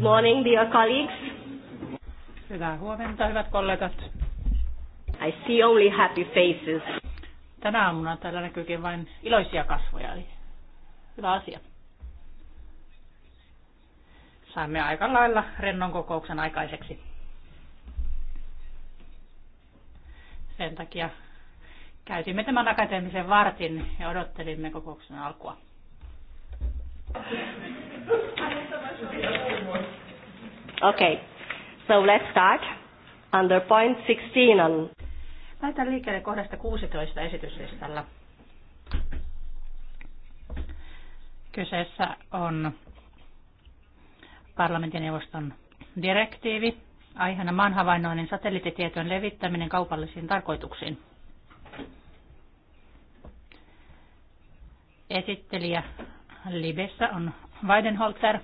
Good morning, dear colleagues. Hyvää huomenta, hyvät kollegat. I see only happy faces. Tänä aamuna täällä näkyykin vain iloisia kasvoja, eli hyvä asia. Saimme aika lailla rennon kokouksen aikaiseksi. Sen takia käytimme tämän akateemisen vartin ja odottelimme kokouksen alkua. Okay, so let's start under point 16 on... Laitan liikkeelle kohdasta 16 esityslistalla. Kyseessä on parlamentin neuvoston direktiivi, aiheena maanhavainnoinnin satelliittitietojen levittäminen kaupallisiin tarkoituksiin. Esittelijä Libessä on Weidenholzer.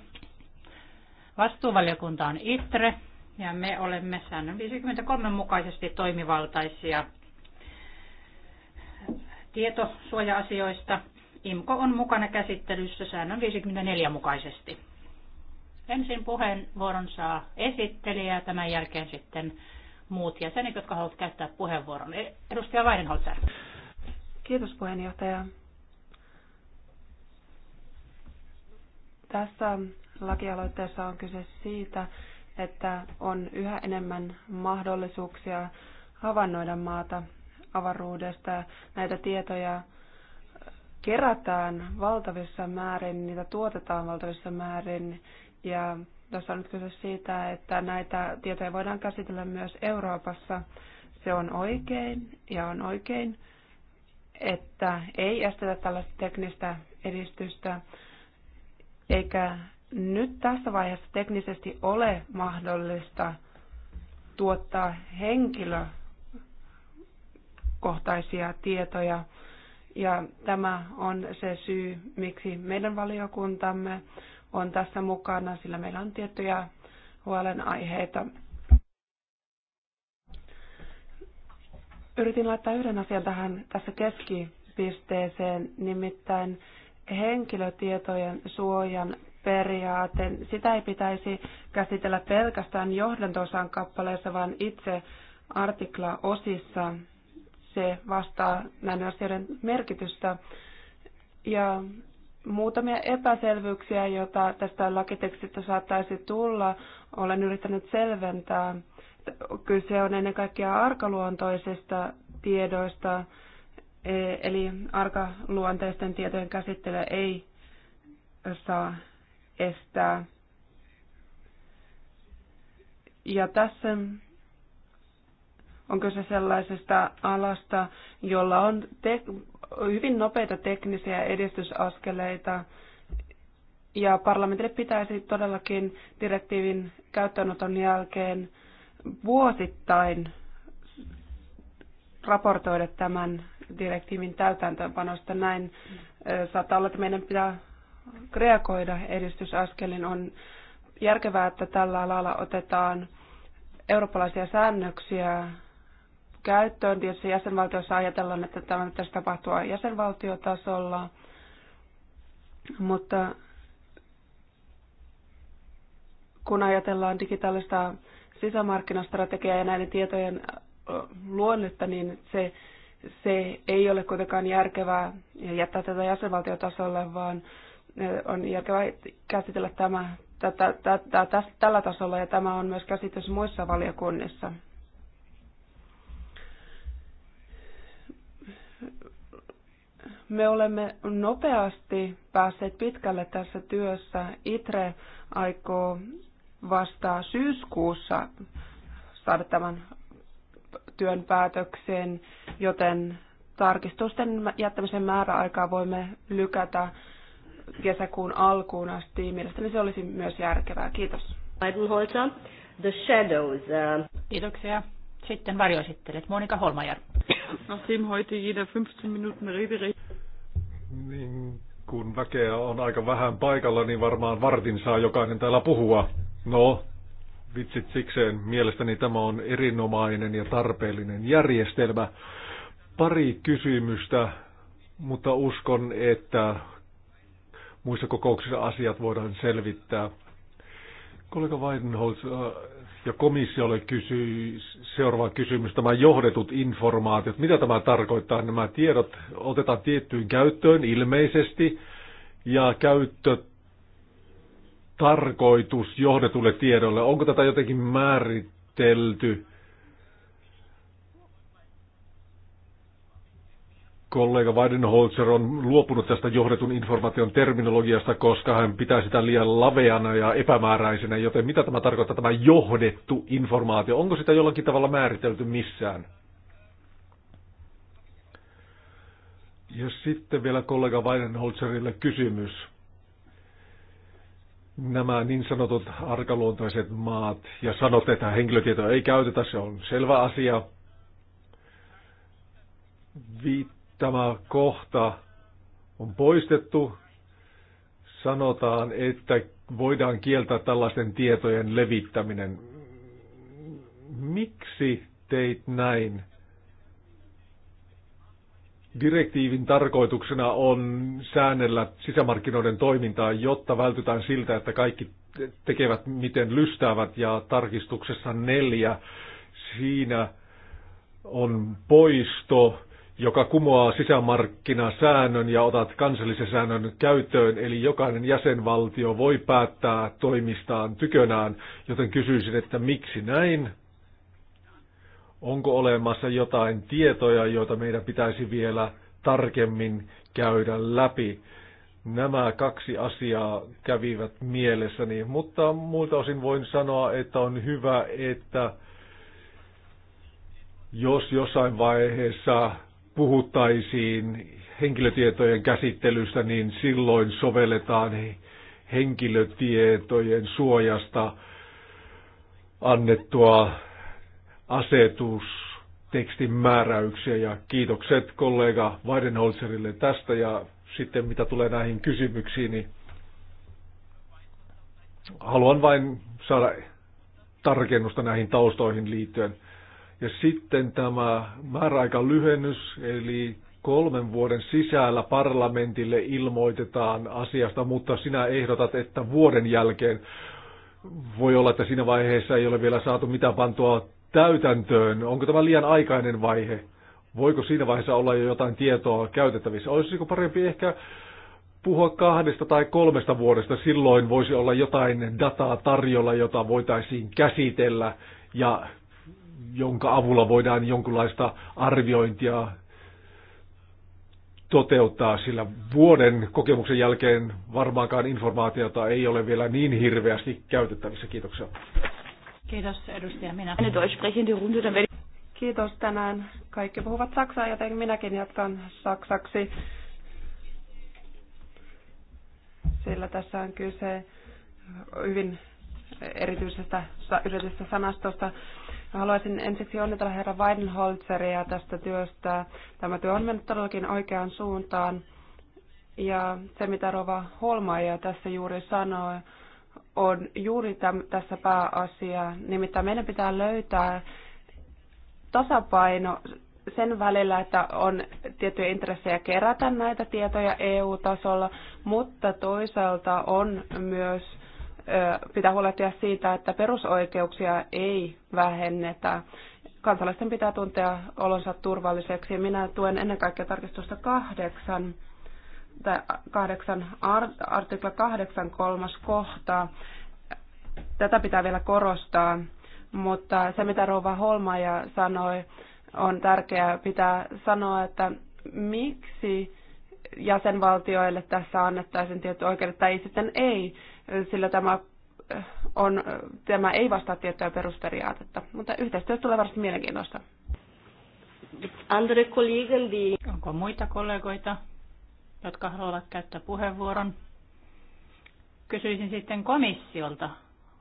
Vastuuvaliokunta on ITRE ja me olemme säännön 53 mukaisesti toimivaltaisia tietosuoja-asioista. IMKO on mukana käsittelyssä säännön 54 mukaisesti. Ensin puheenvuoron saa esittelijä ja tämän jälkeen sitten muut jäsenet, jotka haluavat käyttää puheenvuoron. E, edustaja Weidenholzer. Kiitos puheenjohtaja. Tässä Lakialoitteessa on kyse siitä, että on yhä enemmän mahdollisuuksia havainnoida maata avaruudesta. Näitä tietoja kerätään valtavissa määrin, niitä tuotetaan valtavissa määrin ja tässä on nyt kyse siitä, että näitä tietoja voidaan käsitellä myös Euroopassa. Se on oikein ja on oikein, että ei estetä tällaista teknistä edistystä eikä nyt tässä vaiheessa teknisesti ole mahdollista tuottaa henkilökohtaisia tietoja. Ja tämä on se syy, miksi meidän valiokuntamme on tässä mukana, sillä meillä on tiettyjä huolenaiheita. Yritin laittaa yhden asian tähän tässä keskipisteeseen, nimittäin henkilötietojen suojan periaate, sitä ei pitäisi käsitellä pelkästään johdantosan kappaleessa, vaan itse artikla osissa se vastaa näiden asioiden merkitystä. Ja muutamia epäselvyyksiä, joita tästä lakitekstistä saattaisi tulla, olen yrittänyt selventää. Kyse on ennen kaikkea arkaluontoisista tiedoista, e- eli arkaluonteisten tietojen käsittely ei saa estää. Ja tässä onko se sellaisesta alasta, jolla on te- hyvin nopeita teknisiä edistysaskeleita, ja parlamentille pitäisi todellakin direktiivin käyttöönoton jälkeen vuosittain raportoida tämän direktiivin täytäntöönpanosta. Näin saattaa olla, että meidän pitää reagoida edistysaskelin. On järkevää, että tällä alalla otetaan eurooppalaisia säännöksiä käyttöön. Tietysti jäsenvaltiossa ajatellaan, että tämä pitäisi tapahtua jäsenvaltiotasolla, mutta kun ajatellaan digitaalista sisämarkkinastrategiaa ja näiden tietojen luonnetta, niin se, se ei ole kuitenkaan järkevää jättää tätä jäsenvaltiotasolle, vaan on järkevää käsitellä tämä tällä tasolla ja tämä on myös käsitys muissa valiokunnissa. Me olemme nopeasti päässeet pitkälle tässä työssä. ITRE aikoo vasta syyskuussa saada tämän työn päätökseen, joten tarkistusten jättämisen määräaikaa voimme lykätä kesäkuun alkuun asti. Mielestäni se olisi myös järkevää. Kiitos. The Shadows. Äh. Kiitoksia. Sitten varjoesittelijät Monika Holmajar. Nachdem heute jeder 15 Minuten Rederecht. Niin, kun väkeä on aika vähän paikalla, niin varmaan vartin saa jokainen täällä puhua. No, vitsit sikseen. Mielestäni tämä on erinomainen ja tarpeellinen järjestelmä. Pari kysymystä, mutta uskon, että muissa kokouksissa asiat voidaan selvittää. Kollega Weidenholz äh, ja komissiolle kysyi seuraava kysymys, tämä johdetut informaatiot. Mitä tämä tarkoittaa? Nämä tiedot otetaan tiettyyn käyttöön ilmeisesti ja käyttö tarkoitus johdetulle tiedolle. Onko tätä jotenkin määritelty? kollega Weidenholzer on luopunut tästä johdetun informaation terminologiasta, koska hän pitää sitä liian laveana ja epämääräisenä, joten mitä tämä tarkoittaa, tämä johdettu informaatio? Onko sitä jollakin tavalla määritelty missään? Ja sitten vielä kollega Weidenholzerille kysymys. Nämä niin sanotut arkaluontoiset maat ja sanot, että henkilötietoja ei käytetä, se on selvä asia. Viit Tämä kohta on poistettu. Sanotaan, että voidaan kieltää tällaisten tietojen levittäminen. Miksi teit näin? Direktiivin tarkoituksena on säännellä sisämarkkinoiden toimintaa, jotta vältytään siltä, että kaikki tekevät miten lystäävät ja tarkistuksessa neljä siinä on poisto joka kumoaa sisämarkkinasäännön ja otat kansallisen säännön käyttöön, eli jokainen jäsenvaltio voi päättää toimistaan tykönään, joten kysyisin, että miksi näin? Onko olemassa jotain tietoja, joita meidän pitäisi vielä tarkemmin käydä läpi? Nämä kaksi asiaa kävivät mielessäni, mutta muilta osin voin sanoa, että on hyvä, että jos jossain vaiheessa puhuttaisiin henkilötietojen käsittelystä, niin silloin sovelletaan henkilötietojen suojasta annettua asetustekstin määräyksiä. Ja kiitokset kollega Weidenholzerille tästä ja sitten mitä tulee näihin kysymyksiin, niin haluan vain saada tarkennusta näihin taustoihin liittyen. Ja sitten tämä määräaikan lyhennys, eli kolmen vuoden sisällä parlamentille ilmoitetaan asiasta, mutta sinä ehdotat, että vuoden jälkeen voi olla, että siinä vaiheessa ei ole vielä saatu mitään pantua täytäntöön. Onko tämä liian aikainen vaihe? Voiko siinä vaiheessa olla jo jotain tietoa käytettävissä? Olisiko parempi ehkä puhua kahdesta tai kolmesta vuodesta? Silloin voisi olla jotain dataa tarjolla, jota voitaisiin käsitellä ja jonka avulla voidaan jonkinlaista arviointia toteuttaa, sillä vuoden kokemuksen jälkeen varmaankaan informaatiota ei ole vielä niin hirveästi käytettävissä. Kiitoksia. Kiitos edustaja minä. Kiitos tänään. Kaikki puhuvat saksaa, joten minäkin jatkan saksaksi. Sillä tässä on kyse hyvin erityisestä yritystä sanastosta. Haluaisin ensiksi onnitella herra Weidenholzeria tästä työstä. Tämä työ on mennyt todellakin oikeaan suuntaan. Ja se, mitä Rova Holmaja tässä juuri sanoi, on juuri täm, tässä pääasia. Nimittäin meidän pitää löytää tasapaino sen välillä, että on tiettyjä intressejä kerätä näitä tietoja EU-tasolla, mutta toisaalta on myös pitää huolehtia siitä, että perusoikeuksia ei vähennetä. Kansalaisten pitää tuntea olonsa turvalliseksi. Minä tuen ennen kaikkea tarkistusta kahdeksan, tai kahdeksan artikla kahdeksan kolmas kohta. Tätä pitää vielä korostaa, mutta se mitä Rova Holmaja sanoi, on tärkeää pitää sanoa, että miksi jäsenvaltioille tässä annettaisiin tietty oikeudet tai sitten ei sillä tämä, on, tämä ei vastaa tiettyä perusperiaatetta. Mutta yhteistyö tulee varsin mielenkiintoista. Andre kollegan Onko muita kollegoita, jotka haluavat käyttää puheenvuoron? Kysyisin sitten komissiolta.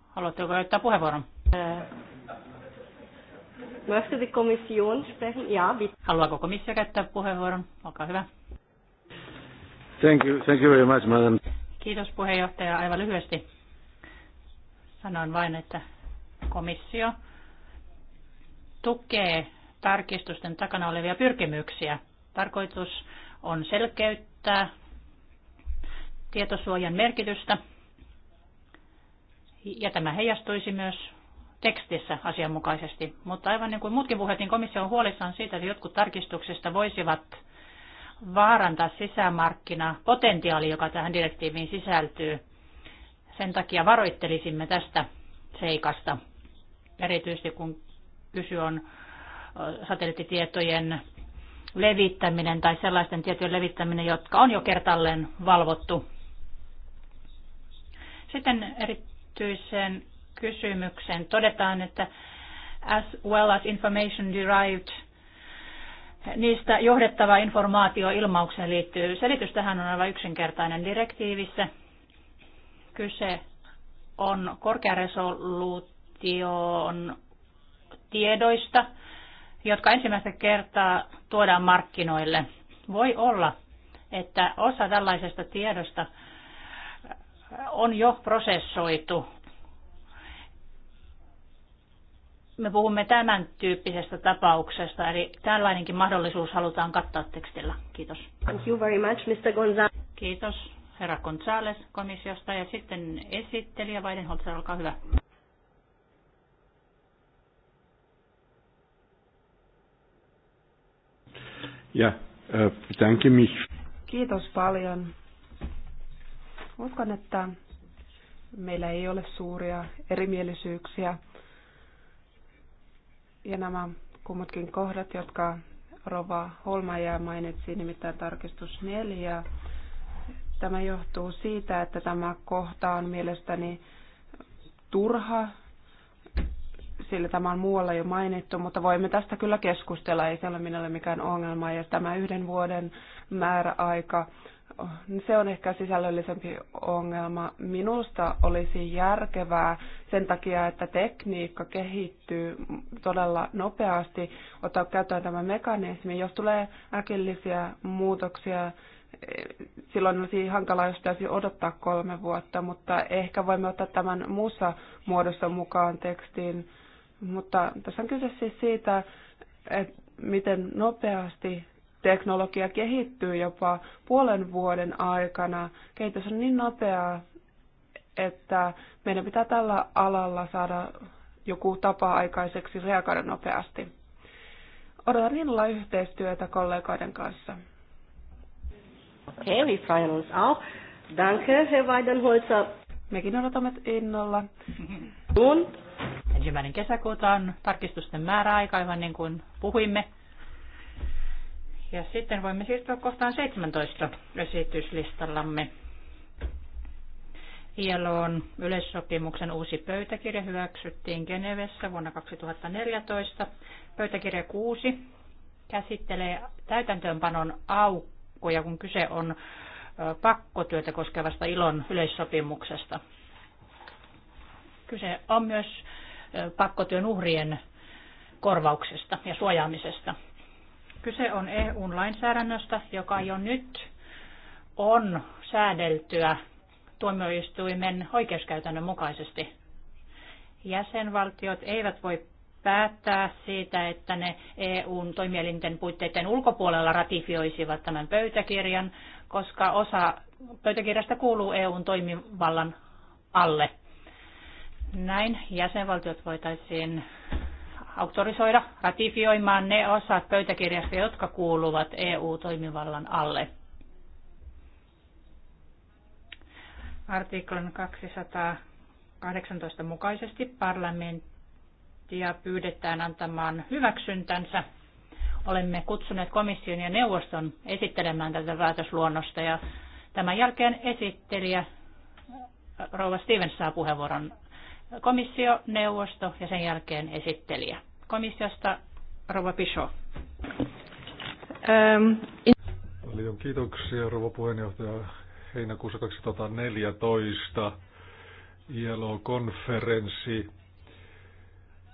Haluatteko käyttää puheenvuoron? Eh, möchte die Kommission sprechen? Ja, bitte. Haluaako komissio käyttää puheenvuoron? Olkaa hyvä. Thank you, thank you very much, madam. Kiitos puheenjohtaja. Aivan lyhyesti sanon vain, että komissio tukee tarkistusten takana olevia pyrkimyksiä. Tarkoitus on selkeyttää tietosuojan merkitystä ja tämä heijastuisi myös tekstissä asianmukaisesti. Mutta aivan niin kuin muutkin puheet, niin komissio on huolissaan siitä, että jotkut tarkistuksista voisivat vaarantaa sisämarkkina potentiaali, joka tähän direktiiviin sisältyy. Sen takia varoittelisimme tästä seikasta, erityisesti kun kysy on satelliittitietojen levittäminen tai sellaisten tietojen levittäminen, jotka on jo kertalleen valvottu. Sitten erityisen kysymyksen todetaan, että as well as information derived niistä johdettava informaatio ilmaukseen liittyy. Selitys tähän on aivan yksinkertainen direktiivissä. Kyse on korkearesoluution tiedoista, jotka ensimmäistä kertaa tuodaan markkinoille. Voi olla, että osa tällaisesta tiedosta on jo prosessoitu me puhumme tämän tyyppisestä tapauksesta, eli tällainenkin mahdollisuus halutaan kattaa tekstillä. Kiitos. Thank you very much, Mr. Gonzalez. Kiitos, herra Gonzales komissiosta. Ja sitten esittelijä Weidenholzer, olkaa hyvä. Ja, yeah, äh, mich. Kiitos paljon. Uskon, että meillä ei ole suuria erimielisyyksiä ja nämä kummatkin kohdat, jotka Rova Holmaja mainitsi, nimittäin tarkistus 4. Tämä johtuu siitä, että tämä kohta on mielestäni turha, sillä tämä on muualla jo mainittu, mutta voimme tästä kyllä keskustella, ei siellä minulle mikään ongelma. Ja tämä yhden vuoden määräaika se on ehkä sisällöllisempi ongelma. Minusta olisi järkevää sen takia, että tekniikka kehittyy todella nopeasti, ottaa käyttöön tämä mekanismi. Jos tulee äkillisiä muutoksia, silloin olisi hankalaa, jos täytyy odottaa kolme vuotta, mutta ehkä voimme ottaa tämän muussa muodossa mukaan tekstiin. Mutta tässä on kyse siis siitä, että miten nopeasti teknologia kehittyy jopa puolen vuoden aikana. Kehitys on niin nopeaa, että meidän pitää tällä alalla saada joku tapa aikaiseksi reagoida nopeasti. Odotan rinnalla yhteistyötä kollegoiden kanssa. Hei, okay, wir auch. Danke, Herr Weidenholzer. Mekin odotamme innolla. Ensimmäinen kesäkuuta on tarkistusten määräaika, aivan niin kuin puhuimme. Ja sitten voimme siirtyä kohtaan 17 esityslistallamme. ILOn yleissopimuksen uusi pöytäkirja hyväksyttiin Genevessä vuonna 2014. Pöytäkirja 6 käsittelee täytäntöönpanon aukkoja, kun kyse on pakkotyötä koskevasta ILON yleissopimuksesta. Kyse on myös pakkotyön uhrien korvauksesta ja suojaamisesta. Kyse on EUn lainsäädännöstä, joka jo nyt on säädeltyä tuomioistuimen oikeuskäytännön mukaisesti. Jäsenvaltiot eivät voi päättää siitä, että ne EUn toimielinten puitteiden ulkopuolella ratifioisivat tämän pöytäkirjan, koska osa pöytäkirjasta kuuluu EUn toimivallan alle. Näin jäsenvaltiot voitaisiin auktorisoida ratifioimaan ne osat pöytäkirjasta, jotka kuuluvat EU-toimivallan alle. Artiklan 218 mukaisesti parlamenttia pyydetään antamaan hyväksyntänsä. Olemme kutsuneet komission ja neuvoston esittelemään tätä päätösluonnosta ja tämän jälkeen esittelijä Rouva Stevens saa puheenvuoron komissio, neuvosto ja sen jälkeen esittelijä. Komissiosta Rova Pisho. Ähm, Paljon kiitoksia Rova puheenjohtaja. Heinäkuussa 2014 ILO-konferenssi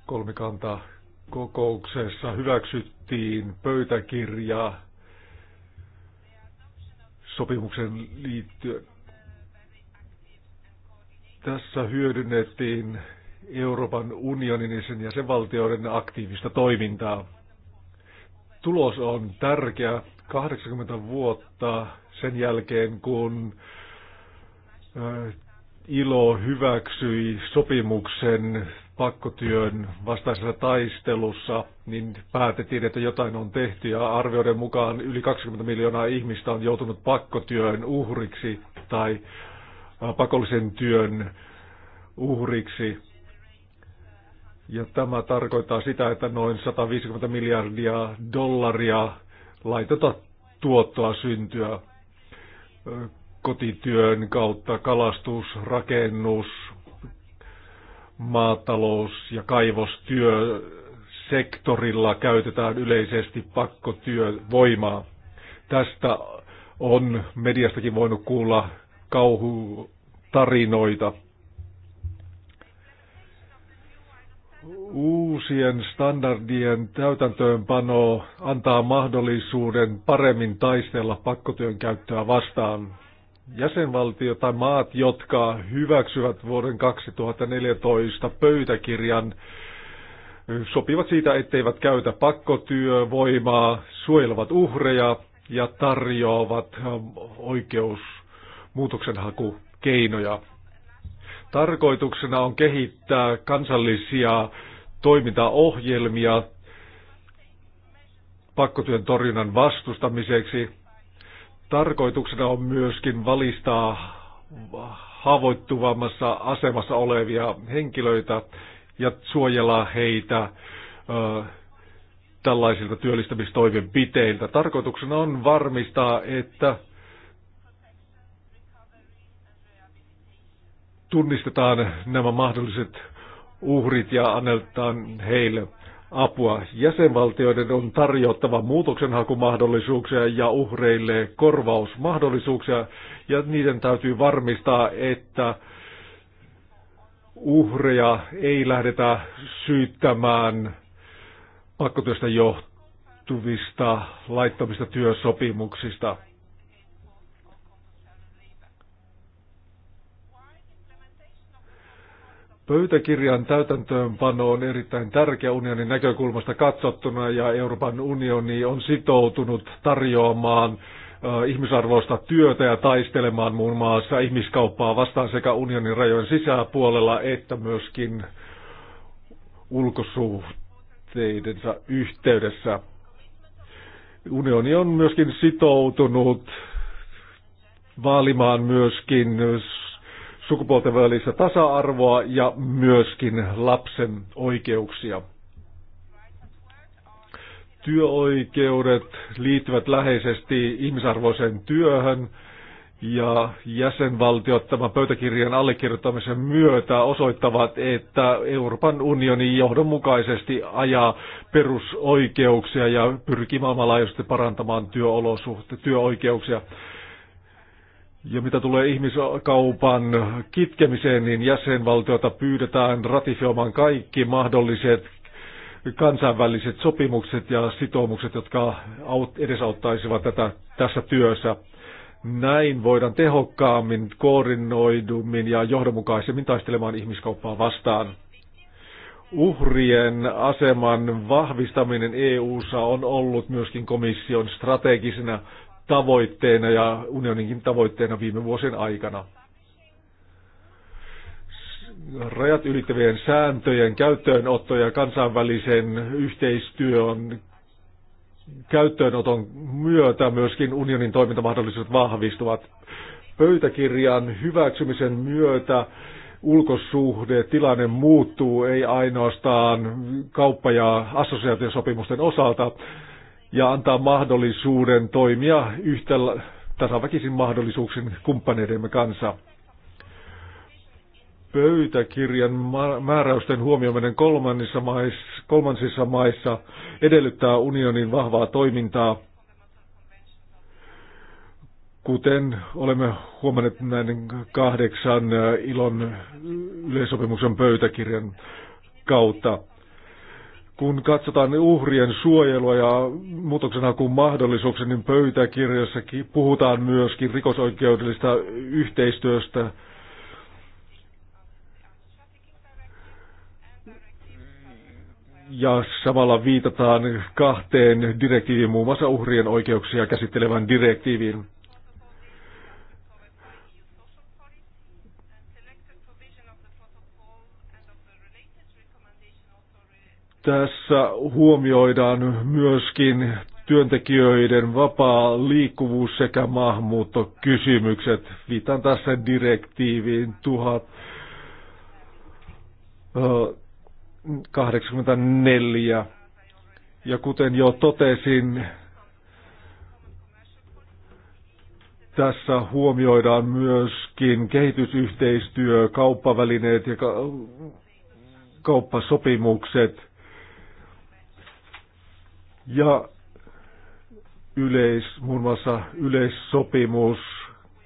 kolmikanta kokouksessa hyväksyttiin pöytäkirja sopimuksen liittyen tässä hyödynnettiin Euroopan unionin ja sen jäsenvaltioiden aktiivista toimintaa. Tulos on tärkeä 80 vuotta sen jälkeen, kun äh, ILO hyväksyi sopimuksen pakkotyön vastaisessa taistelussa, niin päätettiin, että jotain on tehty ja arvioiden mukaan yli 20 miljoonaa ihmistä on joutunut pakkotyön uhriksi tai Äh, pakollisen työn uhriksi. Ja tämä tarkoittaa sitä, että noin 150 miljardia dollaria laiteta tuottoa syntyä äh, kotityön kautta kalastus, rakennus, maatalous ja kaivostyö sektorilla käytetään yleisesti pakkotyövoimaa. Tästä on mediastakin voinut kuulla kauhutarinoita. Uusien standardien täytäntöönpano antaa mahdollisuuden paremmin taistella pakkotyön käyttöä vastaan. Jäsenvaltio tai maat, jotka hyväksyvät vuoden 2014 pöytäkirjan, sopivat siitä, etteivät käytä pakkotyövoimaa, suojelevat uhreja ja tarjoavat oikeus muutoksenhakukeinoja. Tarkoituksena on kehittää kansallisia toimintaohjelmia pakkotyön torjunnan vastustamiseksi. Tarkoituksena on myöskin valistaa haavoittuvammassa asemassa olevia henkilöitä ja suojella heitä ö, tällaisilta työllistämistoimenpiteiltä. Tarkoituksena on varmistaa, että tunnistetaan nämä mahdolliset uhrit ja annetaan heille apua. Jäsenvaltioiden on tarjottava muutoksenhakumahdollisuuksia ja uhreille korvausmahdollisuuksia, ja niiden täytyy varmistaa, että uhreja ei lähdetä syyttämään pakkotyöstä johtuvista laittomista työsopimuksista. Pöytäkirjan täytäntöönpano on erittäin tärkeä unionin näkökulmasta katsottuna ja Euroopan unioni on sitoutunut tarjoamaan äh, ihmisarvoista työtä ja taistelemaan muun muassa ihmiskauppaa vastaan sekä unionin rajojen sisäpuolella että myöskin ulkosuhteidensa yhteydessä. Unioni on myöskin sitoutunut vaalimaan myöskin sukupuolten välissä tasa-arvoa ja myöskin lapsen oikeuksia. Työoikeudet liittyvät läheisesti ihmisarvoiseen työhön ja jäsenvaltiot tämän pöytäkirjan allekirjoittamisen myötä osoittavat, että Euroopan unioni johdonmukaisesti ajaa perusoikeuksia ja pyrkii maailmanlaajuisesti parantamaan työolosuhteita, työoikeuksia. Ja mitä tulee ihmiskaupan kitkemiseen, niin jäsenvaltiota pyydetään ratifioimaan kaikki mahdolliset kansainväliset sopimukset ja sitoumukset, jotka edesauttaisivat tätä tässä työssä. Näin voidaan tehokkaammin, koordinoidummin ja johdonmukaisemmin taistelemaan ihmiskauppaa vastaan. Uhrien aseman vahvistaminen EU:ssa on ollut myöskin komission strategisena tavoitteena ja unioninkin tavoitteena viime vuosien aikana. Rajat ylittävien sääntöjen käyttöönotto ja kansainvälisen yhteistyön käyttöönoton myötä myöskin unionin toimintamahdollisuudet vahvistuvat. Pöytäkirjan hyväksymisen myötä ulkosuhde, tilanne muuttuu ei ainoastaan kauppa- ja assosiaatiosopimusten osalta, ja antaa mahdollisuuden toimia yhtä tasaväkisin mahdollisuuksin kumppaneidemme kanssa. Pöytäkirjan määräysten huomioiminen kolmansissa maissa, kolmansissa maissa edellyttää unionin vahvaa toimintaa, kuten olemme huomanneet näiden kahdeksan ilon yleisopimuksen pöytäkirjan kautta kun katsotaan uhrien suojelua ja kuin mahdollisuuksia, niin pöytäkirjassakin puhutaan myöskin rikosoikeudellista yhteistyöstä. Ja samalla viitataan kahteen direktiiviin, muun muassa uhrien oikeuksia käsittelevän direktiiviin. Tässä huomioidaan myöskin työntekijöiden vapaa liikkuvuus sekä maahanmuuttokysymykset. Viitan tässä direktiiviin 1084. Ja kuten jo totesin, tässä huomioidaan myöskin kehitysyhteistyö, kauppavälineet ja kauppasopimukset – ja yleis, muun muassa yleissopimus,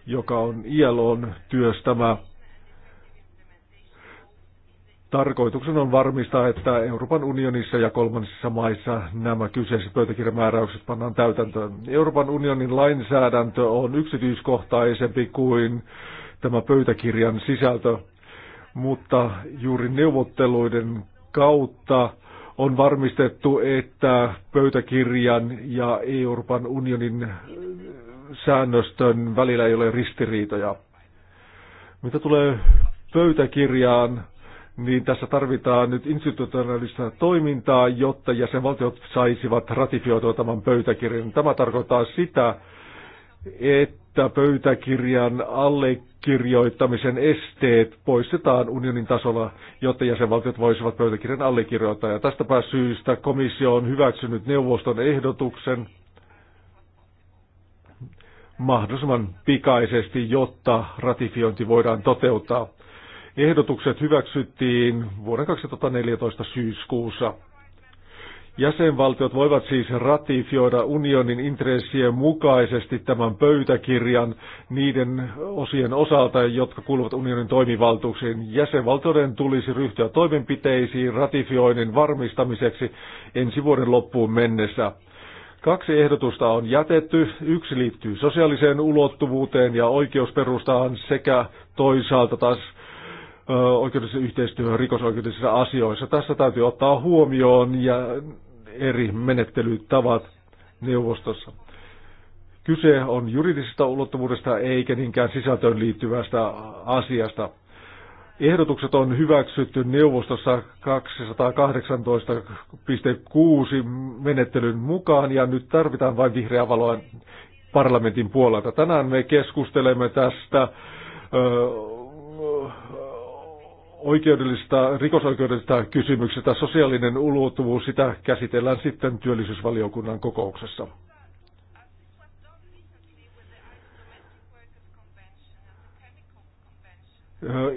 joka on ILOn työstämä. tarkoituksen on varmistaa, että Euroopan unionissa ja kolmansissa maissa nämä kyseiset pöytäkirjamääräykset pannaan täytäntöön. Euroopan unionin lainsäädäntö on yksityiskohtaisempi kuin tämä pöytäkirjan sisältö, mutta juuri neuvotteluiden kautta on varmistettu, että pöytäkirjan ja Euroopan unionin äh, säännöstön välillä ei ole ristiriitoja. Mitä tulee pöytäkirjaan, niin tässä tarvitaan nyt institutionaalista toimintaa, jotta jäsenvaltiot saisivat ratifioitua tämän pöytäkirjan. Tämä tarkoittaa sitä, että että pöytäkirjan allekirjoittamisen esteet poistetaan unionin tasolla, jotta jäsenvaltiot voisivat pöytäkirjan allekirjoittaa. Ja tästäpä syystä komissio on hyväksynyt neuvoston ehdotuksen mahdollisimman pikaisesti, jotta ratifiointi voidaan toteuttaa. Ehdotukset hyväksyttiin vuoden 2014 syyskuussa. Jäsenvaltiot voivat siis ratifioida unionin intressien mukaisesti tämän pöytäkirjan niiden osien osalta, jotka kuuluvat unionin toimivaltuuksiin. Jäsenvaltioiden tulisi ryhtyä toimenpiteisiin ratifioinnin varmistamiseksi ensi vuoden loppuun mennessä. Kaksi ehdotusta on jätetty. Yksi liittyy sosiaaliseen ulottuvuuteen ja oikeusperustaan sekä toisaalta taas oikeudellisessa yhteistyöhön rikosoikeudellisissa asioissa. Tässä täytyy ottaa huomioon ja eri menettelytavat neuvostossa. Kyse on juridisesta ulottuvuudesta eikä niinkään sisältöön liittyvästä asiasta. Ehdotukset on hyväksytty neuvostossa 218.6 menettelyn mukaan ja nyt tarvitaan vain vihreää valoa parlamentin puolelta. Tänään me keskustelemme tästä ö, oikeudellista, rikosoikeudellista kysymyksistä, sosiaalinen ulottuvuus, sitä käsitellään sitten työllisyysvaliokunnan kokouksessa.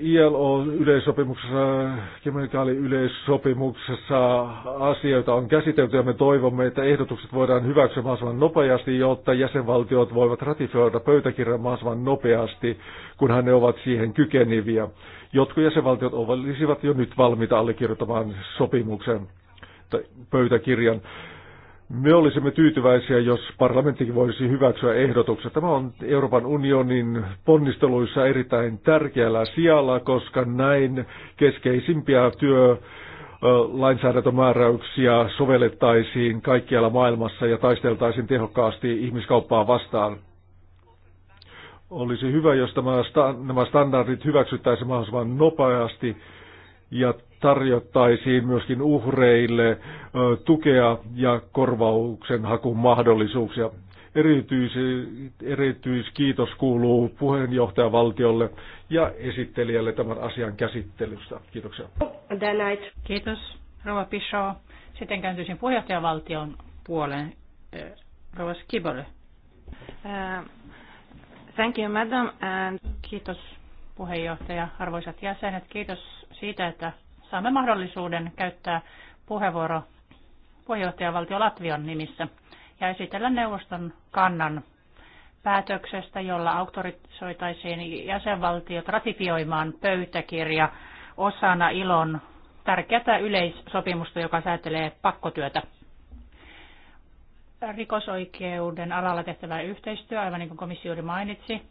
ILO-yleissopimuksessa, kemikaali-yleissopimuksessa asioita on käsitelty ja me toivomme, että ehdotukset voidaan hyväksyä mahdollisimman nopeasti, jotta jäsenvaltiot voivat ratifioida pöytäkirjan mahdollisimman nopeasti, kunhan ne ovat siihen kykeneviä. Jotkut jäsenvaltiot olisivat jo nyt valmiita allekirjoittamaan sopimuksen tai pöytäkirjan. Me olisimme tyytyväisiä, jos parlamenttikin voisi hyväksyä ehdotuksen. Tämä on Euroopan unionin ponnisteluissa erittäin tärkeällä sijalla, koska näin keskeisimpiä työ lainsäädäntömääräyksiä sovellettaisiin kaikkialla maailmassa ja taisteltaisiin tehokkaasti ihmiskauppaa vastaan. Olisi hyvä, jos tämä, nämä standardit hyväksyttäisiin mahdollisimman nopeasti ja tarjottaisiin myöskin uhreille tukea ja korvauksen hakun mahdollisuuksia. Erityis, erityiskiitos kuuluu puheenjohtajavaltiolle ja esittelijälle tämän asian käsittelystä. Kiitoksia. Kiitos, Rova Pisho. Sitten kääntyisin puheenjohtajavaltion puoleen. Rova Skibole. Thank you, madam, and... Kiitos puheenjohtaja, arvoisat jäsenet. Kiitos siitä, että saamme mahdollisuuden käyttää puheenvuoro puheenjohtajavaltio Latvian nimissä ja esitellä neuvoston kannan päätöksestä, jolla auktorisoitaisiin jäsenvaltiot ratifioimaan pöytäkirja osana ilon tärkeätä yleissopimusta, joka säätelee pakkotyötä rikosoikeuden alalla tehtävää yhteistyö, aivan niin kuin komissio mainitsi.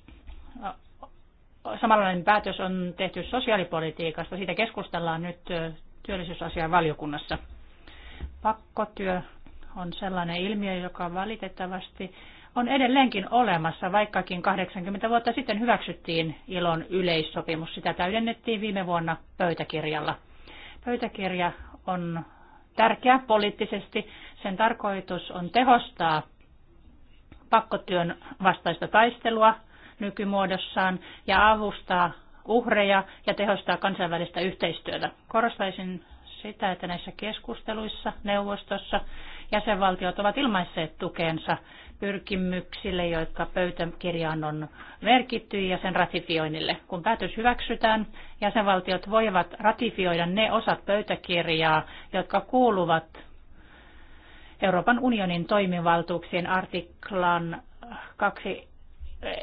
Samanlainen päätös on tehty sosiaalipolitiikasta. Siitä keskustellaan nyt työllisyysasian valiokunnassa. Pakkotyö on sellainen ilmiö, joka valitettavasti on edelleenkin olemassa, vaikkakin 80 vuotta sitten hyväksyttiin ilon yleissopimus. Sitä täydennettiin viime vuonna pöytäkirjalla. Pöytäkirja on tärkeä poliittisesti sen tarkoitus on tehostaa pakkotyön vastaista taistelua nykymuodossaan ja avustaa uhreja ja tehostaa kansainvälistä yhteistyötä. Korostaisin sitä, että näissä keskusteluissa neuvostossa jäsenvaltiot ovat ilmaisseet tukensa pyrkimyksille, jotka pöytäkirjaan on merkitty ja sen ratifioinnille. Kun päätös hyväksytään, jäsenvaltiot voivat ratifioida ne osat pöytäkirjaa, jotka kuuluvat Euroopan unionin toimivaltuuksien artiklan 2,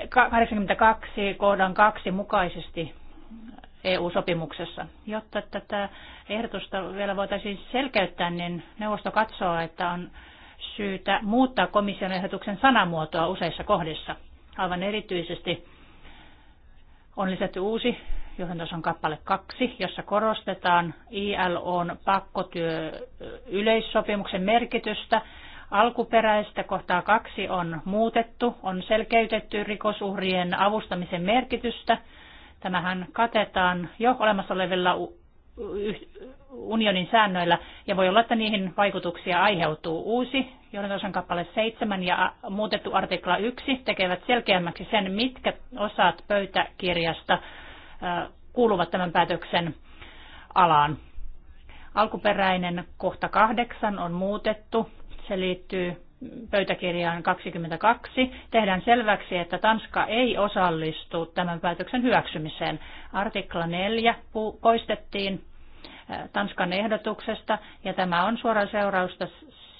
82 kohdan 2 mukaisesti EU-sopimuksessa. Jotta tätä ehdotusta vielä voitaisiin selkeyttää, niin neuvosto katsoo, että on syytä muuttaa komission ehdotuksen sanamuotoa useissa kohdissa. Aivan erityisesti on lisätty uusi johon tuossa on kappale kaksi, jossa korostetaan ILOn pakkotyöyleissopimuksen merkitystä. Alkuperäistä kohtaa kaksi on muutettu, on selkeytetty rikosuhrien avustamisen merkitystä. Tämähän katetaan jo olemassa olevilla unionin säännöillä ja voi olla, että niihin vaikutuksia aiheutuu uusi, johdantosan kappale 7 ja muutettu artikla 1 tekevät selkeämmäksi sen, mitkä osat pöytäkirjasta kuuluvat tämän päätöksen alaan. Alkuperäinen kohta kahdeksan on muutettu. Se liittyy pöytäkirjaan 22. Tehdään selväksi, että Tanska ei osallistu tämän päätöksen hyväksymiseen. Artikla 4 poistettiin Tanskan ehdotuksesta ja tämä on suora seurausta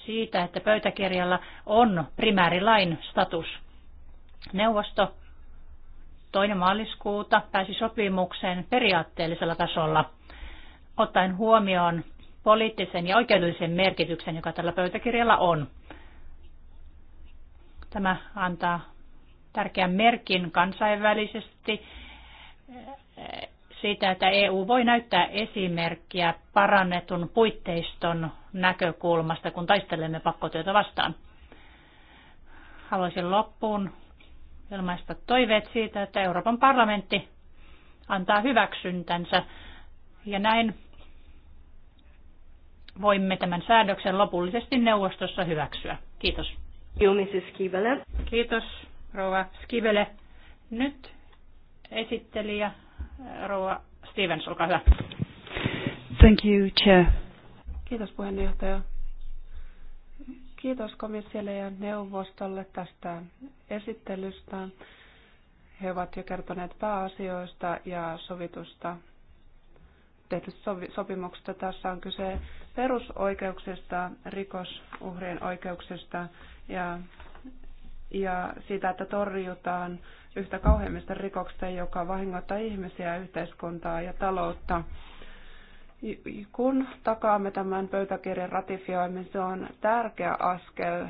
siitä, että pöytäkirjalla on primäärilain status. Neuvosto toinen maaliskuuta pääsi sopimukseen periaatteellisella tasolla, ottaen huomioon poliittisen ja oikeudellisen merkityksen, joka tällä pöytäkirjalla on. Tämä antaa tärkeän merkin kansainvälisesti eh, siitä, että EU voi näyttää esimerkkiä parannetun puitteiston näkökulmasta, kun taistelemme pakkotyötä vastaan. Haluaisin loppuun ilmaista toiveet siitä, että Euroopan parlamentti antaa hyväksyntänsä. Ja näin voimme tämän säädöksen lopullisesti neuvostossa hyväksyä. Kiitos. Skibele. Kiitos, rouva Skivele. Nyt esittelijä rouva Stevens, olkaa hyvä. Thank you, Chair. Kiitos puheenjohtaja. Kiitos komissiolle ja neuvostolle tästä esittelystä. He ovat jo kertoneet pääasioista ja sovitusta tehdystä sopimuksesta. Tässä on kyse perusoikeuksista, rikosuhrien oikeuksista ja, ja siitä, että torjutaan yhtä kauheimmista rikoksista, joka vahingoittaa ihmisiä, yhteiskuntaa ja taloutta. Kun takaamme tämän pöytäkirjan ratifioimisen, se on tärkeä askel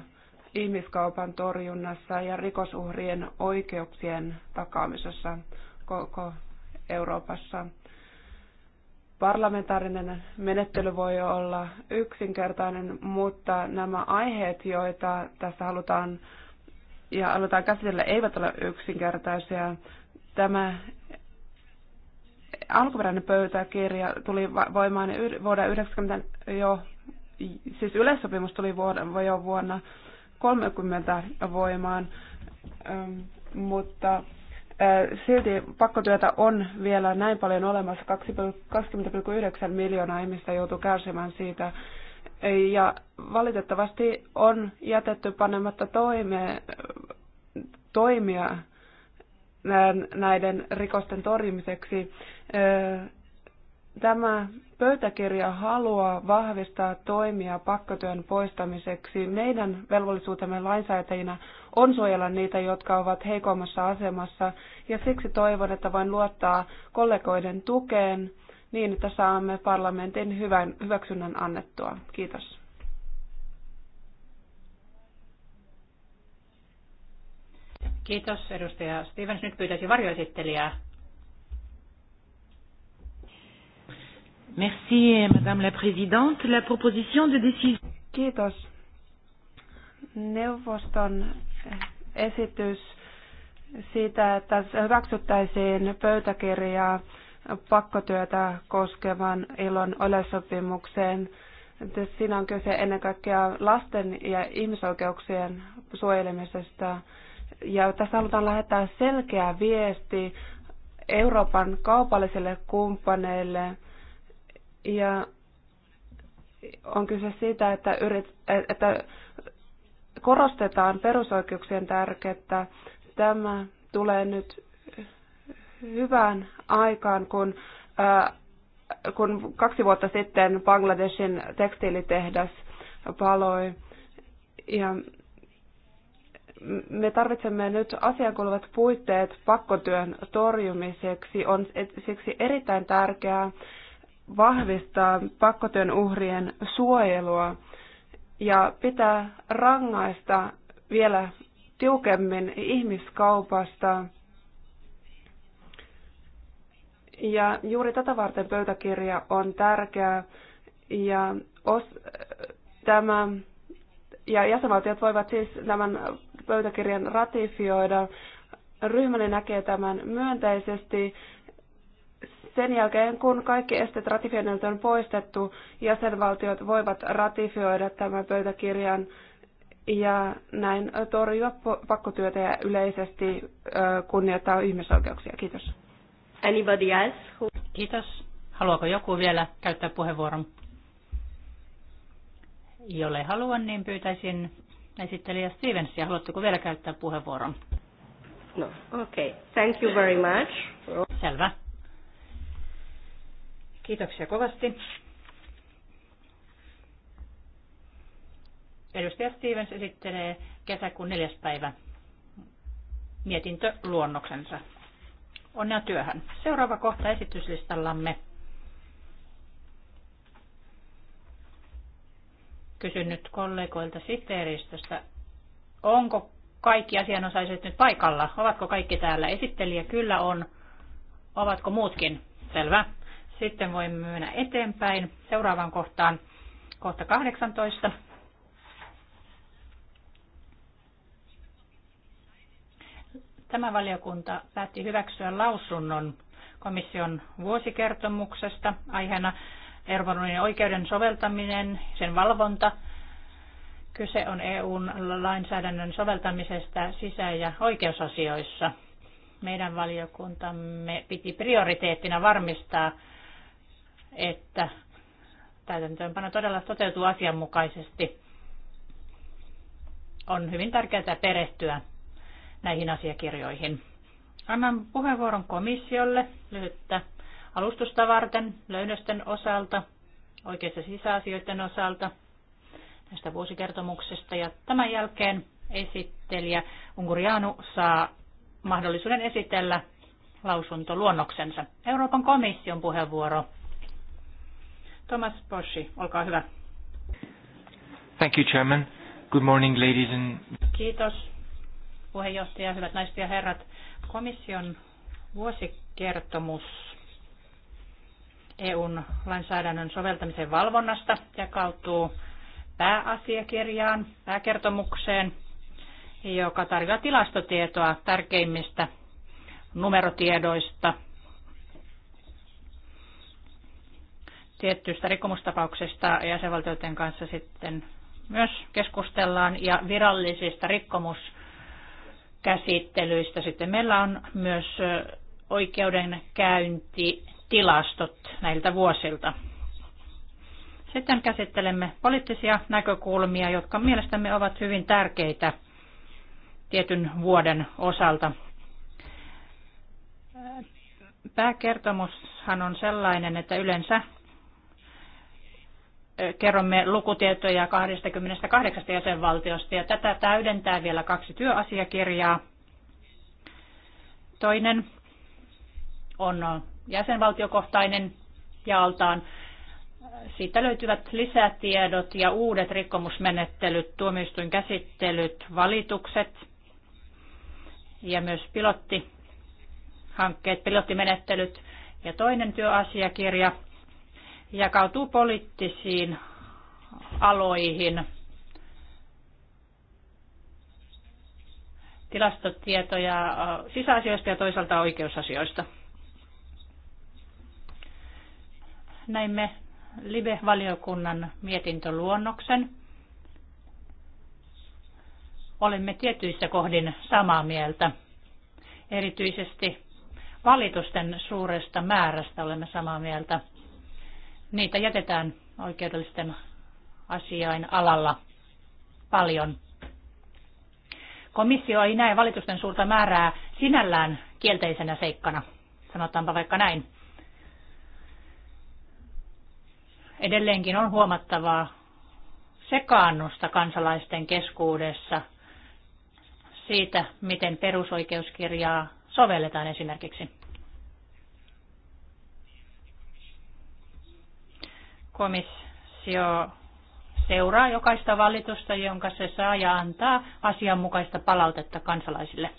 ihmiskaupan torjunnassa ja rikosuhrien oikeuksien takaamisessa koko Euroopassa. Parlamentaarinen menettely voi olla yksinkertainen, mutta nämä aiheet, joita tässä halutaan ja aletaan käsitellä, eivät ole yksinkertaisia. Tämä alkuperäinen pöytäkirja tuli voimaan vuoden 90 jo, siis yleissopimus tuli vuonna, jo vuonna 30 voimaan, mutta silti pakkotyötä on vielä näin paljon olemassa. 20,9 miljoonaa ihmistä joutuu kärsimään siitä. Ja valitettavasti on jätetty panematta toime, toimia näiden rikosten torjumiseksi. Tämä pöytäkirja haluaa vahvistaa toimia pakkotyön poistamiseksi. Meidän velvollisuutemme lainsäätäjinä on suojella niitä, jotka ovat heikommassa asemassa, ja siksi toivon, että voin luottaa kollegoiden tukeen niin, että saamme parlamentin hyvän, hyväksynnän annettua. Kiitos. Kiitos edustaja Stevens. Nyt pyytäisin varjoesittelijää Merci, euh, Madame la Présidente. La proposition de décision. Kiitos. Neuvoston eh, esitys siitä, että hyväksyttäisiin pöytäkirjaa pakkotyötä koskevan ilon yleissopimukseen. Siinä on kyse ennen kaikkea lasten ja ihmisoikeuksien suojelemisesta. Ja tässä halutaan lähettää selkeä viesti Euroopan kaupallisille kumppaneille – ja on kyse siitä, että, yrit, että korostetaan perusoikeuksien tärkeyttä. Tämä tulee nyt hyvään aikaan, kun, äh, kun kaksi vuotta sitten Bangladeshin tekstiilitehdas paloi. Ja me tarvitsemme nyt asiankuluvat puitteet pakkotyön torjumiseksi. On siksi erittäin tärkeää, vahvistaa pakkotyön uhrien suojelua ja pitää rangaista vielä tiukemmin ihmiskaupasta. Ja juuri tätä varten pöytäkirja on tärkeä ja os, tämä ja jäsenvaltiot voivat siis tämän pöytäkirjan ratifioida. Ryhmäni näkee tämän myönteisesti sen jälkeen, kun kaikki estet ratifioinnilta on poistettu, jäsenvaltiot voivat ratifioida tämän pöytäkirjan ja näin torjua pakkotyötä ja yleisesti kunnioittaa ihmisoikeuksia. Kiitos. Anybody else? Who... Kiitos. Haluaako joku vielä käyttää puheenvuoron? Jolle haluan, niin pyytäisin esittelijä Stevensia. Haluatteko vielä käyttää puheenvuoron? No, okay. Thank you very much. Selvä. Kiitoksia kovasti. Edustaja Stevens esittelee kesäkuun neljäs päivä mietintöluonnoksensa. Onnea työhön. Seuraava kohta esityslistallamme. Kysyn nyt kollegoilta sihteeristöstä, onko kaikki asianosaiset nyt paikalla? Ovatko kaikki täällä? Esittelijä kyllä on. Ovatko muutkin? Selvä. Sitten voimme mennä eteenpäin seuraavaan kohtaan, kohta 18. Tämä valiokunta päätti hyväksyä lausunnon komission vuosikertomuksesta aiheena Euroopan oikeuden soveltaminen, sen valvonta. Kyse on EUn lainsäädännön soveltamisesta sisä- ja oikeusasioissa. Meidän valiokuntamme piti prioriteettina varmistaa että täytäntöönpano todella toteutuu asianmukaisesti. On hyvin tärkeää perehtyä näihin asiakirjoihin. Annan puheenvuoron komissiolle lyhyttä alustusta varten löydösten osalta, oikeissa sisäasioiden osalta näistä vuosikertomuksesta ja tämän jälkeen esittelijä Ungurianu saa mahdollisuuden esitellä lausuntoluonnoksensa. Euroopan komission puheenvuoro Thomas Poshi, olkaa hyvä. Thank you, Chairman. Good morning, ladies and... Kiitos, puheenjohtaja, hyvät naiset ja herrat. Komission vuosikertomus EUn lainsäädännön soveltamisen valvonnasta jakautuu pääasiakirjaan, pääkertomukseen, joka tarjoaa tilastotietoa tärkeimmistä numerotiedoista tietystä rikkomustapauksesta jäsenvaltioiden kanssa sitten myös keskustellaan ja virallisista rikkomuskäsittelyistä. Sitten meillä on myös oikeudenkäyntitilastot näiltä vuosilta. Sitten käsittelemme poliittisia näkökulmia, jotka mielestämme ovat hyvin tärkeitä tietyn vuoden osalta. Pääkertomushan on sellainen, että yleensä kerromme lukutietoja 28 jäsenvaltiosta ja tätä täydentää vielä kaksi työasiakirjaa. Toinen on jäsenvaltiokohtainen jaaltaan. Siitä löytyvät lisätiedot ja uudet rikkomusmenettelyt, tuomioistuin käsittelyt, valitukset ja myös pilottihankkeet, pilottimenettelyt. Ja toinen työasiakirja jakautuu poliittisiin aloihin. Tilastotietoja äh, sisäasioista ja toisaalta oikeusasioista. Näimme Libe-valiokunnan mietintöluonnoksen. Olemme tietyissä kohdin samaa mieltä. Erityisesti valitusten suuresta määrästä olemme samaa mieltä niitä jätetään oikeudellisten asiain alalla paljon. Komissio ei näe valitusten suurta määrää sinällään kielteisenä seikkana, sanotaanpa vaikka näin. Edelleenkin on huomattavaa sekaannusta kansalaisten keskuudessa siitä, miten perusoikeuskirjaa sovelletaan esimerkiksi. Komissio seuraa jokaista valitusta, jonka se saa ja antaa asianmukaista palautetta kansalaisille.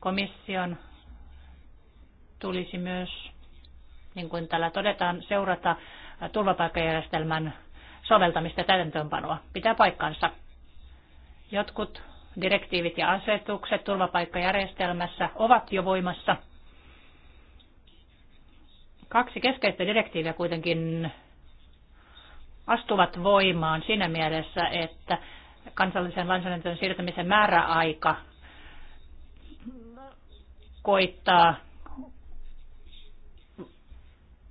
Komission tulisi myös, niin kuin täällä todetaan, seurata turvapaikkajärjestelmän soveltamista ja täytäntöönpanoa. Pitää paikkansa. Jotkut direktiivit ja asetukset turvapaikkajärjestelmässä ovat jo voimassa. Kaksi keskeistä direktiiviä kuitenkin astuvat voimaan siinä mielessä, että kansallisen lainsäädäntöön siirtämisen määräaika koittaa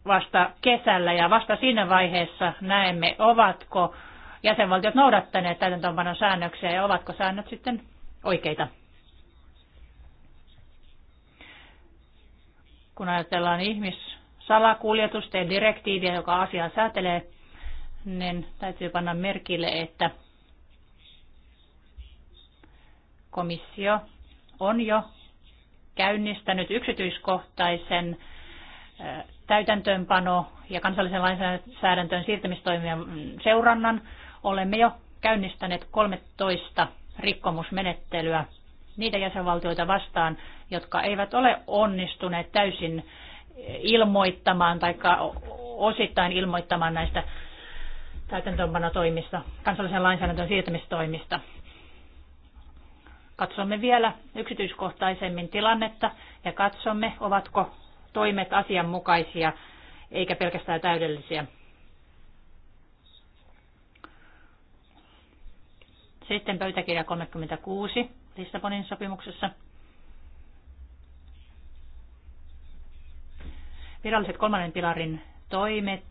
vasta kesällä ja vasta siinä vaiheessa näemme, ovatko jäsenvaltiot noudattaneet täytäntöönpanon säännöksiä ja ovatko säännöt sitten oikeita? Kun ajatellaan ihmissalakuljetusta ja direktiiviä, joka asiaa säätelee, niin täytyy panna merkille, että komissio on jo käynnistänyt yksityiskohtaisen täytäntöönpano- ja kansallisen lainsäädäntöön siirtämistoimien seurannan. Olemme jo käynnistäneet 13 rikkomusmenettelyä niitä jäsenvaltioita vastaan, jotka eivät ole onnistuneet täysin ilmoittamaan tai osittain ilmoittamaan näistä täytäntöönpanotoimista, kansallisen lainsäädäntön siirtämistoimista. Katsomme vielä yksityiskohtaisemmin tilannetta ja katsomme, ovatko toimet asianmukaisia eikä pelkästään täydellisiä. Sitten pöytäkirja 36 Lissabonin sopimuksessa. Viralliset kolmannen pilarin toimet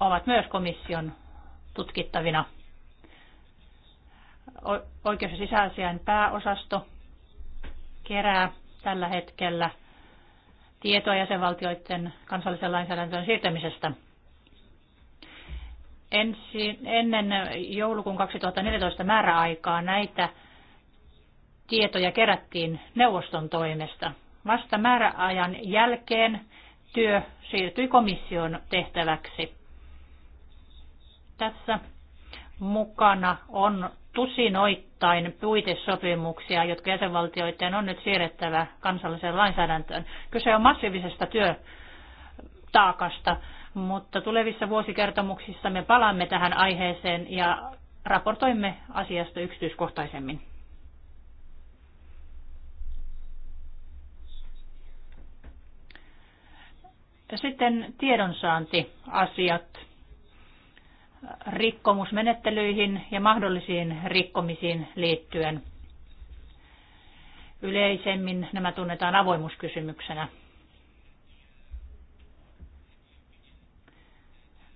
ovat myös komission tutkittavina. Oikeus- ja sisäasiain pääosasto kerää tällä hetkellä tietoa jäsenvaltioiden kansallisen lainsäädäntöön siirtämisestä ensi, ennen joulukuun 2014 määräaikaa näitä tietoja kerättiin neuvoston toimesta. Vasta määräajan jälkeen työ siirtyi komission tehtäväksi. Tässä mukana on tusinoittain puitesopimuksia, jotka jäsenvaltioiden on nyt siirrettävä kansalliseen lainsäädäntöön. Kyse on massiivisesta työtaakasta mutta tulevissa vuosikertomuksissa me palaamme tähän aiheeseen ja raportoimme asiasta yksityiskohtaisemmin. Sitten tiedonsaantiasiat rikkomusmenettelyihin ja mahdollisiin rikkomisiin liittyen. Yleisemmin nämä tunnetaan avoimuuskysymyksenä.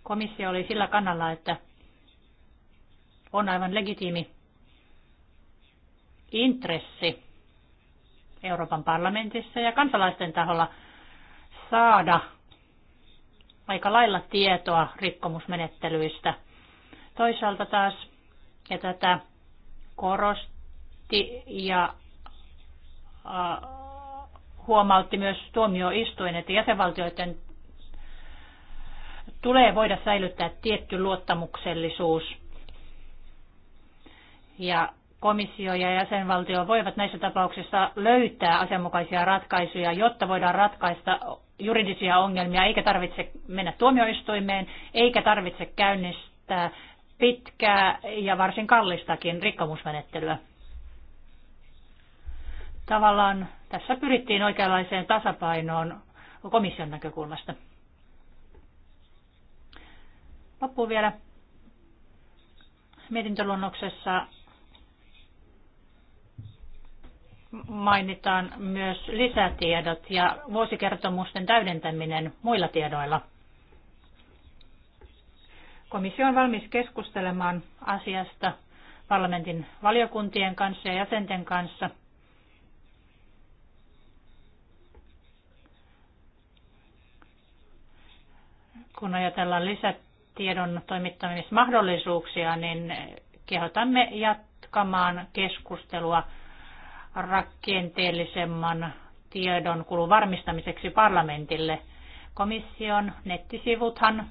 Komissio oli sillä kannalla, että on aivan legitiimi intressi Euroopan parlamentissa ja kansalaisten taholla saada aika lailla tietoa rikkomusmenettelyistä. Toisaalta taas, ja tätä korosti ja äh, huomautti myös tuomioistuin, että jäsenvaltioiden tulee voida säilyttää tietty luottamuksellisuus. Ja komissio ja jäsenvaltio voivat näissä tapauksissa löytää asianmukaisia ratkaisuja, jotta voidaan ratkaista juridisia ongelmia, eikä tarvitse mennä tuomioistuimeen, eikä tarvitse käynnistää pitkää ja varsin kallistakin rikkomusmenettelyä. Tavallaan tässä pyrittiin oikeanlaiseen tasapainoon komission näkökulmasta. Loppuun vielä mietintöluonnoksessa mainitaan myös lisätiedot ja vuosikertomusten täydentäminen muilla tiedoilla. Komissio on valmis keskustelemaan asiasta parlamentin valiokuntien kanssa ja jäsenten kanssa. Kun ajatellaan lisätiedot, tiedon toimittamismahdollisuuksia, niin kehotamme jatkamaan keskustelua rakenteellisemman tiedon kulun varmistamiseksi parlamentille. Komission nettisivuthan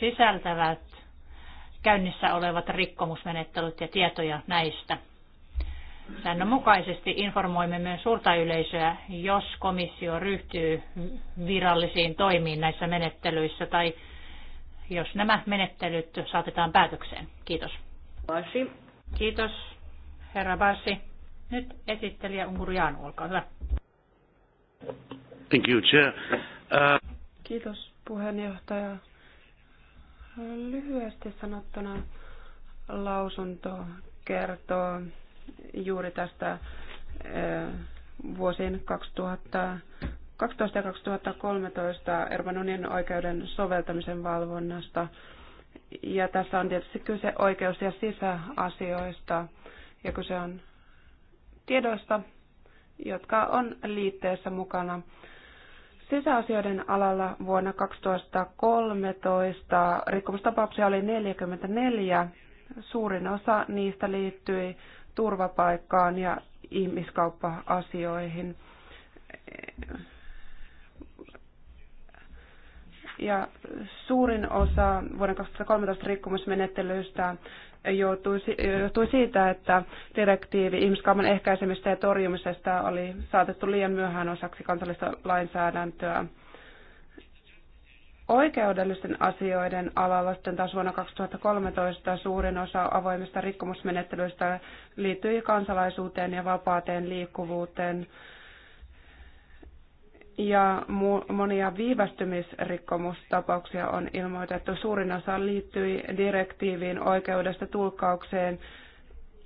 sisältävät käynnissä olevat rikkomusmenettelyt ja tietoja näistä. Säännönmukaisesti informoimme myös suurta yleisöä, jos komissio ryhtyy virallisiin toimiin näissä menettelyissä tai jos nämä menettelyt saatetaan päätökseen. Kiitos. Basi. Kiitos, herra Basi. Nyt esittelijä Ungurianu, olkaa hyvä. Thank you, Chair. Uh... Kiitos, puheenjohtaja. Lyhyesti sanottuna lausunto kertoo juuri tästä eh, vuosien 2000 2012 ja 2013 Euroopan unionin oikeuden soveltamisen valvonnasta. Ja tässä on tietysti kyse oikeus- ja sisäasioista ja kyse on tiedoista, jotka on liitteessä mukana. Sisäasioiden alalla vuonna 2013 rikkomustapauksia oli 44. Suurin osa niistä liittyi turvapaikkaan ja ihmiskauppa-asioihin ja suurin osa vuoden 2013 rikkomusmenettelyistä johtui siitä, että direktiivi ihmiskaupan ehkäisemistä ja torjumisesta oli saatettu liian myöhään osaksi kansallista lainsäädäntöä. Oikeudellisten asioiden alalla sitten taas vuonna 2013 suurin osa avoimista rikkomusmenettelyistä liittyi kansalaisuuteen ja vapaateen liikkuvuuteen ja monia viivästymisrikkomustapauksia on ilmoitettu. Suurin osa liittyi direktiiviin oikeudesta tulkkaukseen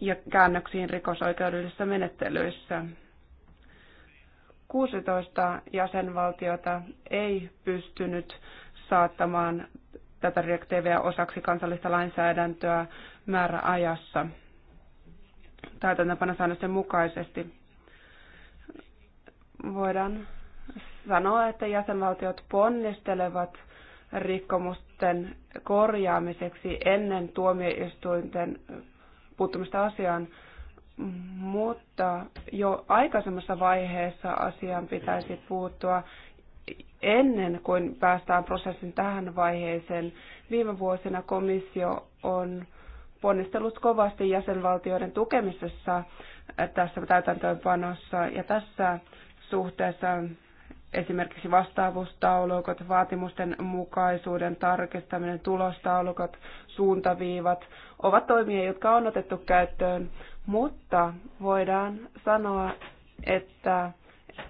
ja käännöksiin rikosoikeudellisissa menettelyissä. 16 jäsenvaltiota ei pystynyt saattamaan tätä direktiiviä osaksi kansallista lainsäädäntöä määräajassa täytäntöpanosäännösten mukaisesti. Voidaan sanoo, että jäsenvaltiot ponnistelevat rikkomusten korjaamiseksi ennen tuomioistuinten puuttumista asiaan, mutta jo aikaisemmassa vaiheessa asiaan pitäisi puuttua ennen kuin päästään prosessin tähän vaiheeseen. Viime vuosina komissio on ponnistellut kovasti jäsenvaltioiden tukemisessa tässä täytäntöönpanossa ja tässä suhteessa esimerkiksi vastaavuustaulukot, vaatimusten mukaisuuden tarkistaminen, tulostaulukot, suuntaviivat ovat toimia, jotka on otettu käyttöön, mutta voidaan sanoa, että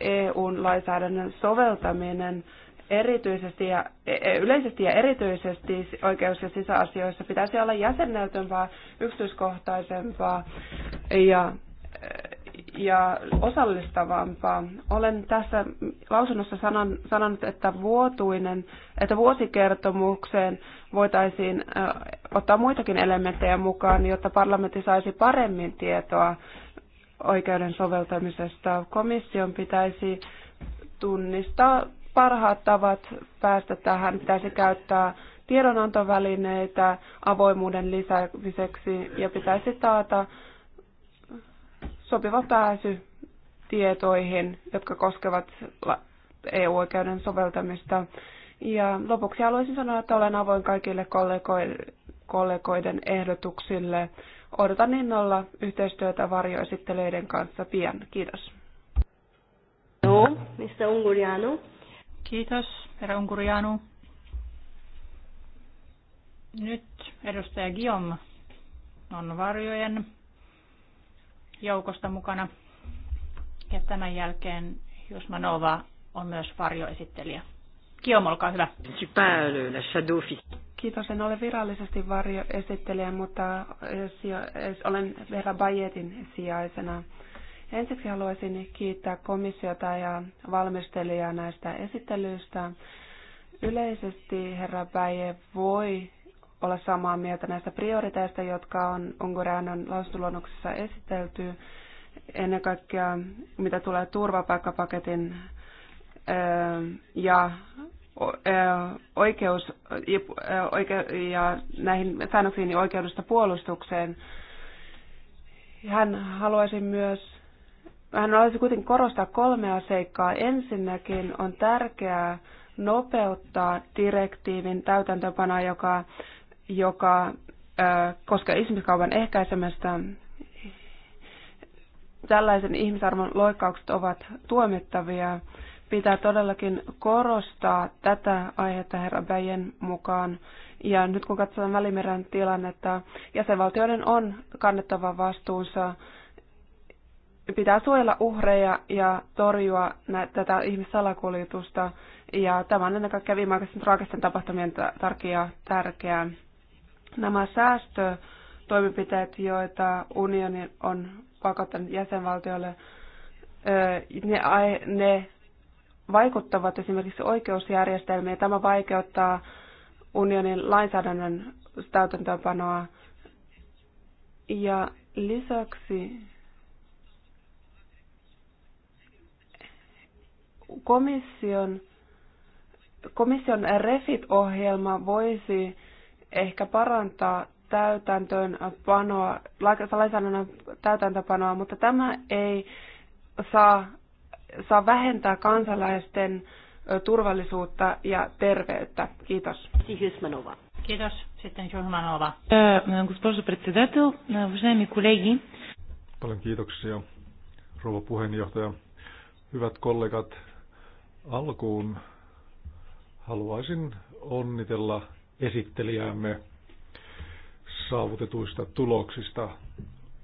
EUn lainsäädännön soveltaminen erityisesti ja, e, e, yleisesti ja erityisesti oikeus- ja sisäasioissa pitäisi olla jäsenneltömpää, yksityiskohtaisempaa ja ja osallistavampaa. Olen tässä lausunnossa sanonut, että vuotuinen, että vuosikertomukseen voitaisiin ottaa muitakin elementtejä mukaan, jotta parlamentti saisi paremmin tietoa oikeuden soveltamisesta. Komission pitäisi tunnistaa parhaat tavat päästä tähän. Pitäisi käyttää tiedonantovälineitä avoimuuden lisäämiseksi ja pitäisi taata sopiva pääsy tietoihin, jotka koskevat EU-oikeuden soveltamista. Ja lopuksi haluaisin sanoa, että olen avoin kaikille kollegoiden ehdotuksille. Odotan innolla yhteistyötä varjoesitteleiden kanssa pian. Kiitos. No, mistä Unguriano? Kiitos, herra Unguriano. Nyt edustaja Guillaume on varjojen joukosta mukana. Ja tämän jälkeen Jusmanova on myös varjoesittelijä. Kiom, olkaa hyvä. Kiitos, en ole virallisesti varjoesittelijä, mutta olen Vera Bajetin sijaisena. Ensiksi haluaisin kiittää komissiota ja valmistelijaa näistä esittelyistä. Yleisesti herra Päijä voi olla samaa mieltä näistä prioriteista, jotka on Ungureanon lausuntoluonnoksessa esitelty. Ennen kaikkea, mitä tulee turvapaikkapaketin ja oikeus oike, ja näihin säännöksiin oikeudesta puolustukseen. Hän haluaisi myös, hän haluaisi kuitenkin korostaa kolmea seikkaa. Ensinnäkin on tärkeää nopeuttaa direktiivin täytäntöpanoa, joka joka koska ihmiskaupan ehkäisemistä. Tällaisen ihmisarvon loikkaukset ovat tuomittavia. Pitää todellakin korostaa tätä aihetta herra Bäjen mukaan. Ja nyt kun katsotaan Välimeren tilannetta, jäsenvaltioiden on kannettava vastuunsa. Pitää suojella uhreja ja torjua nä- tätä ihmissalakuljetusta. Ja tämä on ennen kaikkea viimeaikaisen traagisten tapahtumien takia tärkeää. Nämä säästötoimenpiteet, joita unioni on pakottanut jäsenvaltioille, ne, ne vaikuttavat esimerkiksi oikeusjärjestelmiin. Tämä vaikeuttaa unionin lainsäädännön täytäntöönpanoa. Ja lisäksi komission, komission REFIT-ohjelma voisi ehkä parantaa täytäntöönpanoa, lainsäädännön täytäntöpanoa, mutta tämä ei saa, saa vähentää kansalaisten turvallisuutta ja terveyttä. Kiitos. Siis Kiitos. Sitten Jusmanova. Госпожо председател, уважаеми колеги. Paljon kiitoksia, rouva puheenjohtaja. Hyvät kollegat, alkuun haluaisin onnitella esittelijämme saavutetuista tuloksista.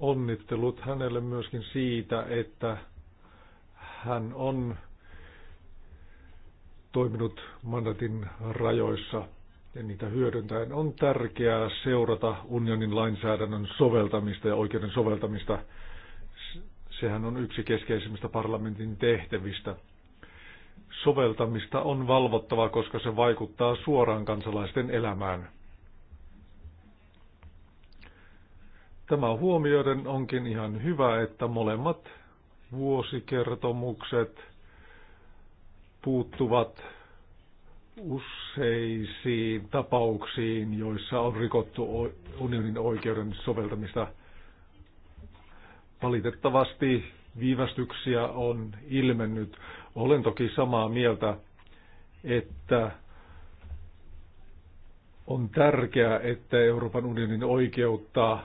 Onnittelut hänelle myöskin siitä, että hän on toiminut mandatin rajoissa ja niitä hyödyntäen. On tärkeää seurata unionin lainsäädännön soveltamista ja oikeuden soveltamista. Sehän on yksi keskeisimmistä parlamentin tehtävistä soveltamista on valvottava, koska se vaikuttaa suoraan kansalaisten elämään. Tämä huomioiden onkin ihan hyvä, että molemmat vuosikertomukset puuttuvat useisiin tapauksiin, joissa on rikottu unionin oikeuden soveltamista. Valitettavasti viivästyksiä on ilmennyt. Olen toki samaa mieltä, että on tärkeää, että Euroopan unionin oikeutta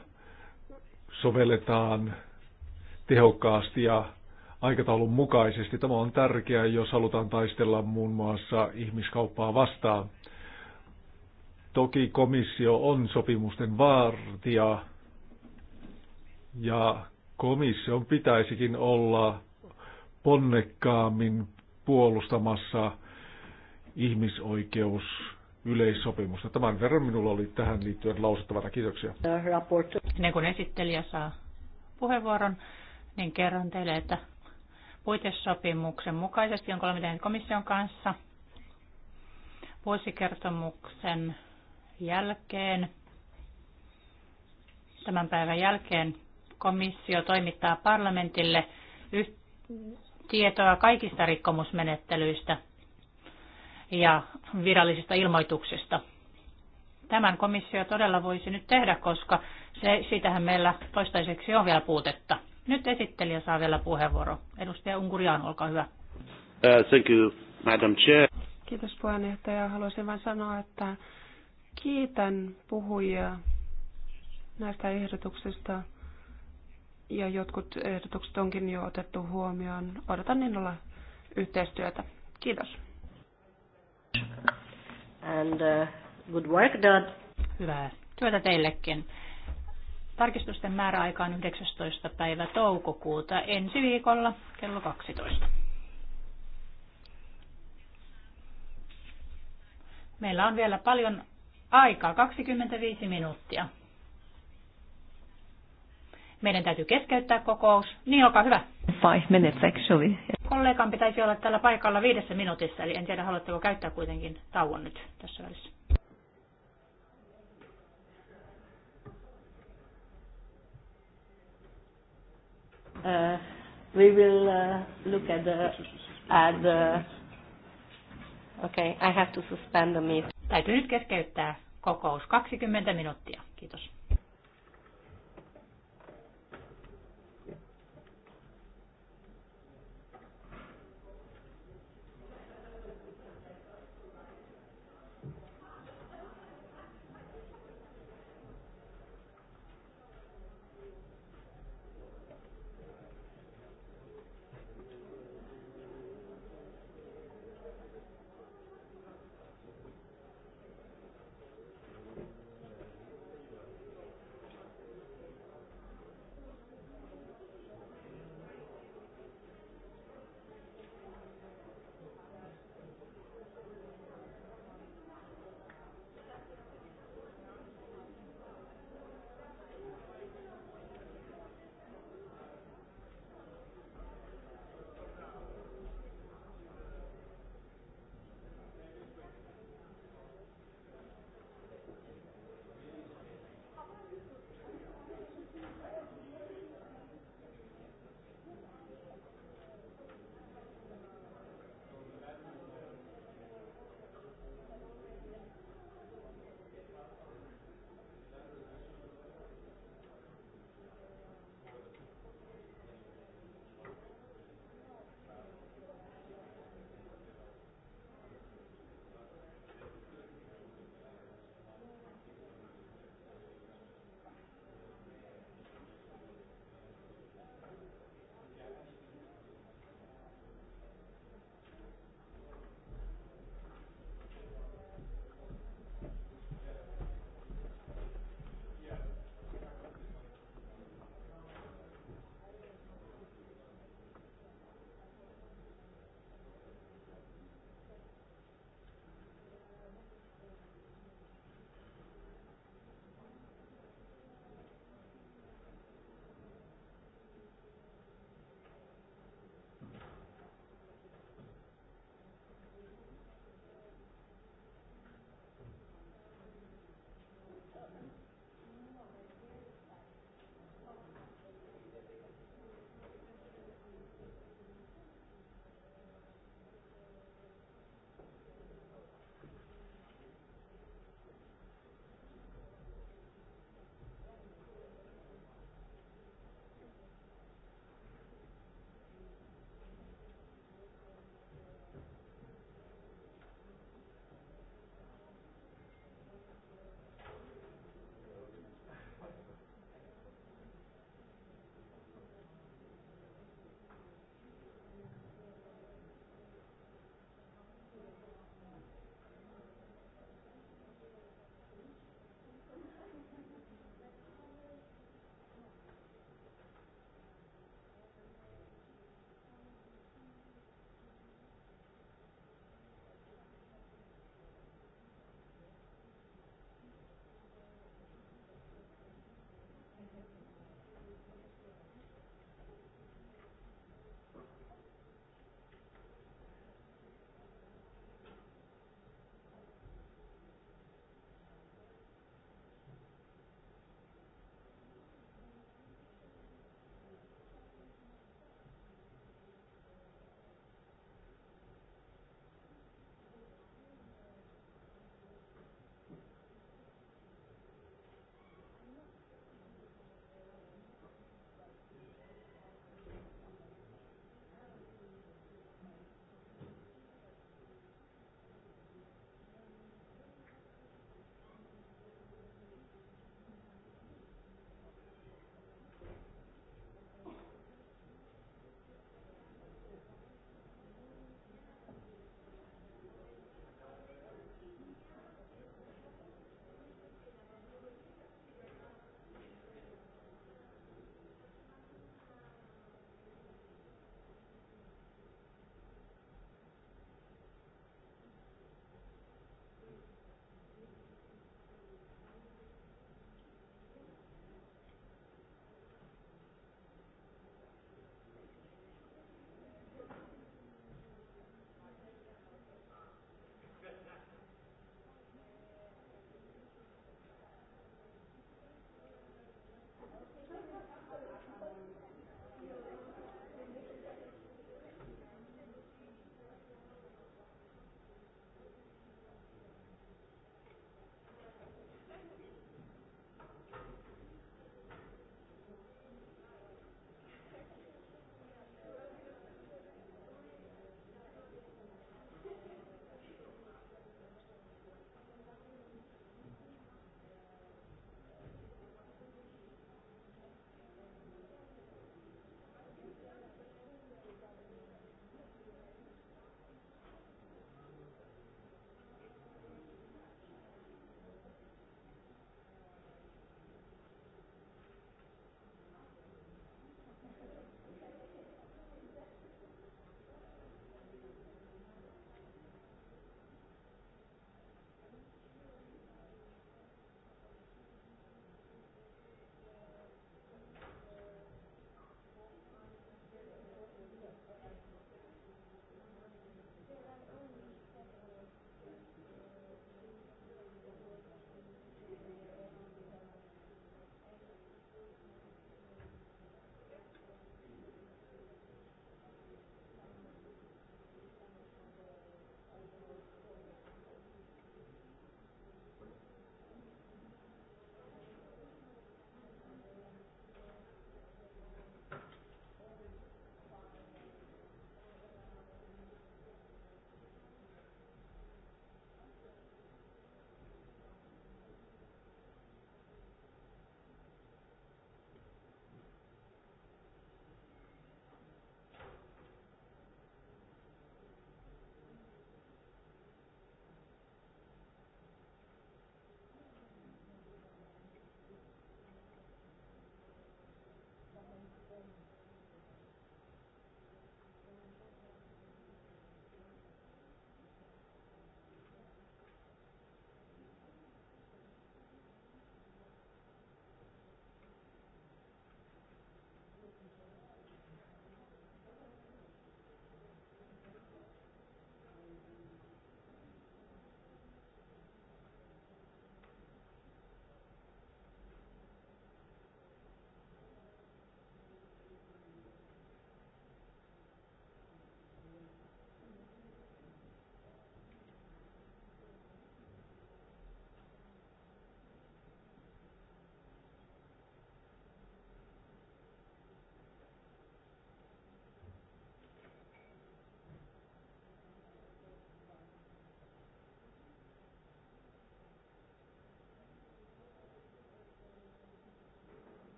sovelletaan tehokkaasti ja aikataulun mukaisesti. Tämä on tärkeää, jos halutaan taistella muun muassa ihmiskauppaa vastaan. Toki komissio on sopimusten vartija ja komission pitäisikin olla ponnekkaammin puolustamassa ihmisoikeus yleissopimusta. Tämän verran minulla oli tähän liittyen lausuttavana. Kiitoksia. Ennen kuin esittelijä saa puheenvuoron, niin kerron teille, että puitesopimuksen mukaisesti, on kolme komission kanssa vuosikertomuksen jälkeen, tämän päivän jälkeen, komissio toimittaa parlamentille tietoa kaikista rikkomusmenettelyistä ja virallisista ilmoituksista. Tämän komissio todella voisi nyt tehdä, koska se, siitähän meillä toistaiseksi on vielä puutetta. Nyt esittelijä saa vielä puheenvuoro. Edustaja Unguriaan, olkaa hyvä. Uh, thank you, Madam Chair. Kiitos puheenjohtaja. Haluaisin vain sanoa, että kiitän puhujia näistä ehdotuksista ja jotkut ehdotukset onkin jo otettu huomioon. Odotan niin olla yhteistyötä. Kiitos. And uh, good work Dad. Hyvää työtä teillekin. Tarkistusten määräaika on 19. päivä toukokuuta ensi viikolla kello 12. Meillä on vielä paljon aikaa, 25 minuuttia. Meidän täytyy keskeyttää kokous. Niin, olkaa hyvä. Five minutes actually. Kollegan pitäisi olla tällä paikalla viidessä minuutissa, eli en tiedä, haluatteko käyttää kuitenkin tauon nyt tässä välissä. Uh, we will uh, look at the, at the... Okay, I have to suspend the meeting. Täytyy nyt keskeyttää kokous 20 minuuttia. Kiitos.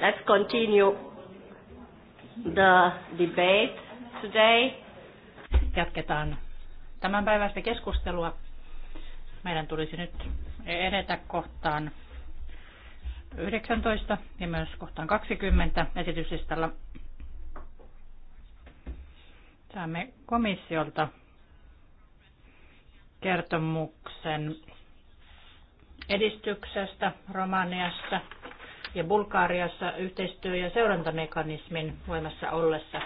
Let's continue the debate today. Jatketaan tämän päivästä keskustelua. Meidän tulisi nyt edetä kohtaan 19 ja myös kohtaan 20 esityslistalla. Saamme komissiolta kertomuksen edistyksestä Romaniasta – ja Bulgaariassa yhteistyö- ja seurantamekanismin voimassa ollessa.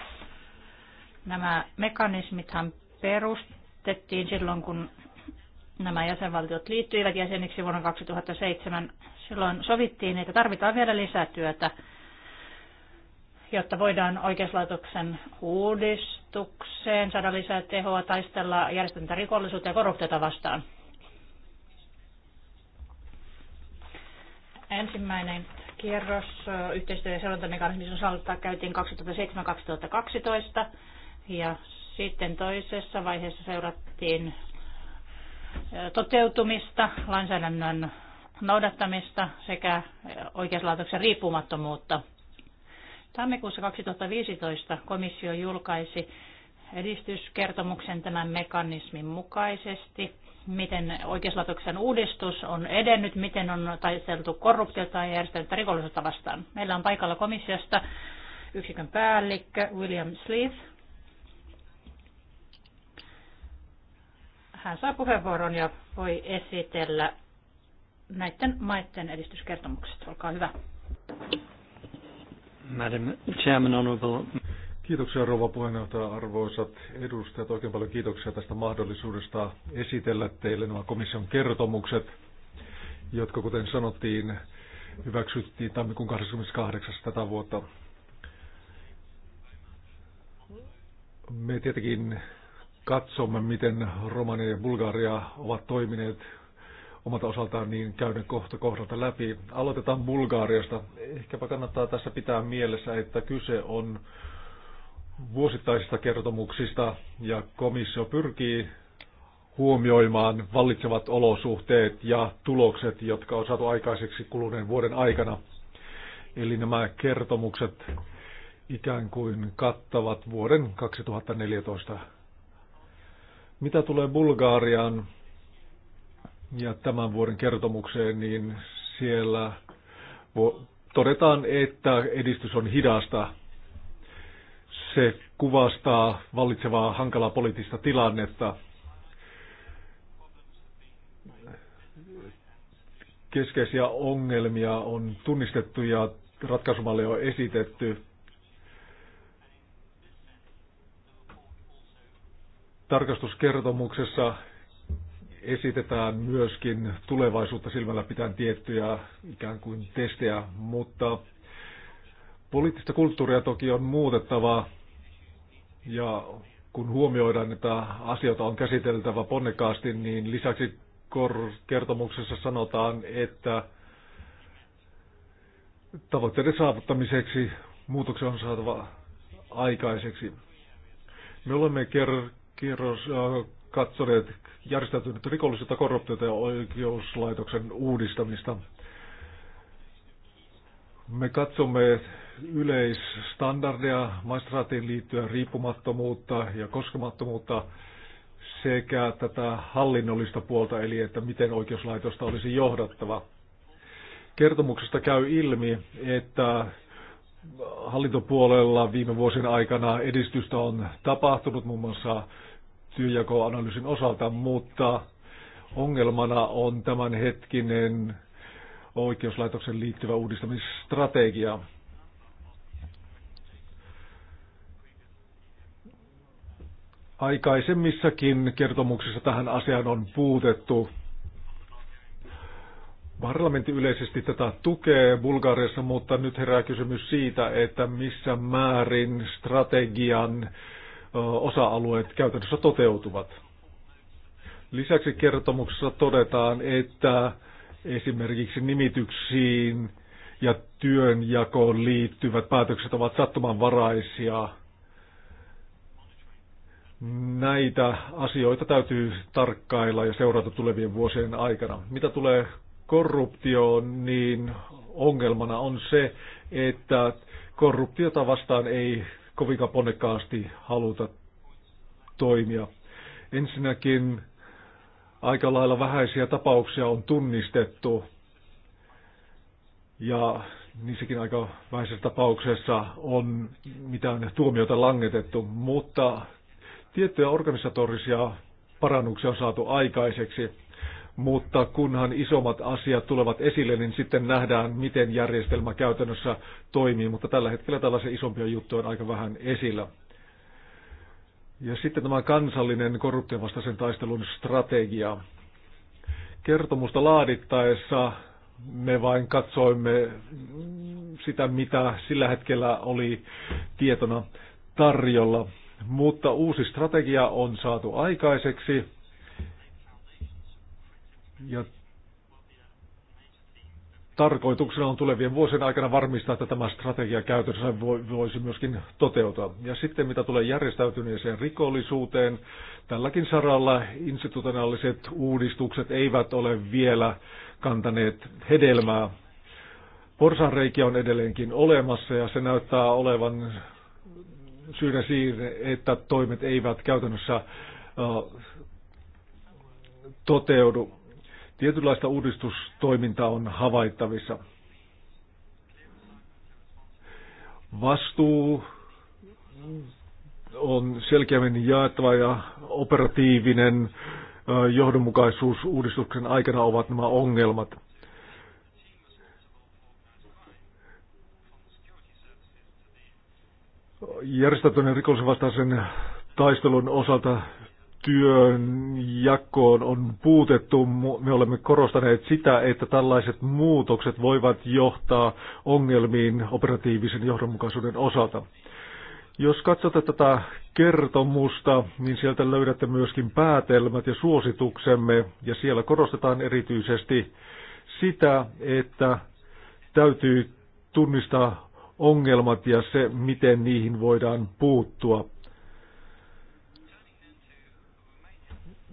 Nämä mekanismithan perustettiin silloin, kun nämä jäsenvaltiot liittyivät jäseniksi vuonna 2007. Silloin sovittiin, että tarvitaan vielä lisätyötä, jotta voidaan oikeuslaitoksen uudistukseen saada lisää tehoa taistella järjestäntä rikollisuutta ja korruptiota vastaan. Ensimmäinen kierros yhteistyö- ja seurantamekanismin osalta käytiin 2007-2012 ja sitten toisessa vaiheessa seurattiin toteutumista, lainsäädännön noudattamista sekä oikeuslaitoksen riippumattomuutta. Tammikuussa 2015 komissio julkaisi edistyskertomuksen tämän mekanismin mukaisesti – miten oikeuslaitoksen uudistus on edennyt, miten on taisteltu korruptiota ja järjestäytynyttä rikollisuutta vastaan. Meillä on paikalla komissiosta yksikön päällikkö William Sleeth. Hän saa puheenvuoron ja voi esitellä näiden maiden edistyskertomukset. Olkaa hyvä. Madam Chairman, Honorable Kiitoksia rouva puheenjohtaja, arvoisat edustajat. Oikein paljon kiitoksia tästä mahdollisuudesta esitellä teille nämä komission kertomukset, jotka kuten sanottiin, hyväksyttiin tammikuun 28. tätä vuotta. Me tietenkin katsomme, miten Romania ja Bulgaria ovat toimineet omalta osaltaan niin käyden kohta kohdalta läpi. Aloitetaan Bulgaariasta. Ehkäpä kannattaa tässä pitää mielessä, että kyse on vuosittaisista kertomuksista ja komissio pyrkii huomioimaan vallitsevat olosuhteet ja tulokset, jotka on saatu aikaiseksi kuluneen vuoden aikana. Eli nämä kertomukset ikään kuin kattavat vuoden 2014. Mitä tulee Bulgaariaan ja tämän vuoden kertomukseen, niin siellä todetaan, että edistys on hidasta se kuvastaa vallitsevaa hankalaa poliittista tilannetta. Keskeisiä ongelmia on tunnistettu ja ratkaisumalle on esitetty. Tarkastuskertomuksessa esitetään myöskin tulevaisuutta silmällä pitäen tiettyjä ikään kuin testejä, mutta poliittista kulttuuria toki on muutettava ja kun huomioidaan, että asioita on käsiteltävä ponnekaasti, niin lisäksi kertomuksessa sanotaan, että tavoitteiden saavuttamiseksi muutoksen on saatava aikaiseksi. Me olemme ker- kerros, äh, katsoneet järjestäytynyt rikollisuutta, korruptiota ja oikeuslaitoksen uudistamista. Me katsomme yleisstandardeja, maistraatiin liittyen riippumattomuutta ja koskemattomuutta sekä tätä hallinnollista puolta, eli että miten oikeuslaitosta olisi johdattava. Kertomuksesta käy ilmi, että hallintopuolella viime vuosien aikana edistystä on tapahtunut muun muassa työjakoanalyysin osalta, mutta ongelmana on tämänhetkinen oikeuslaitoksen liittyvä uudistamisstrategia. Aikaisemmissakin kertomuksissa tähän asiaan on puutettu. Parlamentti yleisesti tätä tukee Bulgariassa, mutta nyt herää kysymys siitä, että missä määrin strategian osa-alueet käytännössä toteutuvat. Lisäksi kertomuksessa todetaan, että esimerkiksi nimityksiin ja työnjakoon liittyvät päätökset ovat sattumanvaraisia – Näitä asioita täytyy tarkkailla ja seurata tulevien vuosien aikana. Mitä tulee korruptioon, niin ongelmana on se, että korruptiota vastaan ei kovinkaan ponnekkaasti haluta toimia. Ensinnäkin aika lailla vähäisiä tapauksia on tunnistettu ja niissäkin aika vähäisessä tapauksessa on mitään tuomiota langetettu, mutta Tiettyjä organisatorisia parannuksia on saatu aikaiseksi, mutta kunhan isommat asiat tulevat esille, niin sitten nähdään, miten järjestelmä käytännössä toimii, mutta tällä hetkellä tällaisia isompia juttuja on aika vähän esillä. Ja sitten tämä kansallinen korruption taistelun strategia. Kertomusta laadittaessa me vain katsoimme sitä, mitä sillä hetkellä oli tietona tarjolla mutta uusi strategia on saatu aikaiseksi ja tarkoituksena on tulevien vuosien aikana varmistaa, että tämä strategia käytössä voisi myöskin toteutua. Ja sitten mitä tulee järjestäytyneeseen rikollisuuteen, tälläkin saralla institutionaaliset uudistukset eivät ole vielä kantaneet hedelmää. Porsanreikiä on edelleenkin olemassa ja se näyttää olevan syynä siihen, että toimet eivät käytännössä toteudu. Tietynlaista uudistustoimintaa on havaittavissa. Vastuu on selkeämmin jaettava ja operatiivinen johdonmukaisuus uudistuksen aikana ovat nämä ongelmat. järjestäytyneen rikollisen vastaisen taistelun osalta työn jakoon on puutettu. Me olemme korostaneet sitä, että tällaiset muutokset voivat johtaa ongelmiin operatiivisen johdonmukaisuuden osalta. Jos katsotte tätä kertomusta, niin sieltä löydätte myöskin päätelmät ja suosituksemme, ja siellä korostetaan erityisesti sitä, että täytyy tunnistaa ongelmat ja se, miten niihin voidaan puuttua.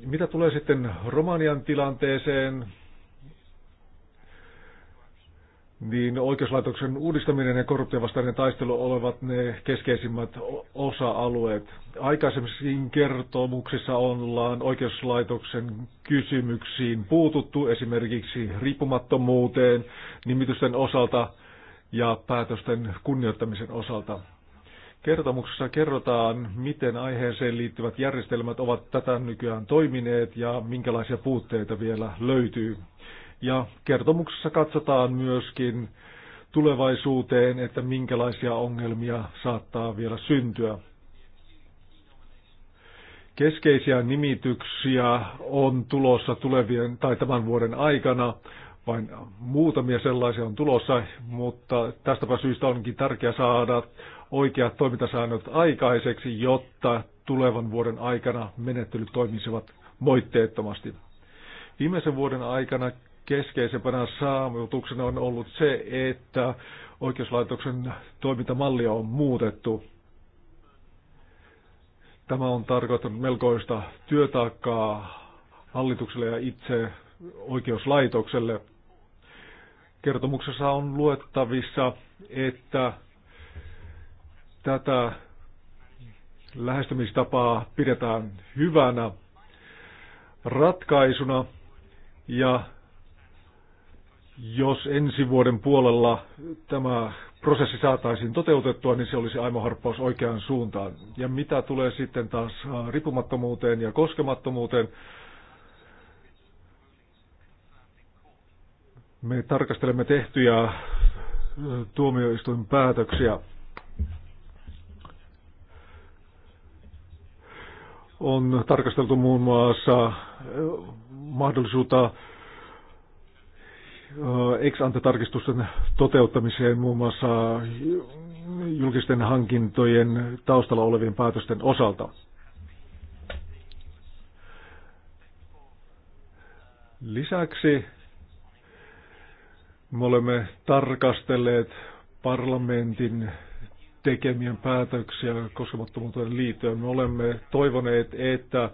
Mitä tulee sitten Romanian tilanteeseen, niin oikeuslaitoksen uudistaminen ja korruptiovastainen taistelu olevat ne keskeisimmät osa-alueet. Aikaisemmin kertomuksissa ollaan oikeuslaitoksen kysymyksiin puututtu, esimerkiksi riippumattomuuteen, nimitysten osalta ja päätösten kunnioittamisen osalta. Kertomuksessa kerrotaan, miten aiheeseen liittyvät järjestelmät ovat tätä nykyään toimineet ja minkälaisia puutteita vielä löytyy. Ja kertomuksessa katsotaan myöskin tulevaisuuteen, että minkälaisia ongelmia saattaa vielä syntyä. Keskeisiä nimityksiä on tulossa tulevien tai tämän vuoden aikana vain muutamia sellaisia on tulossa, mutta tästäpä syystä onkin tärkeää saada oikeat toimintasäännöt aikaiseksi, jotta tulevan vuoden aikana menettelyt toimisivat moitteettomasti. Viimeisen vuoden aikana keskeisempänä saavutuksena on ollut se, että oikeuslaitoksen toimintamallia on muutettu. Tämä on tarkoittanut melkoista työtaakkaa hallitukselle ja itse oikeuslaitokselle. Kertomuksessa on luettavissa, että tätä lähestymistapaa pidetään hyvänä ratkaisuna ja jos ensi vuoden puolella tämä prosessi saataisiin toteutettua, niin se olisi aimoharppaus oikeaan suuntaan. Ja mitä tulee sitten taas riippumattomuuteen ja koskemattomuuteen, Me tarkastelemme tehtyjä tuomioistuin päätöksiä. On tarkasteltu muun muassa mahdollisuutta ex tarkistusten toteuttamiseen muun muassa julkisten hankintojen taustalla olevien päätösten osalta. Lisäksi me olemme tarkastelleet parlamentin tekemien päätöksiä koskemattomuuteen liittyen. Me olemme toivoneet, että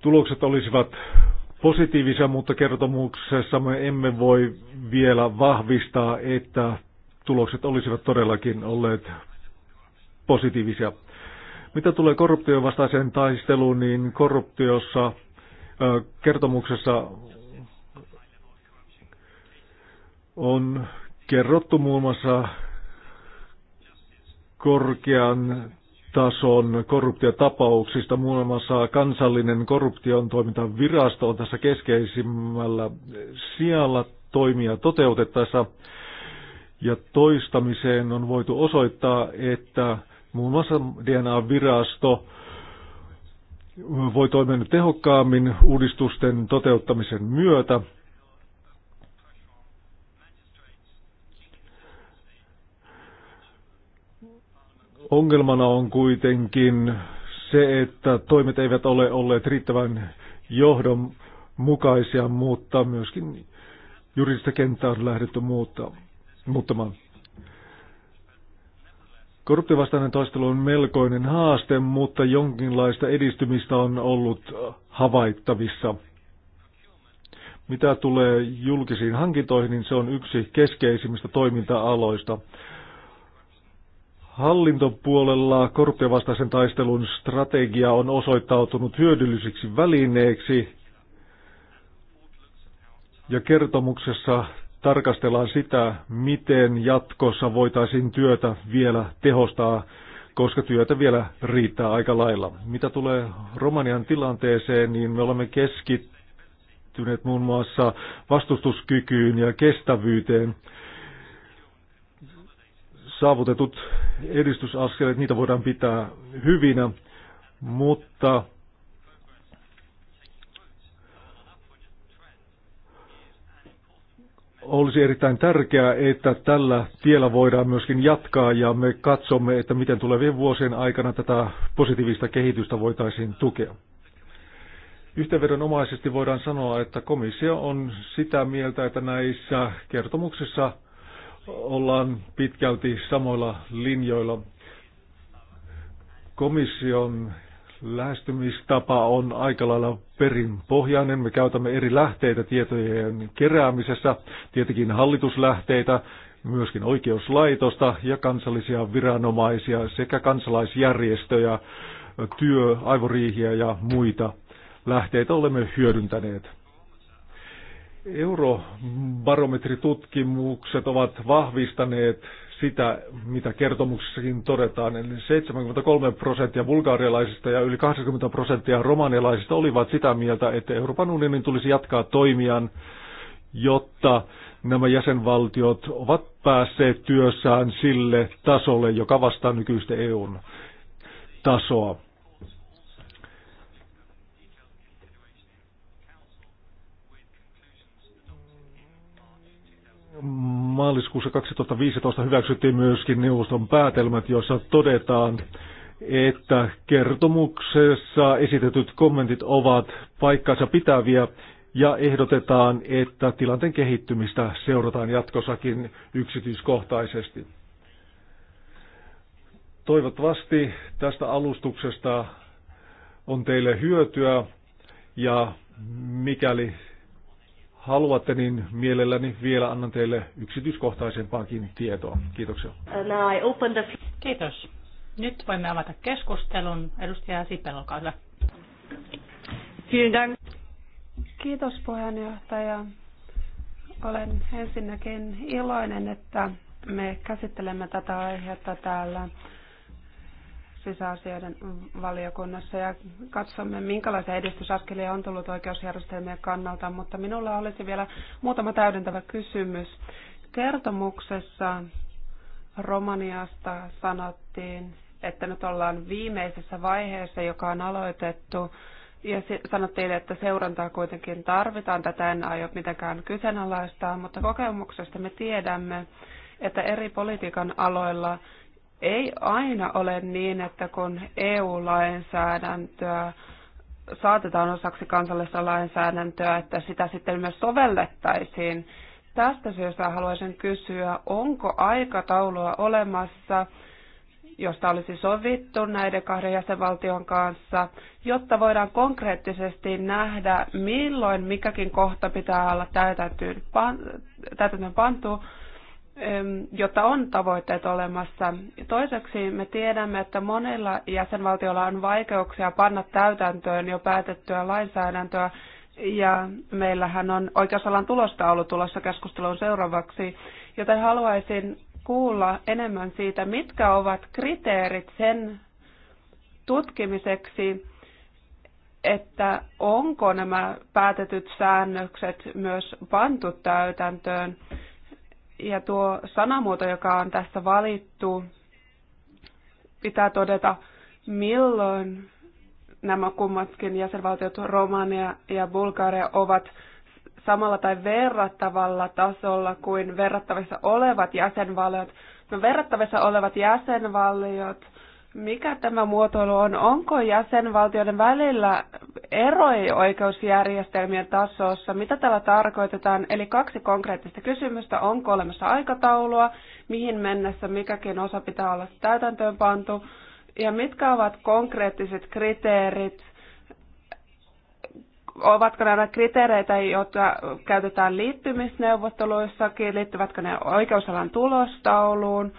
tulokset olisivat positiivisia, mutta kertomuksessa me emme voi vielä vahvistaa, että tulokset olisivat todellakin olleet positiivisia. Mitä tulee korruptiovastaiseen taisteluun, niin korruptiossa kertomuksessa on kerrottu muun muassa korkean tason korruptiotapauksista. Muun muassa kansallinen korruption toimintavirasto on tässä keskeisimmällä sijalla toimia toteutettaessa. Ja toistamiseen on voitu osoittaa, että muun muassa DNA-virasto voi toimia tehokkaammin uudistusten toteuttamisen myötä. Ongelmana on kuitenkin se, että toimet eivät ole olleet riittävän johdonmukaisia, mutta myöskin juridista kenttää on lähdetty muuttaa, muuttamaan. Korruptivastainen taistelu on melkoinen haaste, mutta jonkinlaista edistymistä on ollut havaittavissa. Mitä tulee julkisiin hankintoihin, niin se on yksi keskeisimmistä toiminta-aloista. Hallintopuolella korruptiovastaisen taistelun strategia on osoittautunut hyödyllisiksi välineeksi, ja kertomuksessa tarkastellaan sitä, miten jatkossa voitaisiin työtä vielä tehostaa, koska työtä vielä riittää aika lailla. Mitä tulee Romanian tilanteeseen, niin me olemme keskittyneet muun muassa vastustuskykyyn ja kestävyyteen. Saavutetut edistysaskeleet, niitä voidaan pitää hyvinä, mutta olisi erittäin tärkeää, että tällä tiellä voidaan myöskin jatkaa ja me katsomme, että miten tulevien vuosien aikana tätä positiivista kehitystä voitaisiin tukea. Yhteenvedonomaisesti voidaan sanoa, että komissio on sitä mieltä, että näissä kertomuksissa ollaan pitkälti samoilla linjoilla. Komission lähestymistapa on aika lailla perinpohjainen. Me käytämme eri lähteitä tietojen keräämisessä, tietenkin hallituslähteitä, myöskin oikeuslaitosta ja kansallisia viranomaisia sekä kansalaisjärjestöjä, työ, aivoriihiä ja muita lähteitä olemme hyödyntäneet. Eurobarometritutkimukset ovat vahvistaneet sitä, mitä kertomuksessakin todetaan. Eli 73 prosenttia bulgarialaisista ja yli 80 prosenttia romanialaisista olivat sitä mieltä, että Euroopan unionin tulisi jatkaa toimiaan, jotta nämä jäsenvaltiot ovat päässeet työssään sille tasolle, joka vastaa nykyistä EUn tasoa. maaliskuussa 2015 hyväksyttiin myöskin neuvoston päätelmät, joissa todetaan, että kertomuksessa esitetyt kommentit ovat paikkansa pitäviä ja ehdotetaan, että tilanteen kehittymistä seurataan jatkossakin yksityiskohtaisesti. Toivottavasti tästä alustuksesta on teille hyötyä ja mikäli haluatte, niin mielelläni vielä annan teille yksityiskohtaisempaakin tietoa. Kiitoksia. Uh, Kiitos. Nyt voimme avata keskustelun. Edustaja Sipel, olkaa hyvä. Kiitos puheenjohtaja. Olen ensinnäkin iloinen, että me käsittelemme tätä aihetta täällä sisäasioiden valiokunnassa ja katsomme, minkälaisia edistysaskelia on tullut oikeusjärjestelmien kannalta, mutta minulla olisi vielä muutama täydentävä kysymys. Kertomuksessa Romaniasta sanottiin, että nyt ollaan viimeisessä vaiheessa, joka on aloitettu, ja sanottiin, että seurantaa kuitenkin tarvitaan. Tätä en aio mitenkään kyseenalaistaa, mutta kokemuksesta me tiedämme, että eri politiikan aloilla – ei aina ole niin, että kun EU-lainsäädäntöä saatetaan osaksi kansallista lainsäädäntöä, että sitä sitten myös sovellettaisiin. Tästä syystä haluaisin kysyä, onko aikataulua olemassa, josta olisi sovittu näiden kahden jäsenvaltion kanssa, jotta voidaan konkreettisesti nähdä, milloin mikäkin kohta pitää olla täytäntöön pantu, jotta on tavoitteet olemassa. Toiseksi me tiedämme, että monilla jäsenvaltioilla on vaikeuksia panna täytäntöön jo päätettyä lainsäädäntöä, ja meillähän on oikeusalan ollut tulossa keskusteluun seuraavaksi, joten haluaisin kuulla enemmän siitä, mitkä ovat kriteerit sen tutkimiseksi, että onko nämä päätetyt säännökset myös pantu täytäntöön. Ja tuo sanamuoto, joka on tässä valittu, pitää todeta, milloin nämä kummatkin jäsenvaltiot, Romania ja Bulgaria, ovat samalla tai verrattavalla tasolla kuin verrattavissa olevat jäsenvaltiot. No verrattavissa olevat jäsenvaltiot mikä tämä muotoilu on? Onko jäsenvaltioiden välillä eroja oikeusjärjestelmien tasossa? Mitä tällä tarkoitetaan? Eli kaksi konkreettista kysymystä. Onko olemassa aikataulua? Mihin mennessä mikäkin osa pitää olla täytäntöönpantu? Ja mitkä ovat konkreettiset kriteerit? Ovatko nämä kriteereitä, joita käytetään liittymisneuvotteluissakin? Liittyvätkö ne oikeusalan tulostauluun?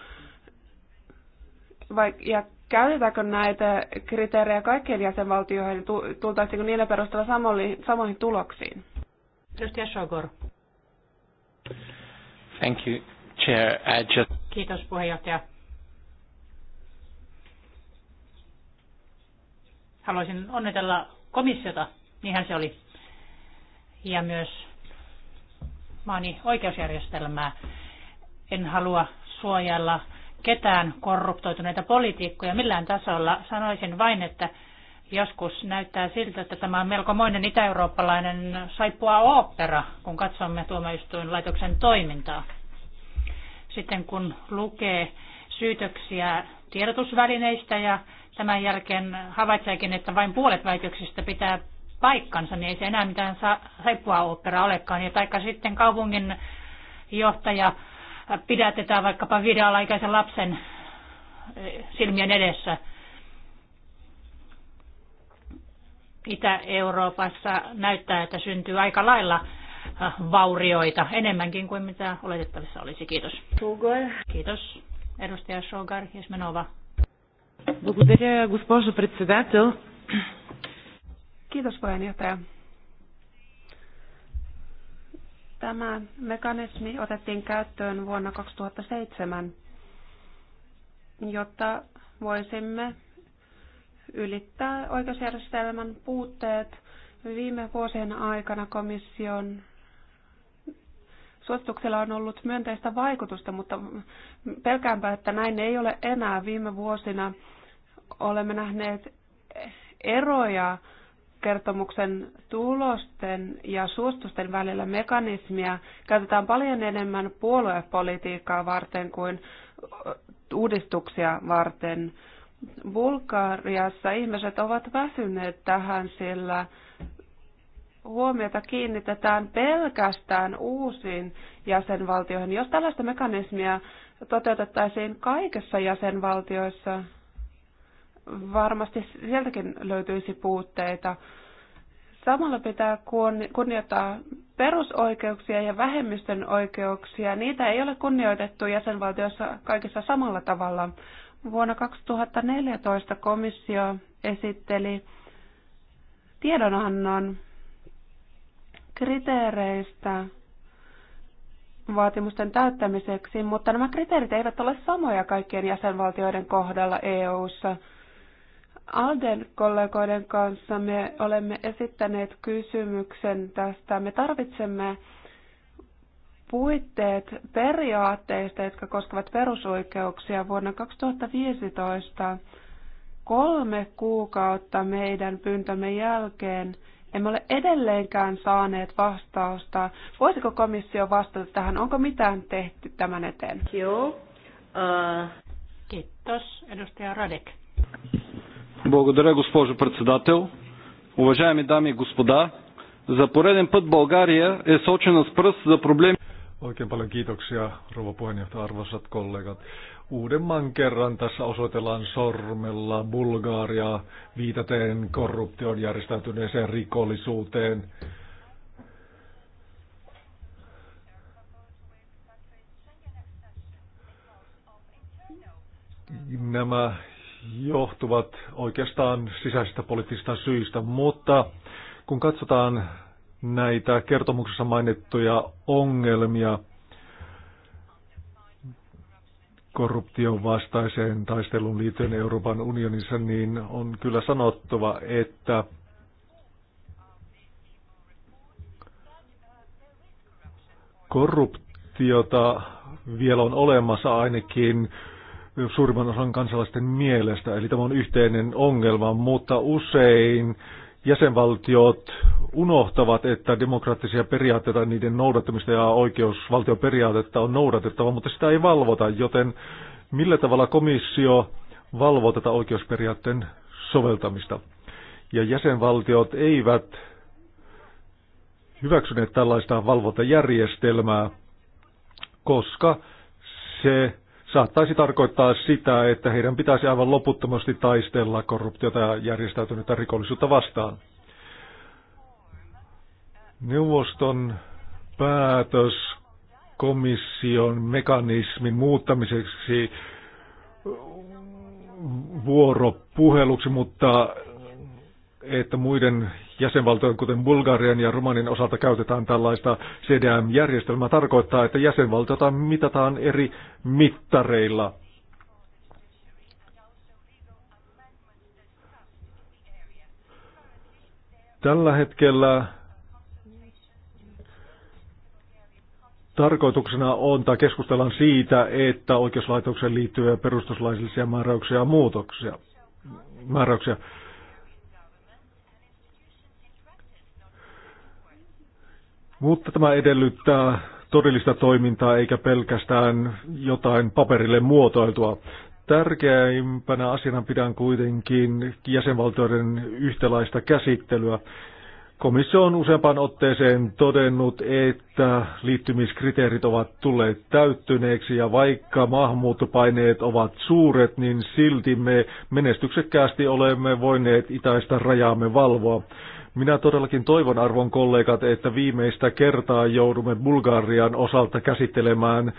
vai, ja käytetäänkö näitä kriteerejä kaikkien jäsenvaltioihin, tultaisiinko niillä perusteella samoihin tuloksiin? Edustaja Sogor. Thank you, Chair. I just... Kiitos puheenjohtaja. Haluaisin onnitella komissiota, niinhän se oli, ja myös maani oikeusjärjestelmää. En halua suojella ketään korruptoituneita poliitikkoja millään tasolla. Sanoisin vain, että joskus näyttää siltä, että tämä on melkomoinen itä-eurooppalainen saippua opera, kun katsomme laitoksen toimintaa. Sitten kun lukee syytöksiä tiedotusvälineistä ja tämän jälkeen havaitseekin, että vain puolet väitöksistä pitää paikkansa, niin ei se enää mitään saippua opera olekaan. Ja taikka sitten kaupungin johtaja pidätetään vaikkapa viiden alaikäisen lapsen eh, silmien edessä. Itä-Euroopassa näyttää, että syntyy aika lailla eh, vaurioita, enemmänkin kuin mitä oletettavissa olisi. Kiitos. Sugar. Kiitos. Edustaja Sogar Jesmenova. Благодаря, госпожо председател. Kiitos puheenjohtaja. Tämä mekanismi otettiin käyttöön vuonna 2007, jotta voisimme ylittää oikeusjärjestelmän puutteet. Viime vuosien aikana komission suosituksella on ollut myönteistä vaikutusta, mutta pelkäänpä, että näin ei ole enää viime vuosina. Olemme nähneet eroja kertomuksen tulosten ja suostusten välillä mekanismia käytetään paljon enemmän puoluepolitiikkaa varten kuin uudistuksia varten. Bulgariassa ihmiset ovat väsyneet tähän, sillä huomiota kiinnitetään pelkästään uusiin jäsenvaltioihin. Jos tällaista mekanismia toteutettaisiin kaikissa jäsenvaltioissa, varmasti sieltäkin löytyisi puutteita. Samalla pitää kunnioittaa perusoikeuksia ja vähemmistön oikeuksia. Niitä ei ole kunnioitettu jäsenvaltioissa kaikissa samalla tavalla. Vuonna 2014 komissio esitteli tiedonannon kriteereistä vaatimusten täyttämiseksi, mutta nämä kriteerit eivät ole samoja kaikkien jäsenvaltioiden kohdalla EU:ssa. ssa Alden kollegoiden kanssa me olemme esittäneet kysymyksen tästä. Me tarvitsemme puitteet periaatteista, jotka koskevat perusoikeuksia vuonna 2015 kolme kuukautta meidän pyyntömme jälkeen emme ole edelleenkään saaneet vastausta. Voisiko komissio vastata tähän? Onko mitään tehty tämän eteen? Joo. Uh... Kiitos, edustaja Radek. Благодаря, госпожо председател. Уважаеми дами и господа, за пореден път България е сочена с пръст за проблеми. Oikein paljon kiitoksia, rouva puheenjohtaja, arvoisat kollegat. Uudemman kerran tässä osoitellaan sormella Bulgaaria viitaten korruption järjestäytyneeseen rikollisuuteen. Nämä johtuvat oikeastaan sisäisistä poliittisista syistä, mutta kun katsotaan näitä kertomuksessa mainittuja ongelmia korruption vastaiseen taisteluun liittyen Euroopan unionissa, niin on kyllä sanottava, että korruptiota vielä on olemassa ainakin suurimman osan kansalaisten mielestä. Eli tämä on yhteinen ongelma, mutta usein jäsenvaltiot unohtavat, että demokraattisia periaatteita, niiden noudattamista ja oikeusvaltioperiaatetta on noudatettava, mutta sitä ei valvota, joten millä tavalla komissio valvoo tätä oikeusperiaatteen soveltamista? Ja jäsenvaltiot eivät hyväksyneet tällaista valvontajärjestelmää, koska se saattaisi tarkoittaa sitä, että heidän pitäisi aivan loputtomasti taistella korruptiota ja järjestäytynyttä rikollisuutta vastaan. Neuvoston päätös komission mekanismin muuttamiseksi vuoropuheluksi, mutta että muiden jäsenvaltojen, kuten Bulgarian ja Romanin osalta käytetään tällaista CDM-järjestelmää, tarkoittaa, että jäsenvaltiota mitataan eri mittareilla. Tällä hetkellä tarkoituksena on, tai keskustellaan siitä, että oikeuslaitokseen liittyviä perustuslaillisia määräyksiä ja muutoksia, määräyksiä. Mutta tämä edellyttää todellista toimintaa eikä pelkästään jotain paperille muotoiltua. Tärkeimpänä asiana pidän kuitenkin jäsenvaltioiden yhtälaista käsittelyä. Komissio on useampaan otteeseen todennut, että liittymiskriteerit ovat tulleet täyttyneeksi ja vaikka maahanmuuttopaineet ovat suuret, niin silti me menestyksekkäästi olemme voineet itäistä rajaamme valvoa. Minä todellakin toivon arvon kollegat, että viimeistä kertaa joudumme Bulgarian osalta käsittelemään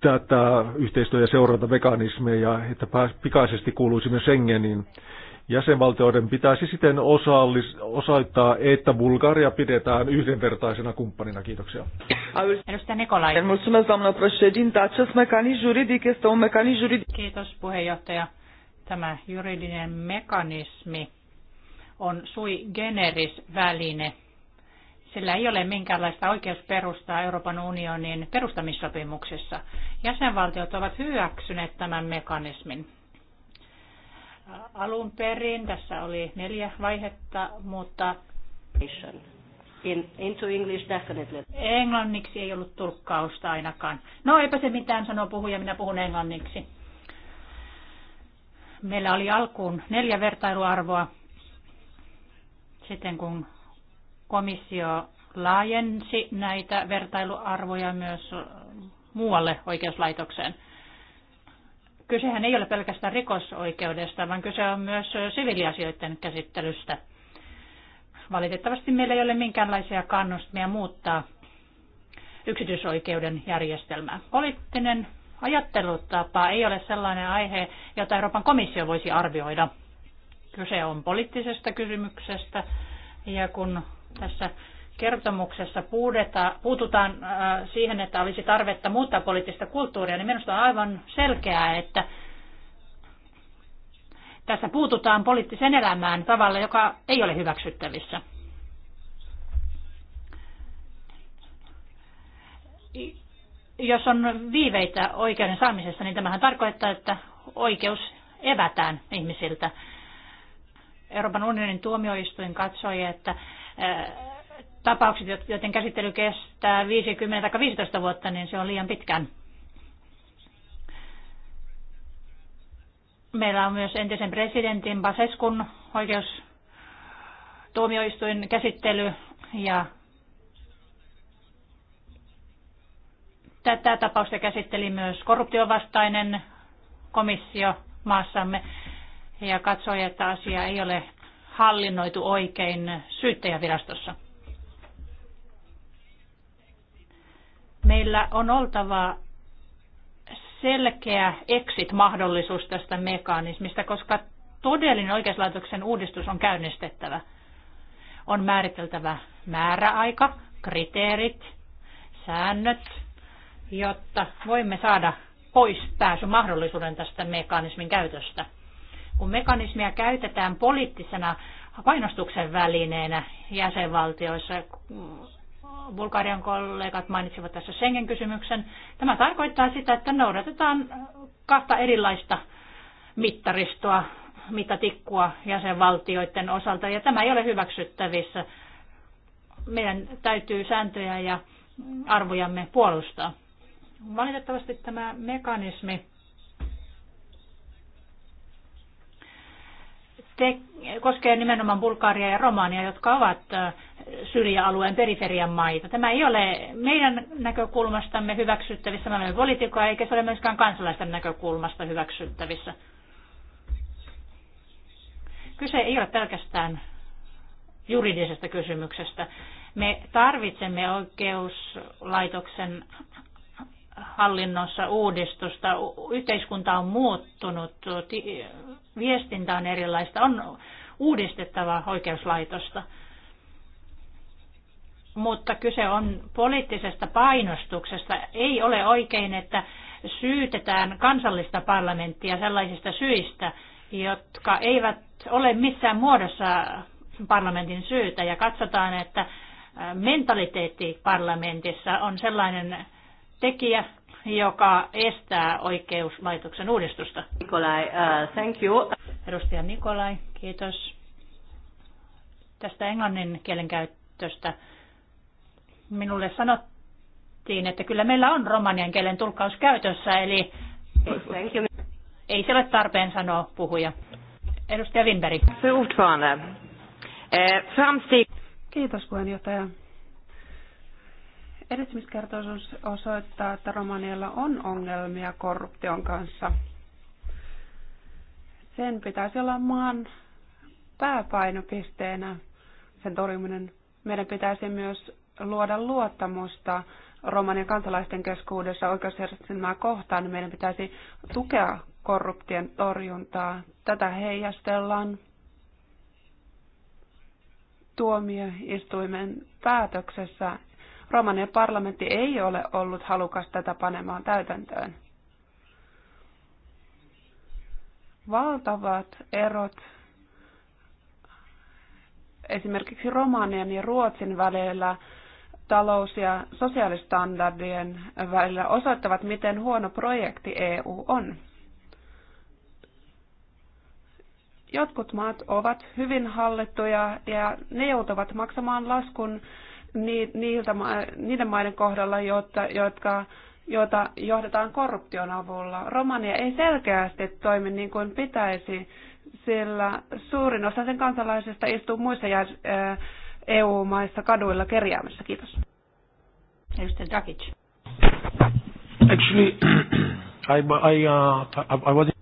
tätä yhteistyö- ja seurantamekanismeja, että pikaisesti kuuluisimme Schengenin. Jäsenvaltioiden pitäisi siten osallis, osoittaa, että Bulgaria pidetään yhdenvertaisena kumppanina. Kiitoksia. Edustaja Nikolai. Kiitos, puheenjohtaja. Tämä juridinen mekanismi on sui generis väline. Sillä ei ole minkäänlaista oikeusperustaa Euroopan unionin perustamissopimuksessa. Jäsenvaltiot ovat hyväksyneet tämän mekanismin. Alun perin tässä oli neljä vaihetta, mutta In, into English definitely. Englanniksi ei ollut tulkkausta ainakaan. No eipä se mitään sanoo puhuja, minä puhun englanniksi. Meillä oli alkuun neljä vertailuarvoa, sitten kun komissio laajensi näitä vertailuarvoja myös muualle oikeuslaitokseen. Kysehän ei ole pelkästään rikosoikeudesta, vaan kyse on myös siviiliasioiden käsittelystä. Valitettavasti meillä ei ole minkäänlaisia kannustimia muuttaa yksityisoikeuden järjestelmää. Poliittinen ajattelutapa ei ole sellainen aihe, jota Euroopan komissio voisi arvioida – Kyse on poliittisesta kysymyksestä ja kun tässä kertomuksessa puudeta, puututaan äh, siihen, että olisi tarvetta muuttaa poliittista kulttuuria, niin minusta on aivan selkeää, että tässä puututaan poliittiseen elämään tavalla, joka ei ole hyväksyttävissä. Jos on viiveitä oikeuden saamisessa, niin tämähän tarkoittaa, että oikeus evätään ihmisiltä. Euroopan unionin tuomioistuin katsoi, että tapaukset, joiden käsittely kestää 50 tai 15 vuotta, niin se on liian pitkään. Meillä on myös entisen presidentin Baseskun tuomioistuin käsittely ja tätä tapausta käsitteli myös korruptiovastainen komissio maassamme ja katsoi, että asia ei ole hallinnoitu oikein syyttäjävirastossa. Meillä on oltava selkeä exit-mahdollisuus tästä mekanismista, koska todellinen oikeuslaitoksen uudistus on käynnistettävä. On määriteltävä määräaika, kriteerit, säännöt, jotta voimme saada pois pääsy mahdollisuuden tästä mekanismin käytöstä kun mekanismia käytetään poliittisena painostuksen välineenä jäsenvaltioissa, Bulgarian kollegat mainitsivat tässä Schengen-kysymyksen. Tämä tarkoittaa sitä, että noudatetaan kahta erilaista mittaristoa, mittatikkua jäsenvaltioiden osalta, ja tämä ei ole hyväksyttävissä. Meidän täytyy sääntöjä ja arvojamme puolustaa. Valitettavasti tämä mekanismi te, koskee nimenomaan Bulgaria ja Romania, jotka ovat syrjäalueen periferian maita. Tämä ei ole meidän näkökulmastamme hyväksyttävissä, me olemme politiikkoja, eikä se ole myöskään kansalaisten näkökulmasta hyväksyttävissä. Kyse ei ole pelkästään juridisesta kysymyksestä. Me tarvitsemme oikeuslaitoksen hallinnossa uudistusta. Yhteiskunta on muuttunut, viestintä on erilaista, on uudistettava oikeuslaitosta. Mutta kyse on poliittisesta painostuksesta. Ei ole oikein, että syytetään kansallista parlamenttia sellaisista syistä, jotka eivät ole missään muodossa parlamentin syytä ja katsotaan, että mentaliteetti parlamentissa on sellainen, tekijä, joka estää oikeuslaitoksen uudistusta. Nikolai, uh, thank you. Edustaja Nikolai, kiitos tästä englannin kielen käyttöstä. Minulle sanottiin, että kyllä meillä on romanian kielen tulkkaus käytössä, eli thank you. ei se ole tarpeen sanoa puhuja. Edustaja Winberg. Eh, kiitos puheenjohtaja. Edistymiskertoisuus osoittaa, että Romanialla on ongelmia korruption kanssa. Sen pitäisi olla maan pääpainopisteenä sen torjuminen. Meidän pitäisi myös luoda luottamusta Romanian kansalaisten keskuudessa oikeusjärjestelmää kohtaan, niin meidän pitäisi tukea korruption torjuntaa. Tätä heijastellaan tuomioistuimen päätöksessä Romanian parlamentti ei ole ollut halukas tätä panemaan täytäntöön. Valtavat erot esimerkiksi Romanian ja Ruotsin välillä talous- ja sosiaalistandardien välillä osoittavat, miten huono projekti EU on. Jotkut maat ovat hyvin hallittuja ja ne joutuvat maksamaan laskun niiltä, niiden maiden kohdalla, jotta, jotka, joita johdetaan korruption avulla. Romania ei selkeästi toimi niin kuin pitäisi, sillä suurin osa sen kansalaisista istuu muissa EU-maissa eh, e kaduilla kerjäämässä. Kiitos. Actually, I, I, uh, I was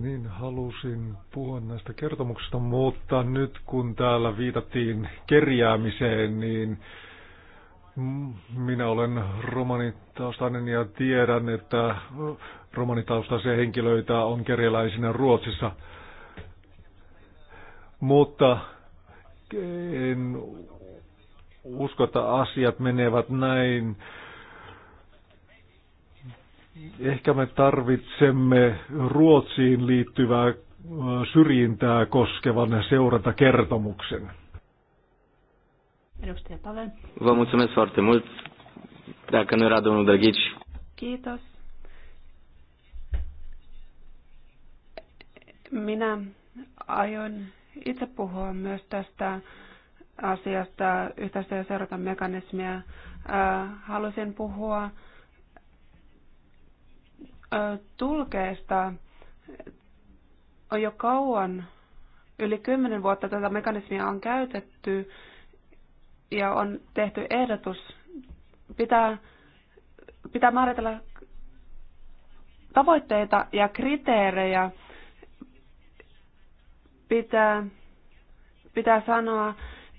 niin, halusin puhua näistä kertomuksista, mutta nyt kun täällä viitattiin kerjäämiseen, niin minä olen romanitaustainen ja tiedän, että romanitaustaisia henkilöitä on kerjäläisinä Ruotsissa. Mutta en usko, että asiat menevät näin Ehkä me tarvitsemme Ruotsiin liittyvää äh, syrjintää koskevan seurantakertomuksen. Edustaja Pavel. Vă mulțumesc foarte mult. Dacă nu era domnul Drăghici. Kiitos. Minä aion itse puhua myös tästä asiasta yhteistyö- ja seurantamekanismia. Äh, Haluaisin puhua tulkeesta on jo kauan, yli kymmenen vuotta tätä mekanismia on käytetty ja on tehty ehdotus. Pitää, pitää määritellä tavoitteita ja kriteerejä. Pitää, pitää sanoa,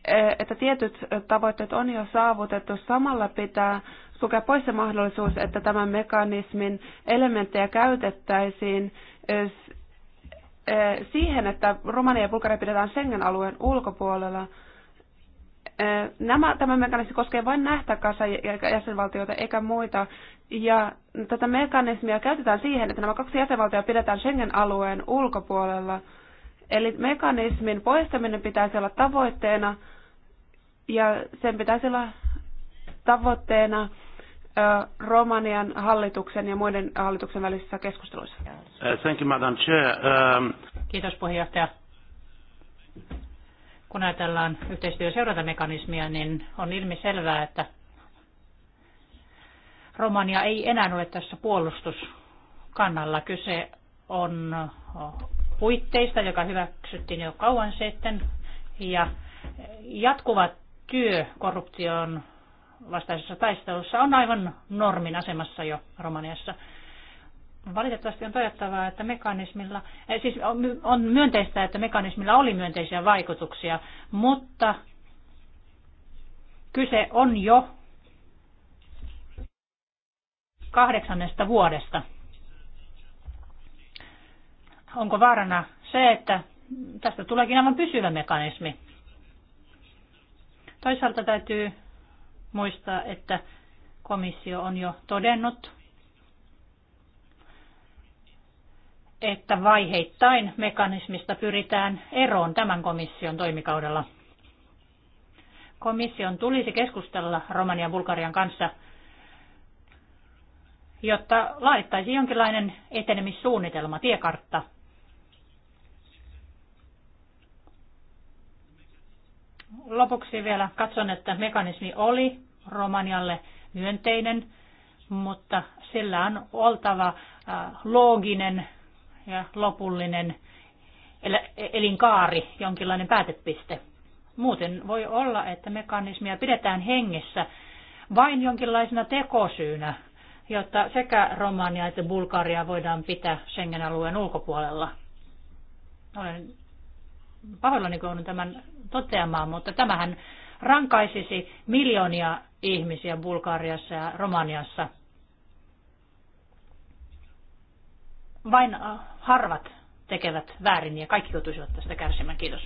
e, että tietyt tavoitteet on jo saavutettu. Samalla pitää sulkea pois se mahdollisuus, että tämän mekanismin elementtejä käytettäisiin siihen, että Romania ja Bulgaria pidetään Schengen-alueen ulkopuolella. Nämä, tämä mekanismi koskee vain ja jäsenvaltioita eikä muita. Ja tätä mekanismia käytetään siihen, että nämä kaksi jäsenvaltiota pidetään Schengen-alueen ulkopuolella. Eli mekanismin poistaminen pitäisi olla tavoitteena ja sen pitäisi olla tavoitteena Romanian hallituksen ja muiden hallituksen välisissä keskusteluissa. Uh, thank you, Madam Chair. Um... Kiitos puheenjohtaja. Kun ajatellaan yhteistyöseurantamekanismia, niin on ilmi selvää, että Romania ei enää ole tässä puolustuskannalla. Kyse on puitteista, joka hyväksyttiin jo kauan sitten, ja jatkuva työ korruption vastaisessa taistelussa on aivan normin asemassa jo Romaniassa. Valitettavasti on todettavaa, että mekanismilla, eh, siis on myönteistä, että mekanismilla oli myönteisiä vaikutuksia, mutta kyse on jo kahdeksannesta vuodesta. Onko vaarana se, että tästä tuleekin aivan pysyvä mekanismi? Toisaalta täytyy muistaa, että komissio on jo todennut, että vaiheittain mekanismista pyritään eroon tämän komission toimikaudella. Komission tulisi keskustella Romanian ja Bulgarian kanssa, jotta laittaisi jonkinlainen etenemissuunnitelma, tiekartta – Lopuksi vielä katson, että mekanismi oli Romanialle myönteinen, mutta sillä on oltava äh, looginen ja lopullinen elinkaari, jonkinlainen päätepiste. Muuten voi olla, että mekanismia pidetään hengissä vain jonkinlaisena tekosyynä, jotta sekä Romania että Bulgaria voidaan pitää Schengen-alueen ulkopuolella. Olen pahoillani, kun tämän toteamaan, mutta tämähän rankaisisi miljoonia ihmisiä Bulgariassa ja Romaniassa. Vain äh, harvat tekevät väärin ja kaikki joutuisivat tästä kärsimään. Kiitos.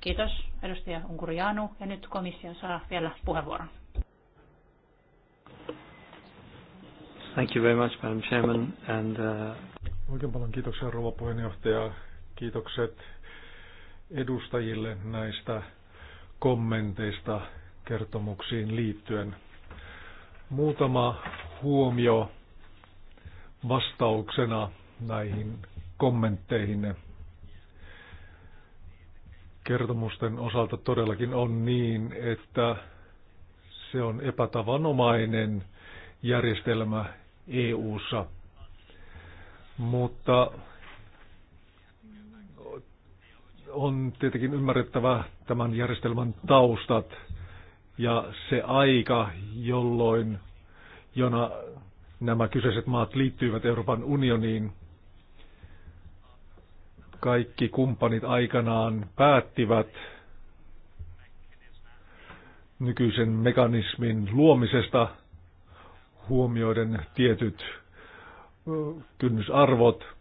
Kiitos, edustaja Unkurianu. Ja nyt komissio saa vielä puheenvuoron. Thank you very much, Madam Chairman. And, uh... Oikein paljon kiitoksia, rouva puheenjohtaja. Kiitokset edustajille näistä kommenteista kertomuksiin liittyen. Muutama huomio vastauksena näihin kommentteihin. Kertomusten osalta todellakin on niin, että se on epätavanomainen järjestelmä EU:ssa, mutta on tietenkin ymmärrettävä tämän järjestelmän taustat ja se aika, jolloin jona nämä kyseiset maat liittyivät Euroopan unioniin. Kaikki kumppanit aikanaan päättivät nykyisen mekanismin luomisesta huomioiden tietyt kynnysarvot –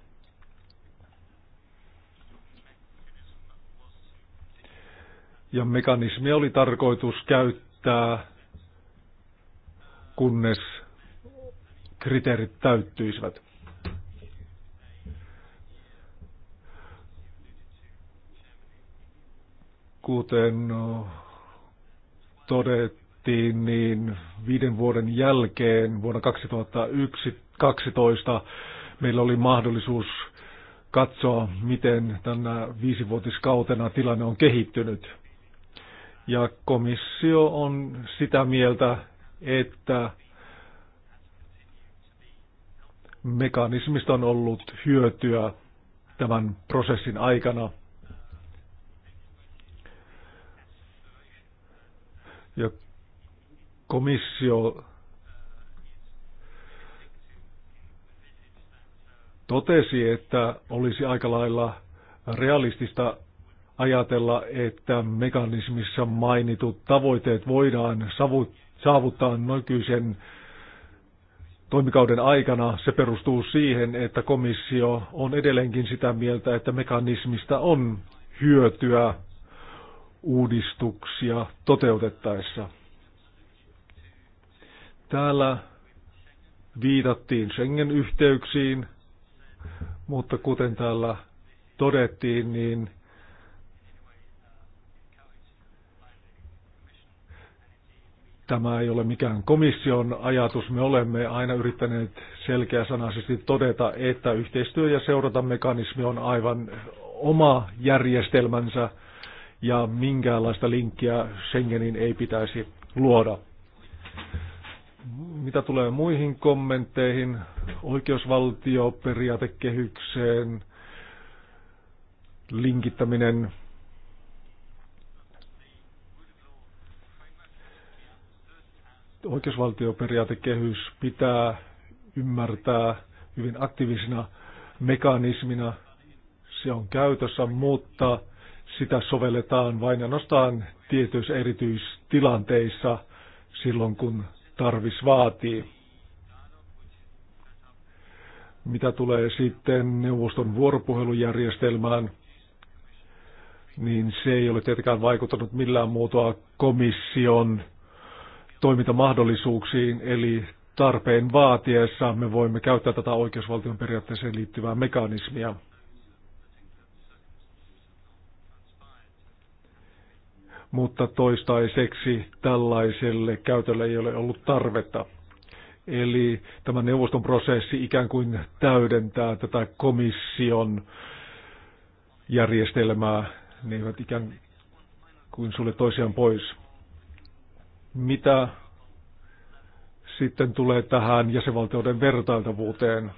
Ja mekanismi oli tarkoitus käyttää, kunnes kriteerit täyttyisivät. Kuten todettiin, niin viiden vuoden jälkeen vuonna 2012 meillä oli mahdollisuus katsoa, miten tänä viisivuotiskautena tilanne on kehittynyt. Ja komissio on sitä mieltä, että mekanismista on ollut hyötyä tämän prosessin aikana. Ja komissio totesi, että olisi aika lailla realistista ajatella, että mekanismissa mainitut tavoitteet voidaan saavuttaa nykyisen toimikauden aikana. Se perustuu siihen, että komissio on edelleenkin sitä mieltä, että mekanismista on hyötyä uudistuksia toteutettaessa. Täällä viitattiin Schengen-yhteyksiin, mutta kuten täällä todettiin, niin Tämä ei ole mikään komission ajatus. Me olemme aina yrittäneet selkeäsanaisesti todeta, että yhteistyö- ja seurantamekanismi on aivan oma järjestelmänsä ja minkäänlaista linkkiä Schengenin ei pitäisi luoda. Mitä tulee muihin kommentteihin, oikeusvaltioperiaatekehykseen, linkittäminen oikeusvaltioperiaatekehys pitää ymmärtää hyvin aktiivisena mekanismina. Se on käytössä, mutta sitä sovelletaan vain ja nostaan tietyissä erityistilanteissa silloin, kun tarvis vaatii. Mitä tulee sitten neuvoston vuoropuhelujärjestelmään, niin se ei ole tietenkään vaikuttanut millään muotoa komission toimintamahdollisuuksiin, eli tarpeen vaatiessa me voimme käyttää tätä oikeusvaltion periaatteeseen liittyvää mekanismia. Mutta toistaiseksi tällaiselle käytölle ei ole ollut tarvetta. Eli tämä neuvoston prosessi ikään kuin täydentää tätä komission järjestelmää. Ne eivät ikään kuin sulle toisiaan pois. Mitä sitten tulee tähän jäsenvaltioiden vertailtavuuteen?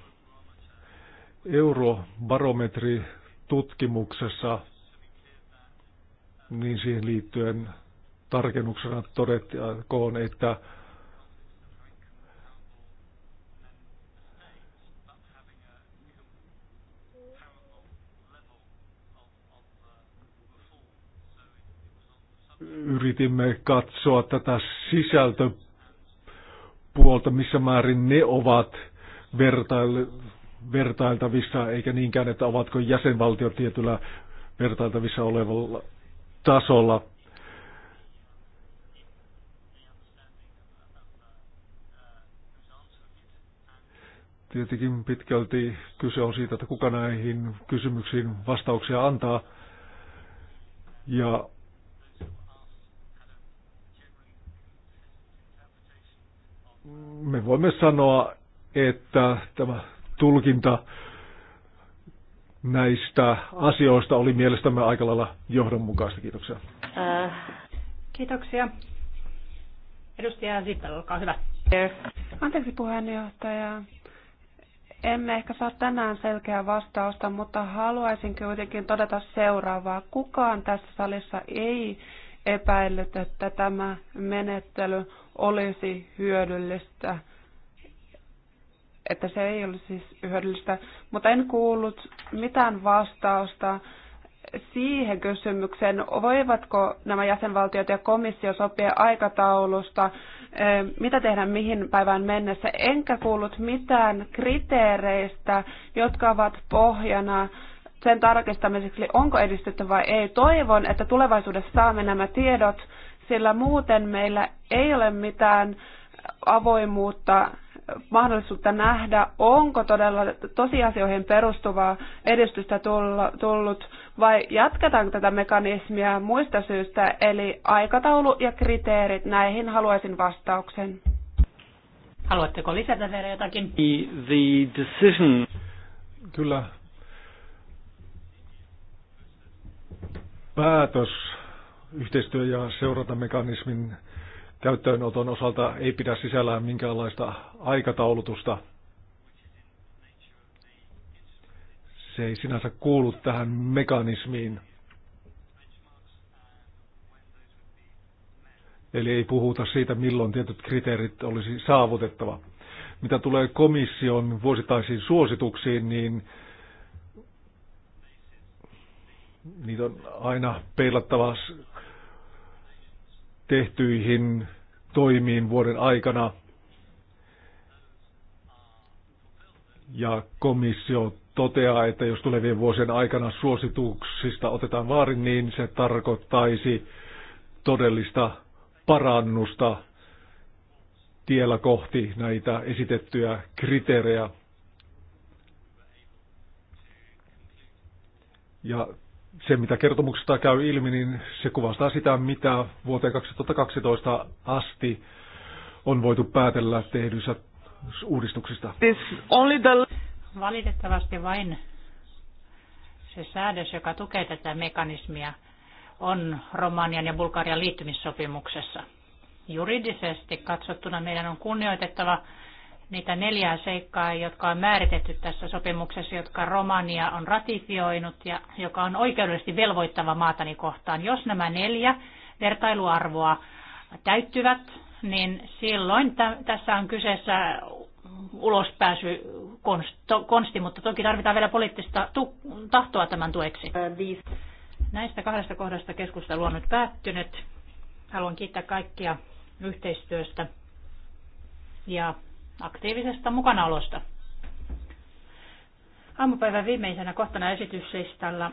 Eurobarometri tutkimuksessa, niin siihen liittyen tarkennuksena todettiin, että yritimme katsoa tätä sisältöpuolta, missä määrin ne ovat vertail, vertailtavissa, eikä niinkään, että ovatko jäsenvaltiot tietyllä vertailtavissa olevalla tasolla. Tietenkin pitkälti kyse on siitä, että kuka näihin kysymyksiin vastauksia antaa. Ja me voimme sanoa, että tämä tulkinta näistä asioista oli mielestämme aika lailla johdonmukaista. Kiitoksia. Äh, kiitoksia. Edustaja Sipel, olkaa hyvä. Anteeksi puheenjohtaja. Emme ehkä saa tänään selkeää vastausta, mutta haluaisin kuitenkin todeta seuraavaa. Kukaan tässä salissa ei epäillyt, että tämä menettely olisi hyödyllistä, että se ei olisi siis hyödyllistä, mutta en kuullut mitään vastausta siihen kysymykseen, voivatko nämä jäsenvaltiot ja komissio sopia aikataulusta, eh, mitä tehdään mihin päivään mennessä, enkä kuullut mitään kriteereistä, jotka ovat pohjana sen tarkistamiseksi, onko edistytty vai ei. Toivon, että tulevaisuudessa saamme nämä tiedot, sillä muuten meillä ei ole mitään avoimuutta, mahdollisuutta nähdä, onko todella tosiasioihin perustuvaa edistystä tullut vai jatketaanko tätä mekanismia muista syystä, eli aikataulu ja kriteerit, näihin haluaisin vastauksen. Haluatteko lisätä vielä jotakin? The, the decision. Kyllä päätös yhteistyö- ja seurantamekanismin käyttöönoton osalta ei pidä sisällään minkäänlaista aikataulutusta. Se ei sinänsä kuulu tähän mekanismiin. Eli ei puhuta siitä, milloin tietyt kriteerit olisi saavutettava. Mitä tulee komission vuosittaisiin suosituksiin, niin niitä on aina peilattava tehtyihin toimiin vuoden aikana. Ja komissio toteaa, että jos tulevien vuosien aikana suosituksista otetaan vaarin, niin se tarkoittaisi todellista parannusta tiellä kohti näitä esitettyjä kriteerejä. Ja se, mitä kertomuksesta käy ilmi, niin se kuvastaa sitä, mitä vuoteen 2012 asti on voitu päätellä tehdyissä uudistuksista. Valitettavasti vain se säädös, joka tukee tätä mekanismia, on Romanian ja Bulgarian liittymissopimuksessa. Juridisesti katsottuna meidän on kunnioitettava niitä neljää seikkaa, jotka on määritetty tässä sopimuksessa, jotka Romania on ratifioinut ja joka on oikeudellisesti velvoittava maatani kohtaan. Jos nämä neljä vertailuarvoa täyttyvät, niin silloin tässä on kyseessä ulospääsy konsti, mutta toki tarvitaan vielä poliittista tahtoa tämän tueksi. Näistä kahdesta kohdasta keskustelu on nyt päättynyt. Haluan kiittää kaikkia yhteistyöstä ja aktiivisesta mukanaolosta. Aamupäivän viimeisenä kohtana esityslistalla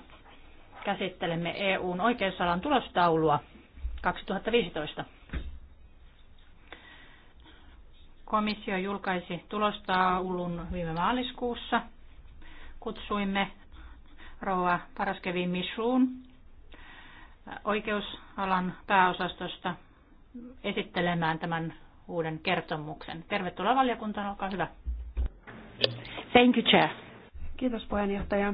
käsittelemme EUn oikeusalan tulostaulua 2015. Komissio julkaisi tulostaulun viime maaliskuussa. Kutsuimme Roa Paraskevin Missuun oikeusalan pääosastosta esittelemään tämän uuden kertomuksen. Tervetuloa valiokuntaan, olkaa hyvä. Thank you, Chair. Kiitos puheenjohtaja.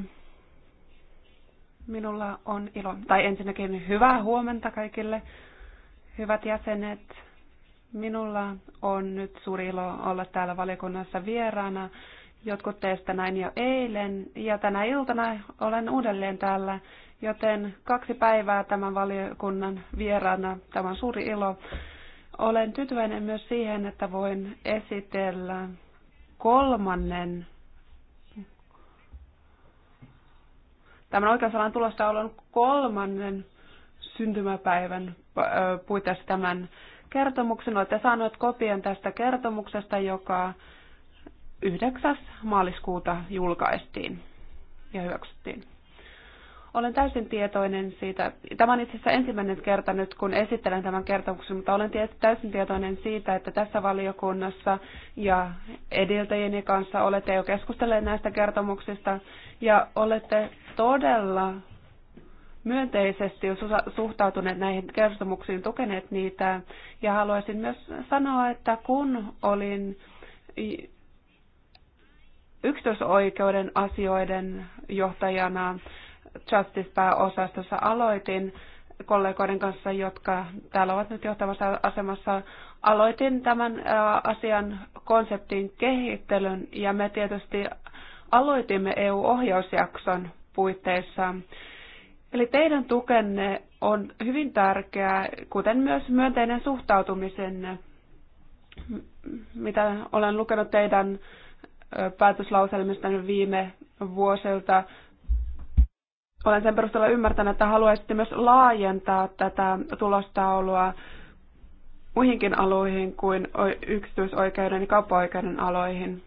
Minulla on ilo, tai ensinnäkin hyvää huomenta kaikille, hyvät jäsenet. Minulla on nyt suuri ilo olla täällä valiokunnassa vieraana. Jotkut teistä näin jo eilen, ja tänä iltana olen uudelleen täällä, joten kaksi päivää tämän valiokunnan vieraana. Tämä on suuri ilo. Olen tyytyväinen myös siihen, että voin esitellä kolmannen tämän oikeusalan tulosta on kolmannen syntymäpäivän puitteissa tämän kertomuksen. Olette saaneet kopion tästä kertomuksesta, joka 9. maaliskuuta julkaistiin ja hyväksyttiin. Olen täysin tietoinen siitä. Tämä on itse asiassa ensimmäinen kerta nyt, kun esittelen tämän kertomuksen, mutta olen täysin tietoinen siitä, että tässä valiokunnassa ja edeltäjieni kanssa olette jo keskustelleet näistä kertomuksista ja olette todella myönteisesti suhtautuneet näihin kertomuksiin, tukeneet niitä. Ja haluaisin myös sanoa, että kun olin yksityisoikeuden asioiden johtajana Justice-pääosastossa aloitin kollegoiden kanssa, jotka täällä ovat nyt johtavassa asemassa. Aloitin tämän asian konseptin kehittelyn ja me tietysti aloitimme EU-ohjausjakson puitteissa. Eli teidän tukenne on hyvin tärkeää, kuten myös myönteinen suhtautumisenne, mitä olen lukenut teidän päätöslauselmistanne viime vuosilta olen sen perusteella ymmärtänyt, että haluaisitte myös laajentaa tätä tulostaulua muihinkin aloihin kuin yksityisoikeuden ja kaupoikeuden aloihin.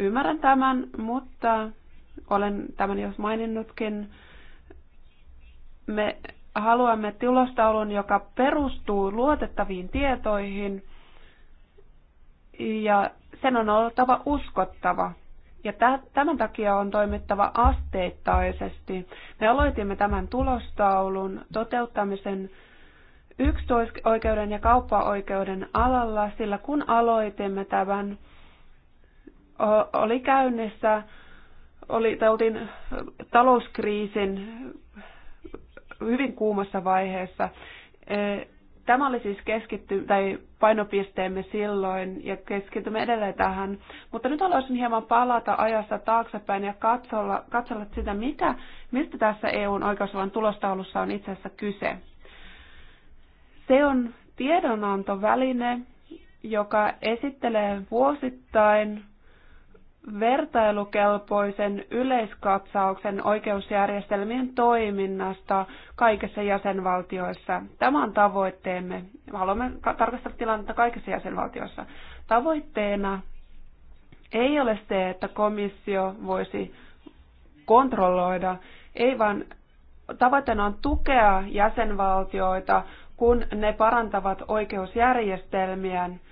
Ymmärrän tämän, mutta olen tämän jos maininnutkin. Me haluamme tulostaulun, joka perustuu luotettaviin tietoihin ja sen on oltava uskottava. Ja tämän takia on toimittava asteittaisesti. Me aloitimme tämän tulostaulun toteuttamisen yksityisoikeuden ja kauppaoikeuden alalla, sillä kun aloitimme tämän, oli käynnissä, oli, oltiin talouskriisin hyvin kuumassa vaiheessa. E, Tämä oli siis keskitty, tai painopisteemme silloin ja keskitymme edelleen tähän. Mutta nyt haluaisin hieman palata ajassa taaksepäin ja katsolla, katsella sitä, mitä, mistä tässä EUn oikeusalan tulostaulussa on itse asiassa kyse. Se on tiedonantoväline, joka esittelee vuosittain vertailukelpoisen yleiskatsauksen oikeusjärjestelmien toiminnasta kaikissa jäsenvaltioissa. Tämä on tavoitteemme. Haluamme tarkastella tilannetta kaikissa jäsenvaltioissa. Tavoitteena ei ole se, että komissio voisi kontrolloida, ei vaan tavoitteena on tukea jäsenvaltioita, kun ne parantavat oikeusjärjestelmiään –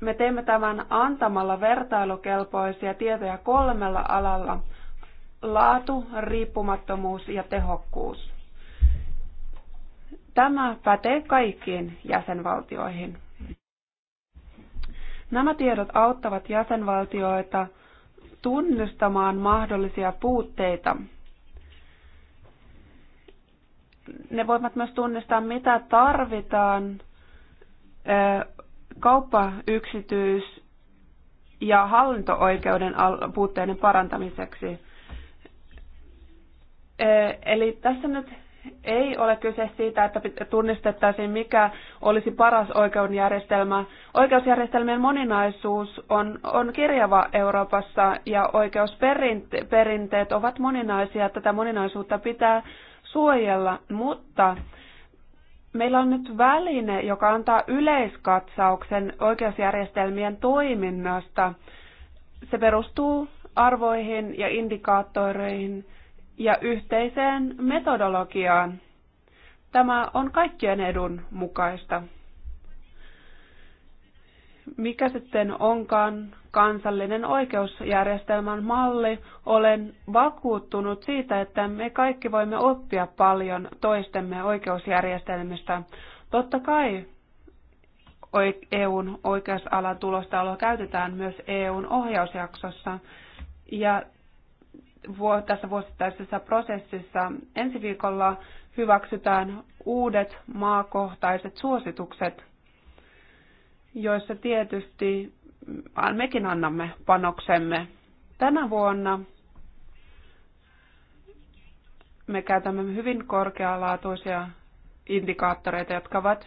me teemme tämän antamalla vertailukelpoisia tietoja kolmella alalla. Laatu, riippumattomuus ja tehokkuus. Tämä pätee kaikkiin jäsenvaltioihin. Nämä tiedot auttavat jäsenvaltioita tunnistamaan mahdollisia puutteita. Ne voivat myös tunnistaa, mitä tarvitaan kauppa, yksityis ja hallinto-oikeuden puutteiden parantamiseksi. E, eli tässä nyt ei ole kyse siitä, että tunnistettaisiin, mikä olisi paras oikeusjärjestelmä. Oikeusjärjestelmien moninaisuus on, on kirjava Euroopassa ja oikeusperinteet ovat moninaisia. Tätä moninaisuutta pitää suojella, mutta meillä on nyt väline, joka antaa yleiskatsauksen oikeusjärjestelmien toiminnasta. Se perustuu arvoihin ja indikaattoreihin ja yhteiseen metodologiaan. Tämä on kaikkien edun mukaista mikä sitten onkaan kansallinen oikeusjärjestelmän malli, olen vakuuttunut siitä, että me kaikki voimme oppia paljon toistemme oikeusjärjestelmistä. Totta kai EUn oikeusalan tulosta käytetään myös EUn ohjausjaksossa ja tässä vuosittaisessa prosessissa ensi viikolla hyväksytään uudet maakohtaiset suositukset joissa tietysti mekin annamme panoksemme. Tänä vuonna me käytämme hyvin korkealaatuisia indikaattoreita, jotka ovat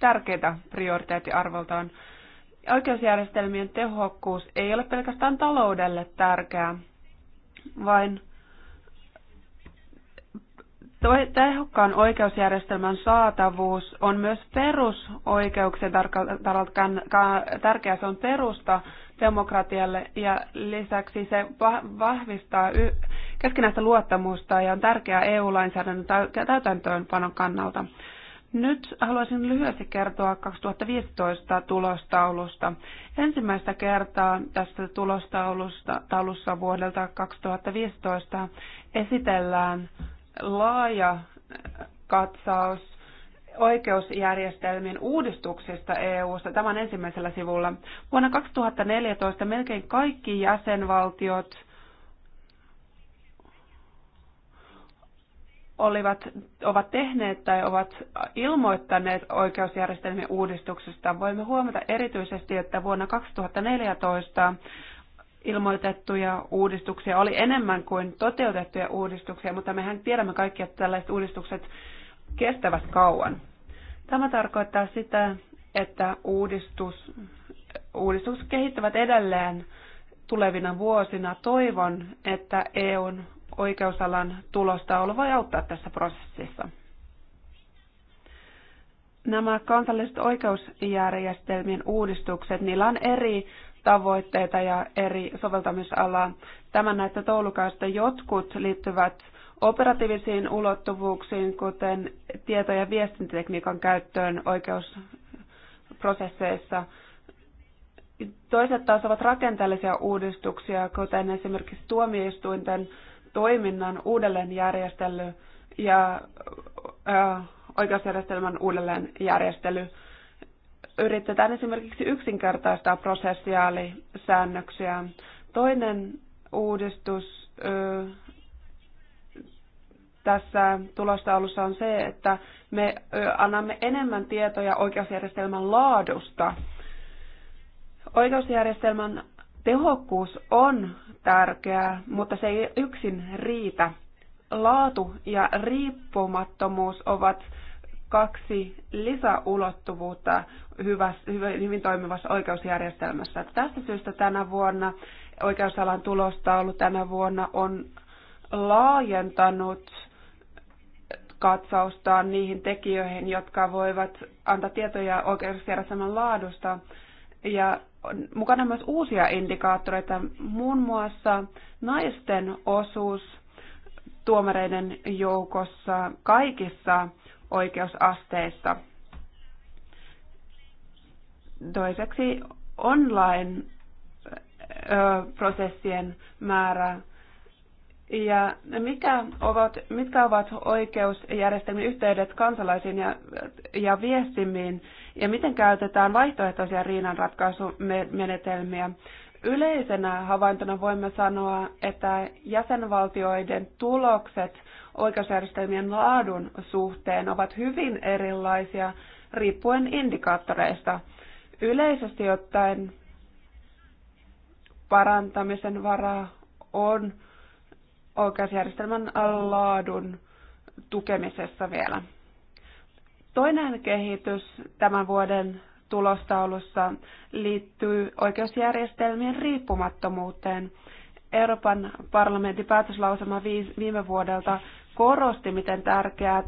tärkeitä prioriteettiarvoltaan. Oikeusjärjestelmien tehokkuus ei ole pelkästään taloudelle tärkeää, vain tehokkaan oikeusjärjestelmän saatavuus on myös perusoikeuksien tärkeä. Se on perusta demokratialle ja lisäksi se vahvistaa keskinäistä luottamusta ja on tärkeää EU-lainsäädännön täytäntöönpanon kannalta. Nyt haluaisin lyhyesti kertoa 2015 tulostaulusta. Ensimmäistä kertaa tässä tulostaulussa taulussa vuodelta 2015 esitellään laaja katsaus oikeusjärjestelmien uudistuksista EU-ssa. Tämä on ensimmäisellä sivulla. Vuonna 2014 melkein kaikki jäsenvaltiot olivat, ovat tehneet tai ovat ilmoittaneet oikeusjärjestelmien uudistuksista. Voimme huomata erityisesti, että vuonna 2014 ilmoitettuja uudistuksia oli enemmän kuin toteutettuja uudistuksia, mutta mehän tiedämme kaikki, että tällaiset uudistukset kestävät kauan. Tämä tarkoittaa sitä, että uudistus, uudistukset kehittävät edelleen tulevina vuosina. Toivon, että EUn oikeusalan tulostaulu voi auttaa tässä prosessissa. Nämä kansalliset oikeusjärjestelmien uudistukset, niillä on eri tavoitteita ja eri soveltamisalaa. Tämän näistä toulukaista jotkut liittyvät operatiivisiin ulottuvuuksiin, kuten tieto- ja viestintätekniikan käyttöön oikeusprosesseissa. Toiset taas ovat rakenteellisia uudistuksia, kuten esimerkiksi tuomioistuinten toiminnan uudelleenjärjestely ja oikeusjärjestelmän uudelleenjärjestely yritetään esimerkiksi yksinkertaistaa prosessiaalisäännöksiä. Toinen uudistus tässä tulostaulussa on se, että me annamme enemmän tietoja oikeusjärjestelmän laadusta. Oikeusjärjestelmän tehokkuus on tärkeää, mutta se ei yksin riitä. Laatu ja riippumattomuus ovat kaksi lisäulottuvuutta hyvin toimivassa oikeusjärjestelmässä. Tästä syystä tänä vuonna oikeusalan tulosta ollut tänä vuonna on laajentanut katsaustaan niihin tekijöihin, jotka voivat antaa tietoja oikeusjärjestelmän laadusta. Ja on mukana myös uusia indikaattoreita, muun muassa naisten osuus tuomareiden joukossa kaikissa oikeusasteissa. Toiseksi online-prosessien määrä ja mikä ovat, mitkä ovat oikeusjärjestelmien yhteydet kansalaisiin ja, ja viestimiin ja miten käytetään vaihtoehtoisia riinanratkaisumenetelmiä. Yleisenä havaintona voimme sanoa, että jäsenvaltioiden tulokset oikeusjärjestelmien laadun suhteen ovat hyvin erilaisia riippuen indikaattoreista. Yleisesti ottaen parantamisen varaa on oikeusjärjestelmän laadun tukemisessa vielä. Toinen kehitys tämän vuoden tulostaulussa liittyy oikeusjärjestelmien riippumattomuuteen. Euroopan parlamentin päätöslausema viime vuodelta korosti, miten tärkeää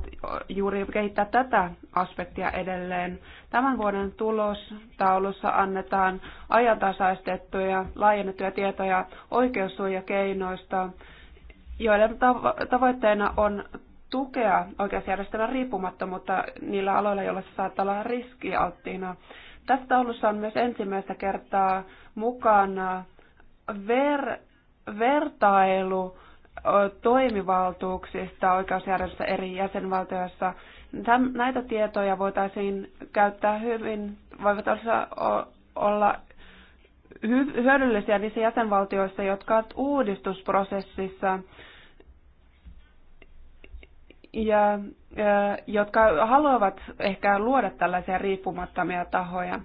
juuri kehittää tätä aspektia edelleen. Tämän vuoden tulostaulussa annetaan ajantasaistettuja, laajennettuja tietoja oikeussuojakeinoista, joiden tavoitteena on tukea oikeusjärjestelmän riippumattomuutta niillä aloilla, joilla se saattaa olla riskialttiina. Tässä taulussa on myös ensimmäistä kertaa mukana ver, vertailu toimivaltuuksista oikeusjärjestössä eri jäsenvaltioissa. Näitä tietoja voitaisiin käyttää hyvin, voivat olla hyödyllisiä niissä jäsenvaltioissa, jotka ovat uudistusprosessissa ja, jotka haluavat ehkä luoda tällaisia riippumattomia tahoja.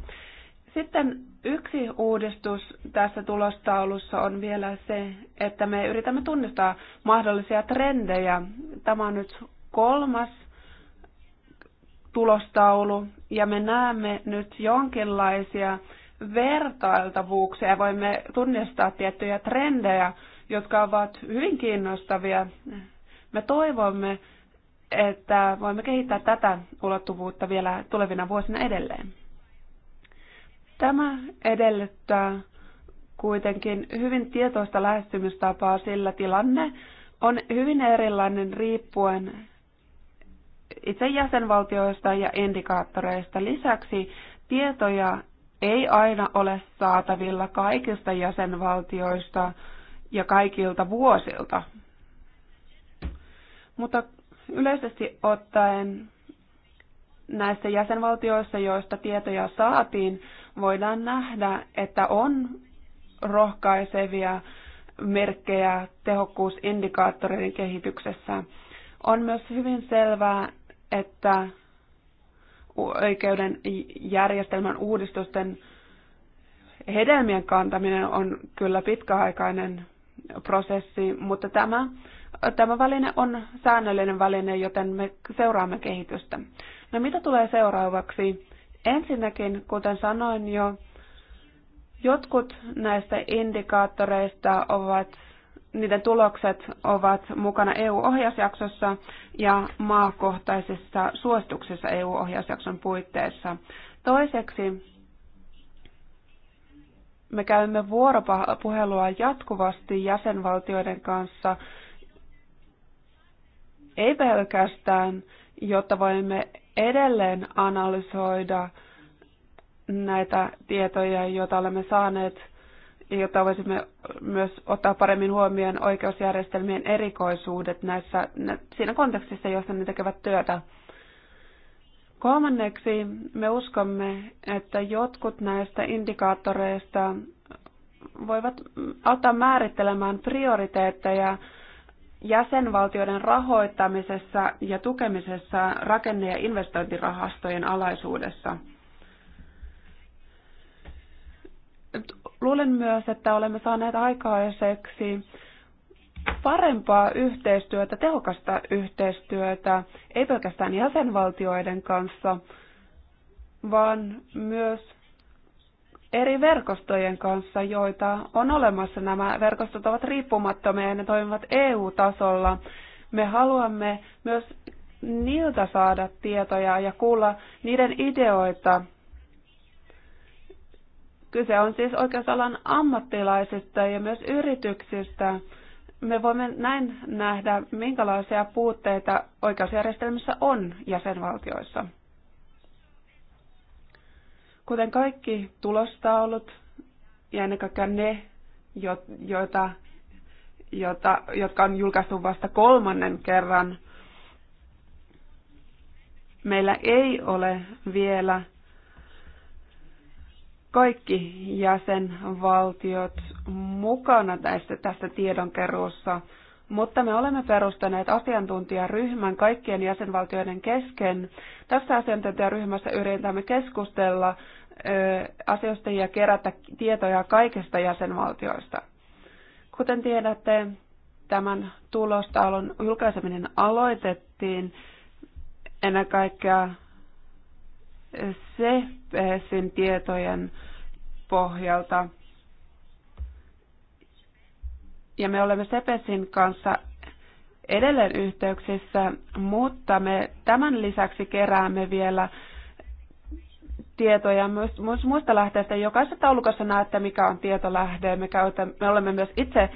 Sitten yksi uudistus tässä tulostaulussa on vielä se, että me yritämme tunnistaa mahdollisia trendejä. Tämä on nyt kolmas tulostaulu ja me näemme nyt jonkinlaisia vertailtavuuksia ja voimme tunnistaa tiettyjä trendejä, jotka ovat hyvin kiinnostavia. Me toivomme, että voimme kehittää tätä ulottuvuutta vielä tulevina vuosina edelleen. Tämä edellyttää kuitenkin hyvin tietoista lähestymistapaa, sillä tilanne on hyvin erilainen riippuen itse jäsenvaltioista ja indikaattoreista. Lisäksi tietoja ei aina ole saatavilla kaikista jäsenvaltioista ja kaikilta vuosilta. Mutta yleisesti ottaen näissä jäsenvaltioissa, joista tietoja saatiin, voidaan nähdä, että on rohkaisevia merkkejä tehokkuusindikaattoreiden kehityksessä. On myös hyvin selvää, että oikeuden järjestelmän uudistusten hedelmien kantaminen on kyllä pitkäaikainen prosessi, mutta tämä, tämä väline on säännöllinen väline, joten me seuraamme kehitystä. No mitä tulee seuraavaksi? Ensinnäkin, kuten sanoin jo, jotkut näistä indikaattoreista ovat, niiden tulokset ovat mukana EU-ohjausjaksossa ja maakohtaisissa suosituksissa EU-ohjausjakson puitteissa. Toiseksi me käymme vuoropuhelua jatkuvasti jäsenvaltioiden kanssa, ei pelkästään, jotta voimme edelleen analysoida näitä tietoja, joita olemme saaneet, jotta voisimme myös ottaa paremmin huomioon oikeusjärjestelmien erikoisuudet näissä, siinä kontekstissa, jossa ne tekevät työtä. Kolmanneksi me uskomme, että jotkut näistä indikaattoreista voivat auttaa määrittelemään prioriteetteja jäsenvaltioiden rahoittamisessa ja tukemisessa rakenne- ja investointirahastojen alaisuudessa. Luulen myös, että olemme saaneet aikaiseksi parempaa yhteistyötä, tehokasta yhteistyötä, ei pelkästään jäsenvaltioiden kanssa, vaan myös eri verkostojen kanssa, joita on olemassa. Nämä verkostot ovat riippumattomia ja ne toimivat EU-tasolla. Me haluamme myös niiltä saada tietoja ja kuulla niiden ideoita. Kyse on siis oikeusalan ammattilaisista ja myös yrityksistä. Me voimme näin nähdä, minkälaisia puutteita oikeusjärjestelmissä on jäsenvaltioissa. Kuten kaikki tulostaulut ja ennen kaikkea ne, joita, joita, jotka on julkaistu vasta kolmannen kerran, meillä ei ole vielä kaikki jäsenvaltiot mukana tässä, tässä tiedonkeruussa mutta me olemme perustaneet asiantuntijaryhmän kaikkien jäsenvaltioiden kesken. Tässä asiantuntijaryhmässä yritämme keskustella asioista ja kerätä tietoja kaikista jäsenvaltioista. Kuten tiedätte, tämän tulostalon julkaiseminen aloitettiin ennen kaikkea CPSin tietojen pohjalta ja me olemme Sepesin kanssa edelleen yhteyksissä, mutta me tämän lisäksi keräämme vielä tietoja myös muista lähteistä. Jokaisessa taulukossa näette, mikä on tietolähde. Me, käytämme, me olemme myös itse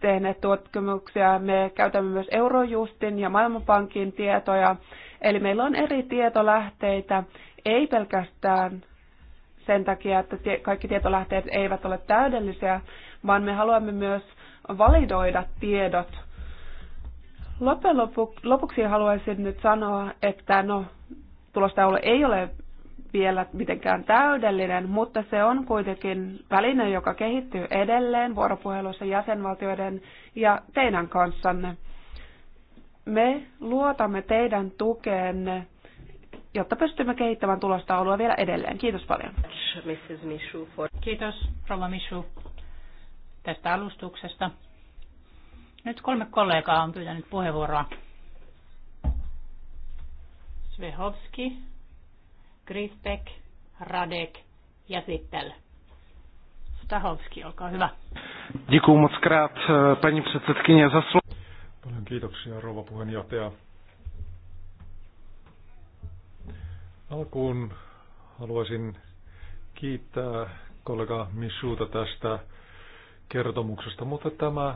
tehneet tutkimuksia. Me käytämme myös Eurojustin ja Maailmanpankin tietoja. Eli meillä on eri tietolähteitä, ei pelkästään sen takia, että kaikki tietolähteet eivät ole täydellisiä, vaan me haluamme myös validoida tiedot. Loppujen lopu, lopuksi haluaisin nyt sanoa, että no, tulostaulu ei ole vielä mitenkään täydellinen, mutta se on kuitenkin väline, joka kehittyy edelleen vuoropuhelussa jäsenvaltioiden ja teidän kanssanne. Me luotamme teidän tukeenne, jotta pystymme kehittämään tulostaulua vielä edelleen. Kiitos paljon. Kiitos, Rova Michu, tästä alustuksesta. Nyt kolme kollegaa on pyytänyt puheenvuoroa. Svehovski, Grisbeck, Radek ja sitten Stahovski, olkaa hyvä. Eh, Paljon kiitoksia, rouva puheenjohtaja. Alkuun haluaisin kiittää kollega Missuuta tästä kertomuksesta, mutta tämä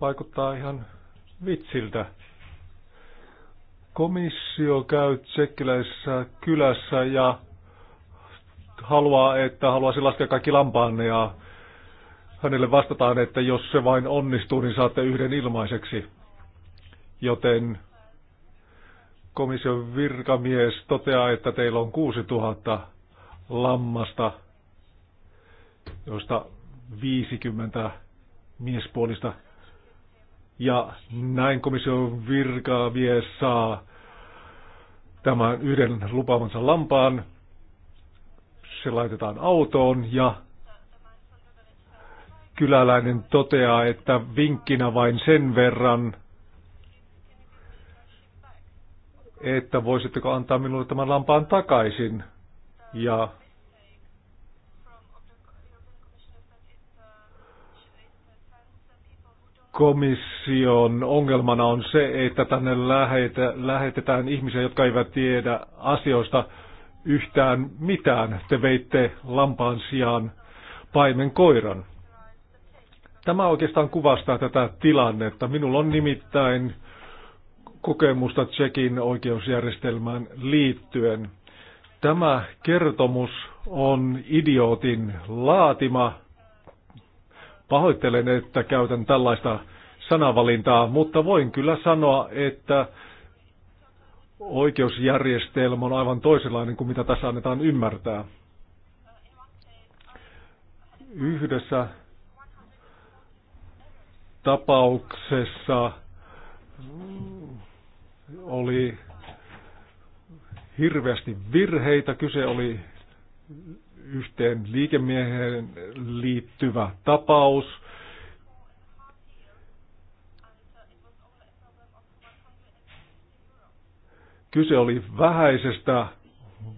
vaikuttaa ihan vitsiltä. Komissio käy tsekkiläisessä kylässä ja haluaa, että haluaisi laskea kaikki lampaanne ja hänelle vastataan, että jos se vain onnistuu, niin saatte yhden ilmaiseksi. Joten komission virkamies toteaa, että teillä on 6000 lammasta, joista 50 miespuolista. Ja näin komission virkamies saa tämän yhden lupaamansa lampaan. Se laitetaan autoon ja kyläläinen toteaa, että vinkkinä vain sen verran, että voisitteko antaa minulle tämän lampaan takaisin. Ja komission ongelmana on se, että tänne lähetä, lähetetään ihmisiä, jotka eivät tiedä asioista yhtään mitään. Te veitte lampaan sijaan paimen koiran. Tämä oikeastaan kuvastaa tätä tilannetta. Minulla on nimittäin kokemusta Tsekin oikeusjärjestelmään liittyen. Tämä kertomus on idiootin laatima Pahoittelen, että käytän tällaista sanavalintaa, mutta voin kyllä sanoa, että oikeusjärjestelmä on aivan toisenlainen kuin mitä tässä annetaan ymmärtää. Yhdessä tapauksessa oli hirveästi virheitä. Kyse oli yhteen liikemieheen liittyvä tapaus. Kyse oli vähäisestä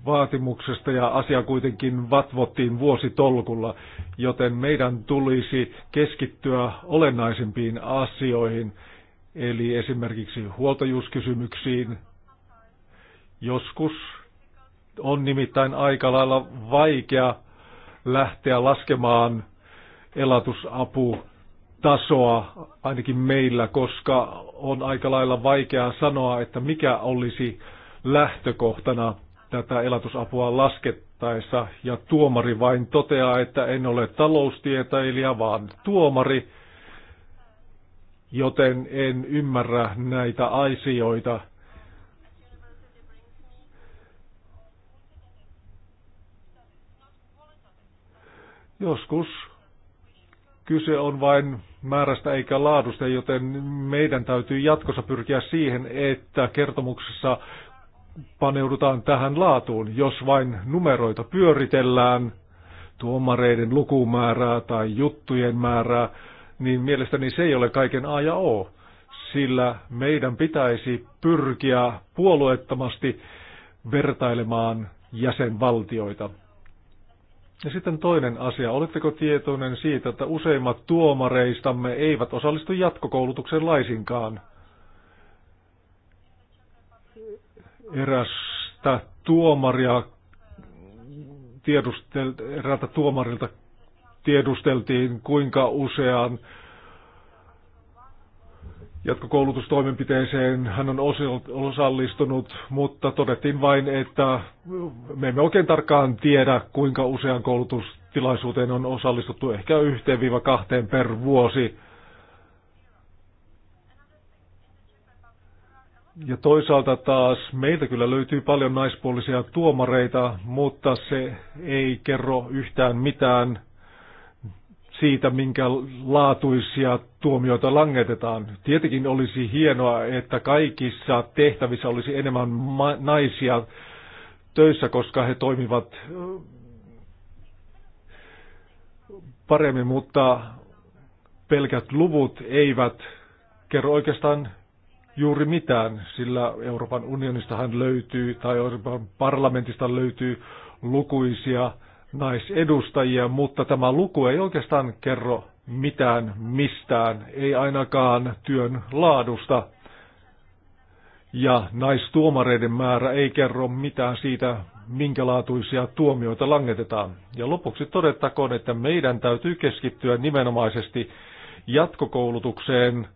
vaatimuksesta ja asia kuitenkin vatvottiin vuositolkulla, joten meidän tulisi keskittyä olennaisimpiin asioihin, eli esimerkiksi huoltajuuskysymyksiin, joskus on nimittäin aika lailla vaikea lähteä laskemaan elatusapu tasoa ainakin meillä, koska on aika lailla vaikeaa sanoa, että mikä olisi lähtökohtana tätä elatusapua laskettaessa. Ja tuomari vain toteaa, että en ole taloustieteilijä, vaan tuomari, joten en ymmärrä näitä asioita – Joskus kyse on vain määrästä eikä laadusta, joten meidän täytyy jatkossa pyrkiä siihen, että kertomuksessa paneudutaan tähän laatuun, jos vain numeroita pyöritellään, tuomareiden lukumäärää tai juttujen määrää, niin mielestäni se ei ole kaiken A ja O, sillä meidän pitäisi pyrkiä puolueettomasti vertailemaan jäsenvaltioita. Ja sitten toinen asia. Oletteko tietoinen siitä, että useimmat tuomareistamme eivät osallistu jatkokoulutukseen laisinkaan? Erästä tuomaria tiedustel, tuomarilta tiedusteltiin, kuinka usean jatkokoulutustoimenpiteeseen hän on osallistunut, mutta todettiin vain, että me emme oikein tarkkaan tiedä, kuinka usean koulutustilaisuuteen on osallistuttu, ehkä 1-2 per vuosi. Ja toisaalta taas meiltä kyllä löytyy paljon naispuolisia tuomareita, mutta se ei kerro yhtään mitään siitä, minkä laatuisia tuomioita langetetaan. Tietenkin olisi hienoa, että kaikissa tehtävissä olisi enemmän naisia töissä, koska he toimivat äh, paremmin, mutta pelkät luvut eivät kerro oikeastaan juuri mitään, sillä Euroopan unionistahan löytyy tai Euroopan parlamentista löytyy lukuisia naisedustajia, mutta tämä luku ei oikeastaan kerro mitään mistään, ei ainakaan työn laadusta. Ja naistuomareiden määrä ei kerro mitään siitä, minkälaatuisia tuomioita langetetaan. Ja lopuksi todettakoon, että meidän täytyy keskittyä nimenomaisesti jatkokoulutukseen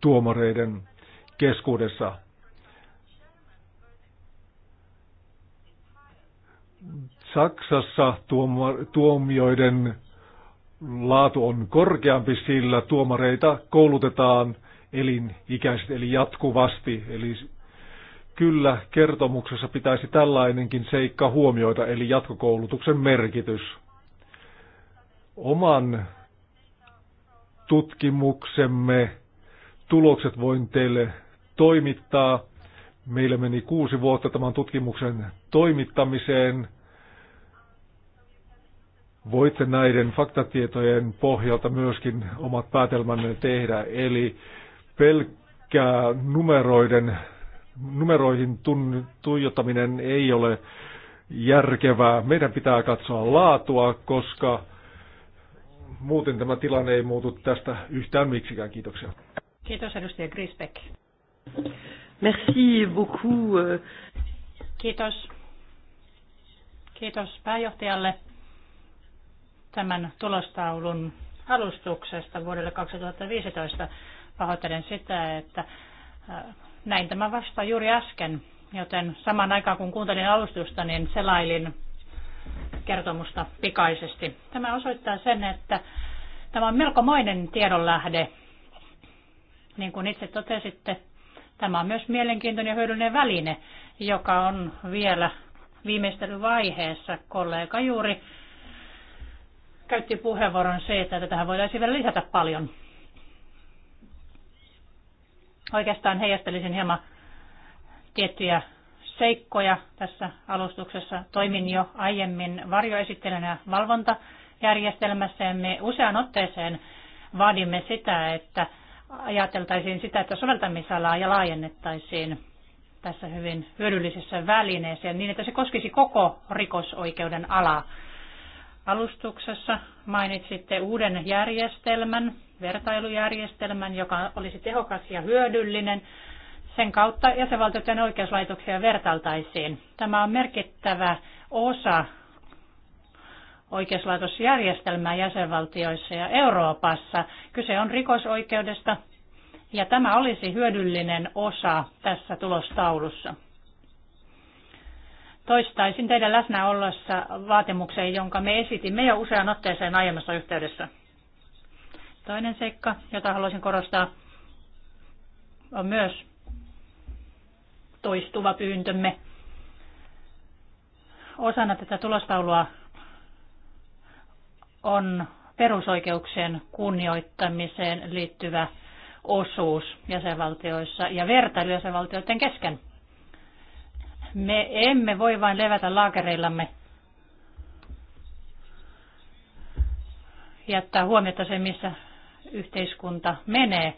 tuomareiden keskuudessa. Saksassa tuomioiden laatu on korkeampi, sillä tuomareita koulutetaan elinikäisesti, eli jatkuvasti. Eli kyllä kertomuksessa pitäisi tällainenkin seikka huomioida, eli jatkokoulutuksen merkitys. Oman tutkimuksemme tulokset voin teille toimittaa. Meillä meni kuusi vuotta tämän tutkimuksen toimittamiseen – voitte näiden faktatietojen pohjalta myöskin omat päätelmänne tehdä. Eli pelkkää numeroiden, numeroihin tun, tuijottaminen ei ole järkevää. Meidän pitää katsoa laatua, koska muuten tämä tilanne ei muutu tästä yhtään miksikään. Kiitoksia. Kiitos edustaja Grisbeck. Merci beaucoup. Kiitos. Kiitos pääjohtajalle tämän tulostaulun alustuksesta vuodelle 2015. Pahoittelen sitä, että näin tämä vasta juuri äsken, joten samaan aikaan kun kuuntelin alustusta, niin selailin kertomusta pikaisesti. Tämä osoittaa sen, että tämä on moinen tiedonlähde. Niin kuin itse totesitte, tämä on myös mielenkiintoinen ja hyödyllinen väline, joka on vielä viimeistelyvaiheessa. Kollega juuri käytti puheenvuoron se, että tähän voitaisiin vielä lisätä paljon. Oikeastaan heijastelisin hieman tiettyjä seikkoja tässä alustuksessa. Toimin jo aiemmin varjoesittelynä valvontajärjestelmässä ja me useaan otteeseen vaadimme sitä, että ajateltaisiin sitä, että soveltamisalaa ja laajennettaisiin tässä hyvin hyödyllisessä välineessä niin, että se koskisi koko rikosoikeuden alaa. Alustuksessa mainitsitte uuden järjestelmän, vertailujärjestelmän, joka olisi tehokas ja hyödyllinen. Sen kautta jäsenvaltioiden oikeuslaitoksia vertailtaisiin. Tämä on merkittävä osa oikeuslaitosjärjestelmää jäsenvaltioissa ja Euroopassa. Kyse on rikosoikeudesta ja tämä olisi hyödyllinen osa tässä tulostaulussa toistaisin teidän läsnäolossa ollessa vaatimukseen, jonka me esitimme jo usean otteeseen aiemmassa yhteydessä. Toinen seikka, jota haluaisin korostaa, on myös toistuva pyyntömme. Osana tätä tulostaulua on perusoikeuksien kunnioittamiseen liittyvä osuus jäsenvaltioissa ja vertailu jäsenvaltioiden kesken. Me emme voi vain levätä laakereillamme jättää huomiota se, missä yhteiskunta menee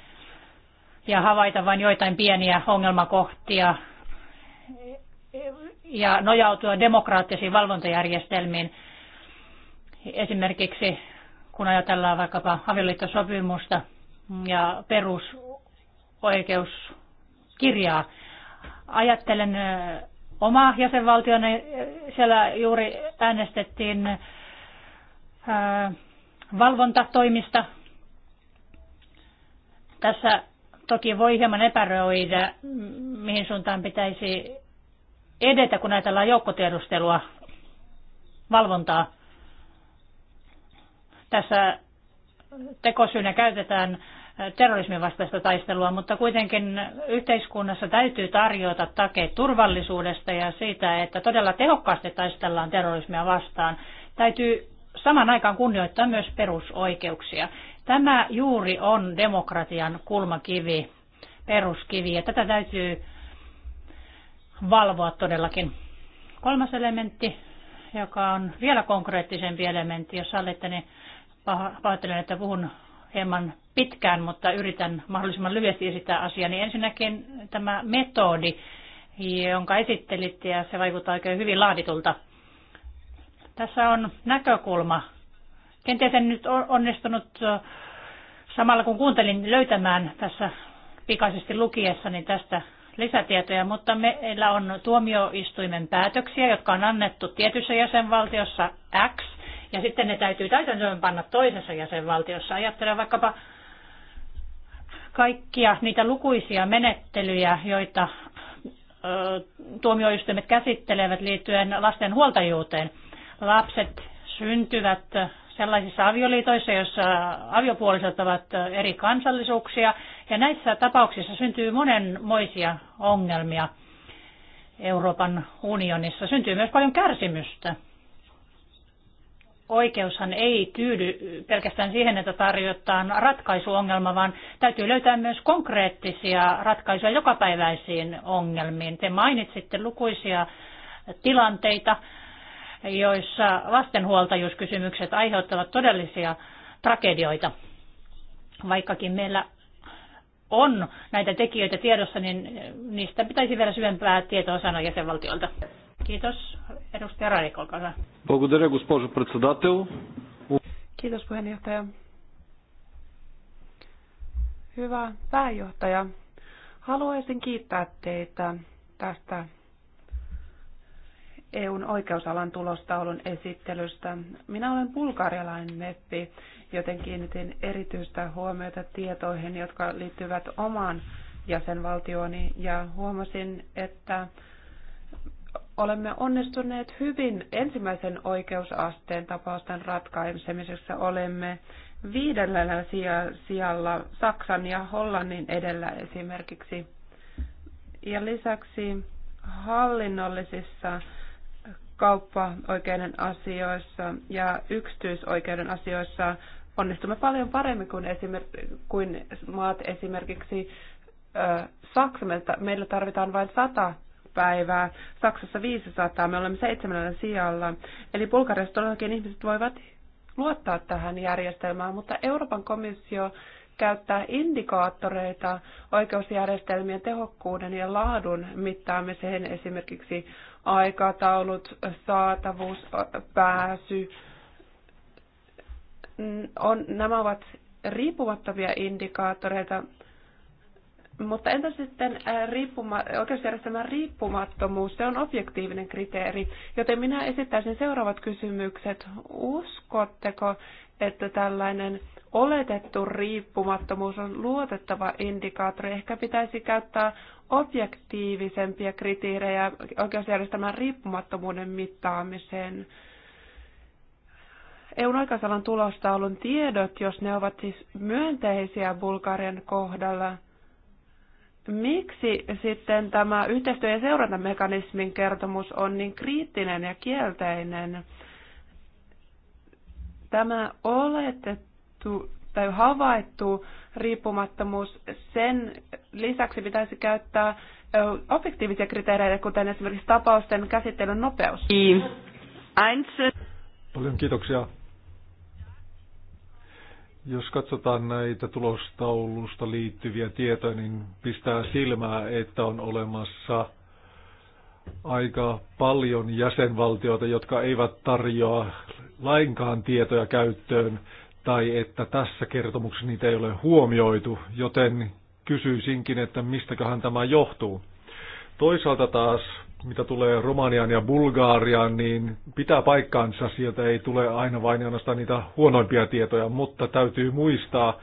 ja havaita vain joitain pieniä ongelmakohtia ja nojautua demokraattisiin valvontajärjestelmiin. Esimerkiksi kun ajatellaan vaikkapa avioliittosopimusta ja perusoikeuskirjaa, ajattelen oma niin siellä juuri äänestettiin eh, valvontatoimista. Tässä toki voi hieman epäröidä, mihin suuntaan pitäisi edetä, kun ajatellaan joukkotiedustelua, valvontaa. Tässä tekosyynä käytetään terrorismin vastaista taistelua, mutta kuitenkin yhteiskunnassa täytyy tarjota takeet turvallisuudesta ja siitä, että todella tehokkaasti taistellaan terrorismia vastaan. Täytyy saman aikaan kunnioittaa myös perusoikeuksia. Tämä juuri on demokratian kulmakivi, peruskivi, ja tätä täytyy valvoa todellakin. Kolmas elementti, joka on vielä konkreettisempi elementti, jos sallitte, niin pahoittelen, että puhun hieman pitkään, mutta yritän mahdollisimman lyhyesti esittää asiaa. Niin ensinnäkin tämä metodi, jonka esittelitte, ja se vaikuttaa oikein hyvin laaditulta. Tässä on näkökulma. Kenties en nyt onnistunut samalla kun kuuntelin löytämään tässä pikaisesti lukiessani niin tästä lisätietoja, mutta meillä on tuomioistuimen päätöksiä, jotka on annettu tietyssä jäsenvaltiossa X, ja sitten ne täytyy täytäntöön panna toisessa jäsenvaltiossa. Ajattelen vaikkapa kaikkia niitä lukuisia menettelyjä, joita tuomioistuimet käsittelevät liittyen lasten huoltajuuteen. Lapset syntyvät sellaisissa avioliitoissa, joissa aviopuoliset ovat eri kansallisuuksia, ja näissä tapauksissa syntyy monenmoisia ongelmia Euroopan unionissa. Syntyy myös paljon kärsimystä oikeushan ei tyydy pelkästään siihen, että tarjotaan ratkaisuongelma, vaan täytyy löytää myös konkreettisia ratkaisuja jokapäiväisiin ongelmiin. Te mainitsitte lukuisia tilanteita, joissa lastenhuoltajuuskysymykset aiheuttavat todellisia tragedioita. Vaikkakin meillä on näitä tekijöitä tiedossa, niin niistä pitäisi vielä syvempää tietoa sanoa jäsenvaltiolta. Kiitos. Edustaja Raik, olkaa hyvä. Благодаря, госпожо председател. Kiitos puheenjohtaja. Hyvä pääjohtaja. Haluaisin kiittää teitä tästä EUn oikeusalan tulostaulun esittelystä. Minä olen bulgarialainen meppi, joten kiinnitin erityistä huomiota tietoihin, jotka liittyvät omaan jäsenvaltiooni, ja huomasin, että olemme onnistuneet hyvin ensimmäisen oikeusasteen tapausten ratkaisemisessa. Olemme viidellä sijalla Saksan ja Hollannin edellä esimerkiksi. Ja lisäksi hallinnollisissa kauppa-oikeuden asioissa ja yksityisoikeuden asioissa onnistumme paljon paremmin kuin, esimer- kuin maat esimerkiksi Saksa. Meillä tarvitaan vain sata päivää, Saksassa 500, me olemme seitsemännellä sijalla. Eli Bulgariassa todellakin ihmiset voivat luottaa tähän järjestelmään, mutta Euroopan komissio käyttää indikaattoreita oikeusjärjestelmien tehokkuuden ja laadun mittaamiseen, esimerkiksi aikataulut, saatavuus, pääsy. On, nämä ovat riippumattomia indikaattoreita, mutta entä sitten äh, riippuma, oikeusjärjestelmän riippumattomuus? Se on objektiivinen kriteeri. Joten minä esittäisin seuraavat kysymykset. Uskotteko, että tällainen oletettu riippumattomuus on luotettava indikaattori? Ehkä pitäisi käyttää objektiivisempia kriteerejä oikeusjärjestelmän riippumattomuuden mittaamiseen. EUn aikaisalan tulosta ollut tiedot, jos ne ovat siis myönteisiä Bulgarian kohdalla – Miksi sitten tämä yhteistyö- ja seurantamekanismin kertomus on niin kriittinen ja kielteinen? Tämä oletettu tai havaittu riippumattomuus, sen lisäksi pitäisi käyttää objektiivisia kriteereitä, kuten esimerkiksi tapausten käsittelyn nopeus. Niin. Paljon kiitoksia. Jos katsotaan näitä tulostaulusta liittyviä tietoja, niin pistää silmää, että on olemassa aika paljon jäsenvaltioita, jotka eivät tarjoa lainkaan tietoja käyttöön tai että tässä kertomuksessa niitä ei ole huomioitu, joten kysyisinkin, että mistäköhän tämä johtuu. Toisaalta taas mitä tulee Romaniaan ja Bulgaariaan, niin pitää paikkaansa. Sieltä ei tule aina vain ainoastaan niitä huonoimpia tietoja, mutta täytyy muistaa,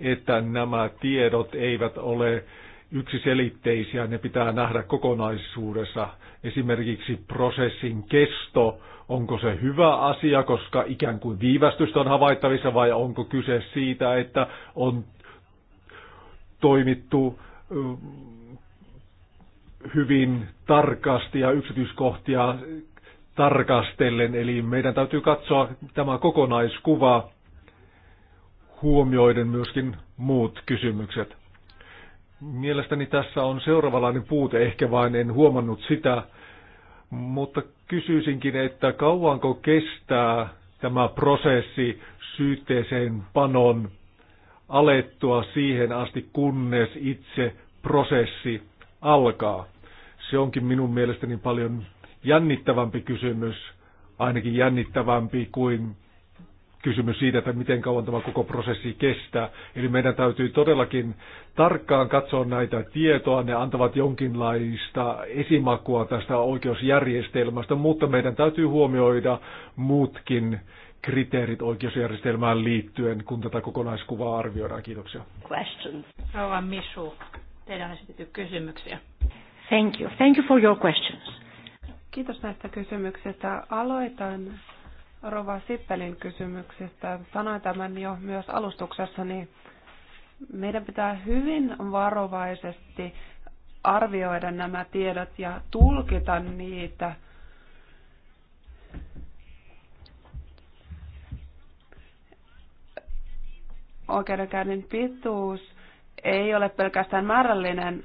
että nämä tiedot eivät ole yksiselitteisiä, ne pitää nähdä kokonaisuudessa. Esimerkiksi prosessin kesto, onko se hyvä asia, koska ikään kuin viivästystä on havaittavissa, vai onko kyse siitä, että on toimittu hyvin tarkasti ja yksityiskohtia tarkastellen, eli meidän täytyy katsoa tämä kokonaiskuva huomioiden myöskin muut kysymykset. Mielestäni tässä on seuraavanlainen puute, ehkä vain en huomannut sitä, mutta kysyisinkin, että kauanko kestää tämä prosessi syytteeseen panon alettua siihen asti, kunnes itse prosessi alkaa. Se onkin minun mielestäni paljon jännittävämpi kysymys, ainakin jännittävämpi kuin kysymys siitä, että miten kauan tämä koko prosessi kestää. Eli meidän täytyy todellakin tarkkaan katsoa näitä tietoa, ne antavat jonkinlaista esimakua tästä oikeusjärjestelmästä, mutta meidän täytyy huomioida muutkin kriteerit oikeusjärjestelmään liittyen, kun tätä kokonaiskuvaa arvioidaan. Kiitoksia. Questions. Rouva Misu, teidän esitetty kysymyksiä. Thank you. Thank you for your questions. Kiitos näistä kysymyksistä. Aloitan Rova Sippelin kysymyksestä. Sanoin tämän jo myös alustuksessani. Meidän pitää hyvin varovaisesti arvioida nämä tiedot ja tulkita niitä. Oikeudenkäynnin pituus ei ole pelkästään määrällinen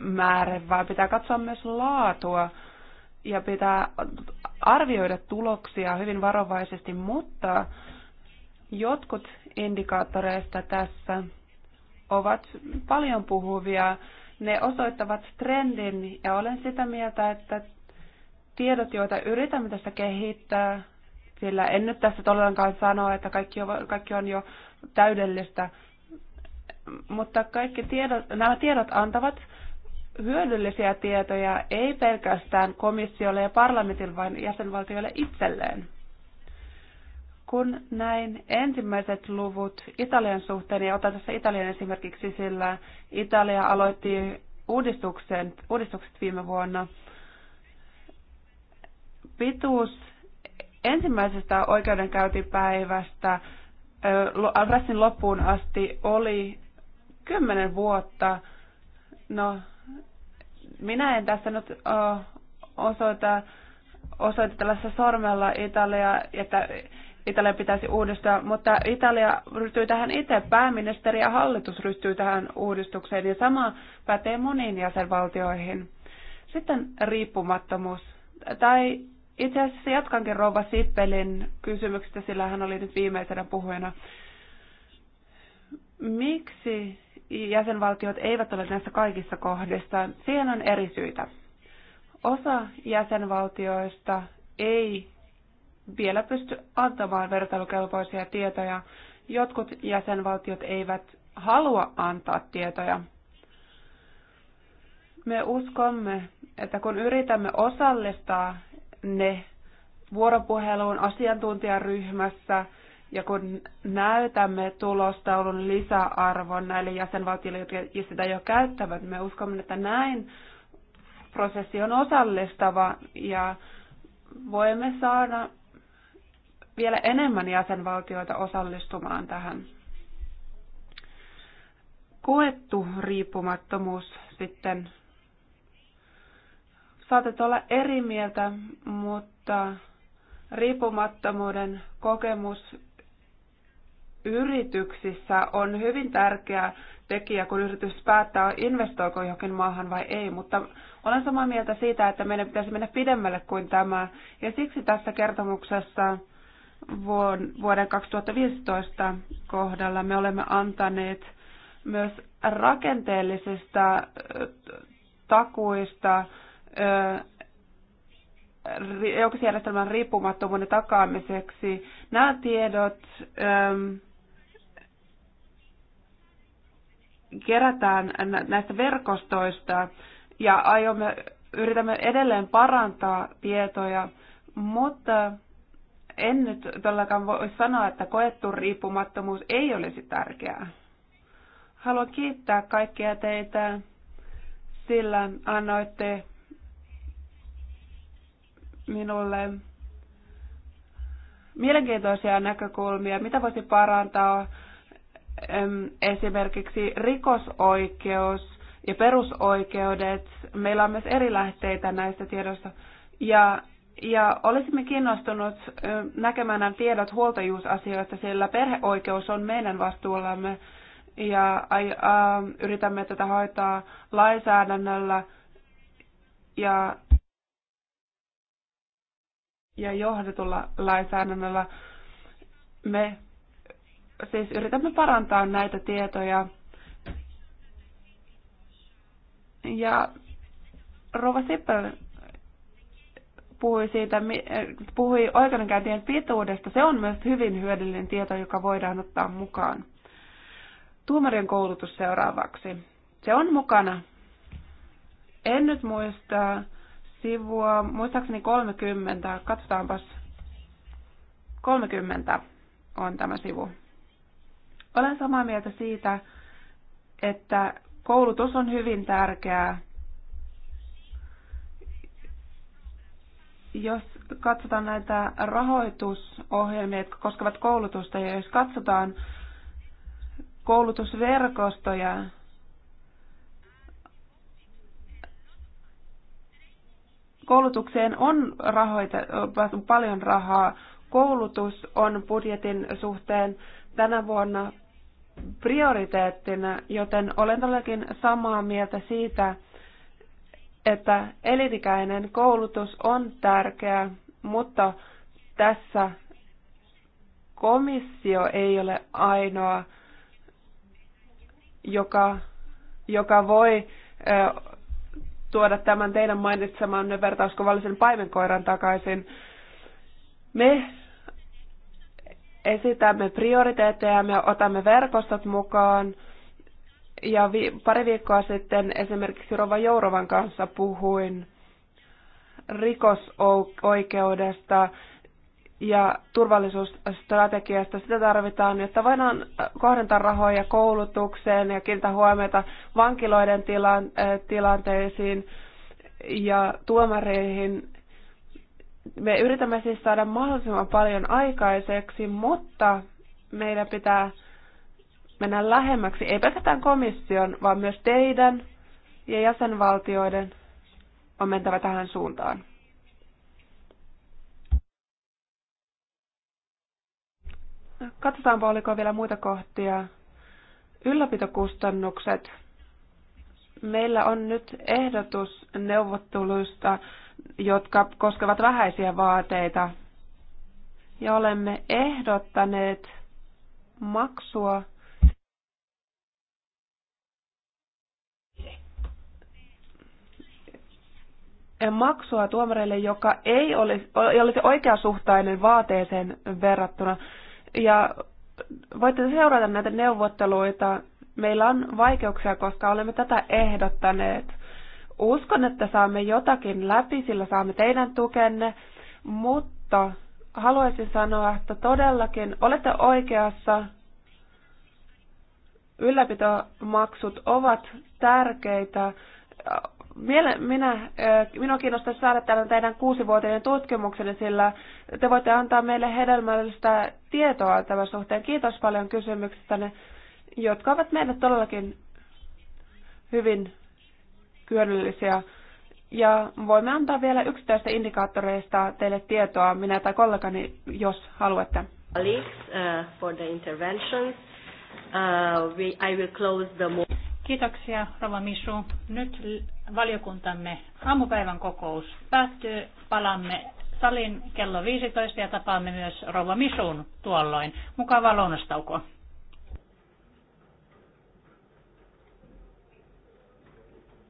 määrä, vaan pitää katsoa myös laatua ja pitää arvioida tuloksia hyvin varovaisesti, mutta jotkut indikaattoreista tässä ovat paljon puhuvia. Ne osoittavat trendin ja olen sitä mieltä, että tiedot, joita yritämme tässä kehittää, sillä en nyt tässä todellakaan sano, että kaikki on, kaikki on jo täydellistä, mutta kaikki tiedot, nämä tiedot antavat hyödyllisiä tietoja ei pelkästään komissiolle ja parlamentille, vaan jäsenvaltioille itselleen. Kun näin ensimmäiset luvut Italian suhteen, ja otan tässä Italian esimerkiksi, sillä Italia aloitti uudistuksen, uudistukset viime vuonna, pituus ensimmäisestä oikeudenkäyntipäivästä Rassin loppuun asti oli kymmenen vuotta. No, minä en tässä nyt uh, osoita, osoita tällaisessa sormella Italiaa, että Italia pitäisi uudistaa, mutta Italia ryhtyy tähän itse, pääministeri ja hallitus ryhtyy tähän uudistukseen, ja sama pätee moniin jäsenvaltioihin. Sitten riippumattomuus. Tai itse asiassa jatkankin Rouva Sippelin kysymyksestä, sillä hän oli nyt viimeisenä puhujana. Miksi jäsenvaltiot eivät ole näissä kaikissa kohdissa. Siihen on eri syitä. Osa jäsenvaltioista ei vielä pysty antamaan vertailukelpoisia tietoja. Jotkut jäsenvaltiot eivät halua antaa tietoja. Me uskomme, että kun yritämme osallistaa ne vuoropuheluun asiantuntijaryhmässä – ja kun näytämme tulostaulun lisäarvon näille jäsenvaltioille, jotka sitä jo käyttävät, me uskomme, että näin prosessi on osallistava ja voimme saada vielä enemmän jäsenvaltioita osallistumaan tähän. Koettu riippumattomuus sitten. Saatat olla eri mieltä, mutta riippumattomuuden kokemus yrityksissä on hyvin tärkeä tekijä, kun yritys päättää, investoiko johonkin maahan vai ei, mutta olen samaa mieltä siitä, että meidän pitäisi mennä pidemmälle kuin tämä, ja siksi tässä kertomuksessa vuoden 2015 kohdalla me olemme antaneet myös rakenteellisista takuista joukosjärjestelmän riippumattomuuden takaamiseksi. Nämä tiedot kerätään näistä verkostoista ja aiomme, yritämme edelleen parantaa tietoja, mutta en nyt todellakaan voi sanoa, että koettu riippumattomuus ei olisi tärkeää. Haluan kiittää kaikkia teitä, sillä annoitte minulle mielenkiintoisia näkökulmia, mitä voisi parantaa esimerkiksi rikosoikeus ja perusoikeudet. Meillä on myös eri lähteitä näistä tiedoista. Ja, ja olisimme kiinnostunut näkemään nämä tiedot huoltajuusasioista, sillä perheoikeus on meidän vastuullamme ja ähm, yritämme tätä hoitaa lainsäädännöllä ja, ja johdetulla lainsäädännöllä. Me siis yritämme parantaa näitä tietoja. Ja Rova Sippel puhui, siitä, puhui oikeudenkäyntien pituudesta. Se on myös hyvin hyödyllinen tieto, joka voidaan ottaa mukaan. Tuomarien koulutus seuraavaksi. Se on mukana. En nyt muista sivua, muistaakseni 30, katsotaanpas. 30 on tämä sivu. Olen samaa mieltä siitä, että koulutus on hyvin tärkeää. Jos katsotaan näitä rahoitusohjelmia, jotka koskevat koulutusta, ja jos katsotaan koulutusverkostoja, koulutukseen on rahoite, paljon rahaa. Koulutus on budjetin suhteen tänä vuonna prioriteettina, joten olen todellakin samaa mieltä siitä, että elinikäinen koulutus on tärkeää, mutta tässä komissio ei ole ainoa, joka, joka voi ö, tuoda tämän teidän mainitsemanne vertauskuvallisen paimenkoiran takaisin. Me esitämme prioriteetteja, me otamme verkostot mukaan. Ja vi- pari viikkoa sitten esimerkiksi Rova Jourovan kanssa puhuin rikosoikeudesta ja turvallisuusstrategiasta. Sitä tarvitaan, jotta voidaan kohdentaa rahoja koulutukseen ja kiinnittää huomiota vankiloiden tilanteisiin ja tuomareihin me yritämme siis saada mahdollisimman paljon aikaiseksi, mutta meidän pitää mennä lähemmäksi, ei pelkästään komission, vaan myös teidän ja jäsenvaltioiden on mentävä tähän suuntaan. Katsotaanpa, oliko vielä muita kohtia. Ylläpitokustannukset. Meillä on nyt ehdotus neuvotteluista jotka koskevat vähäisiä vaateita. Ja olemme ehdottaneet maksua maksua tuomareille, joka ei olisi, olisi oikeasuhtainen vaateeseen verrattuna. Ja voitte seurata näitä neuvotteluita. Meillä on vaikeuksia, koska olemme tätä ehdottaneet uskon, että saamme jotakin läpi, sillä saamme teidän tukenne, mutta haluaisin sanoa, että todellakin olette oikeassa. Ylläpitomaksut ovat tärkeitä. Minä, minä, minua kiinnostaisi saada tämän teidän kuusivuotinen tutkimuksenne, sillä te voitte antaa meille hedelmällistä tietoa tämän suhteen. Kiitos paljon kysymyksistänne, jotka ovat meille todellakin hyvin hyödyllisiä. Ja voimme antaa vielä yksittäistä indikaattoreista teille tietoa, minä tai kollegani, jos haluatte. Uh, uh, Kiitoksia, Rova Misu. Nyt valiokuntamme aamupäivän kokous päättyy. Palamme salin kello 15 ja tapaamme myös Rova Misun tuolloin. Mukavaa lounastaukoa.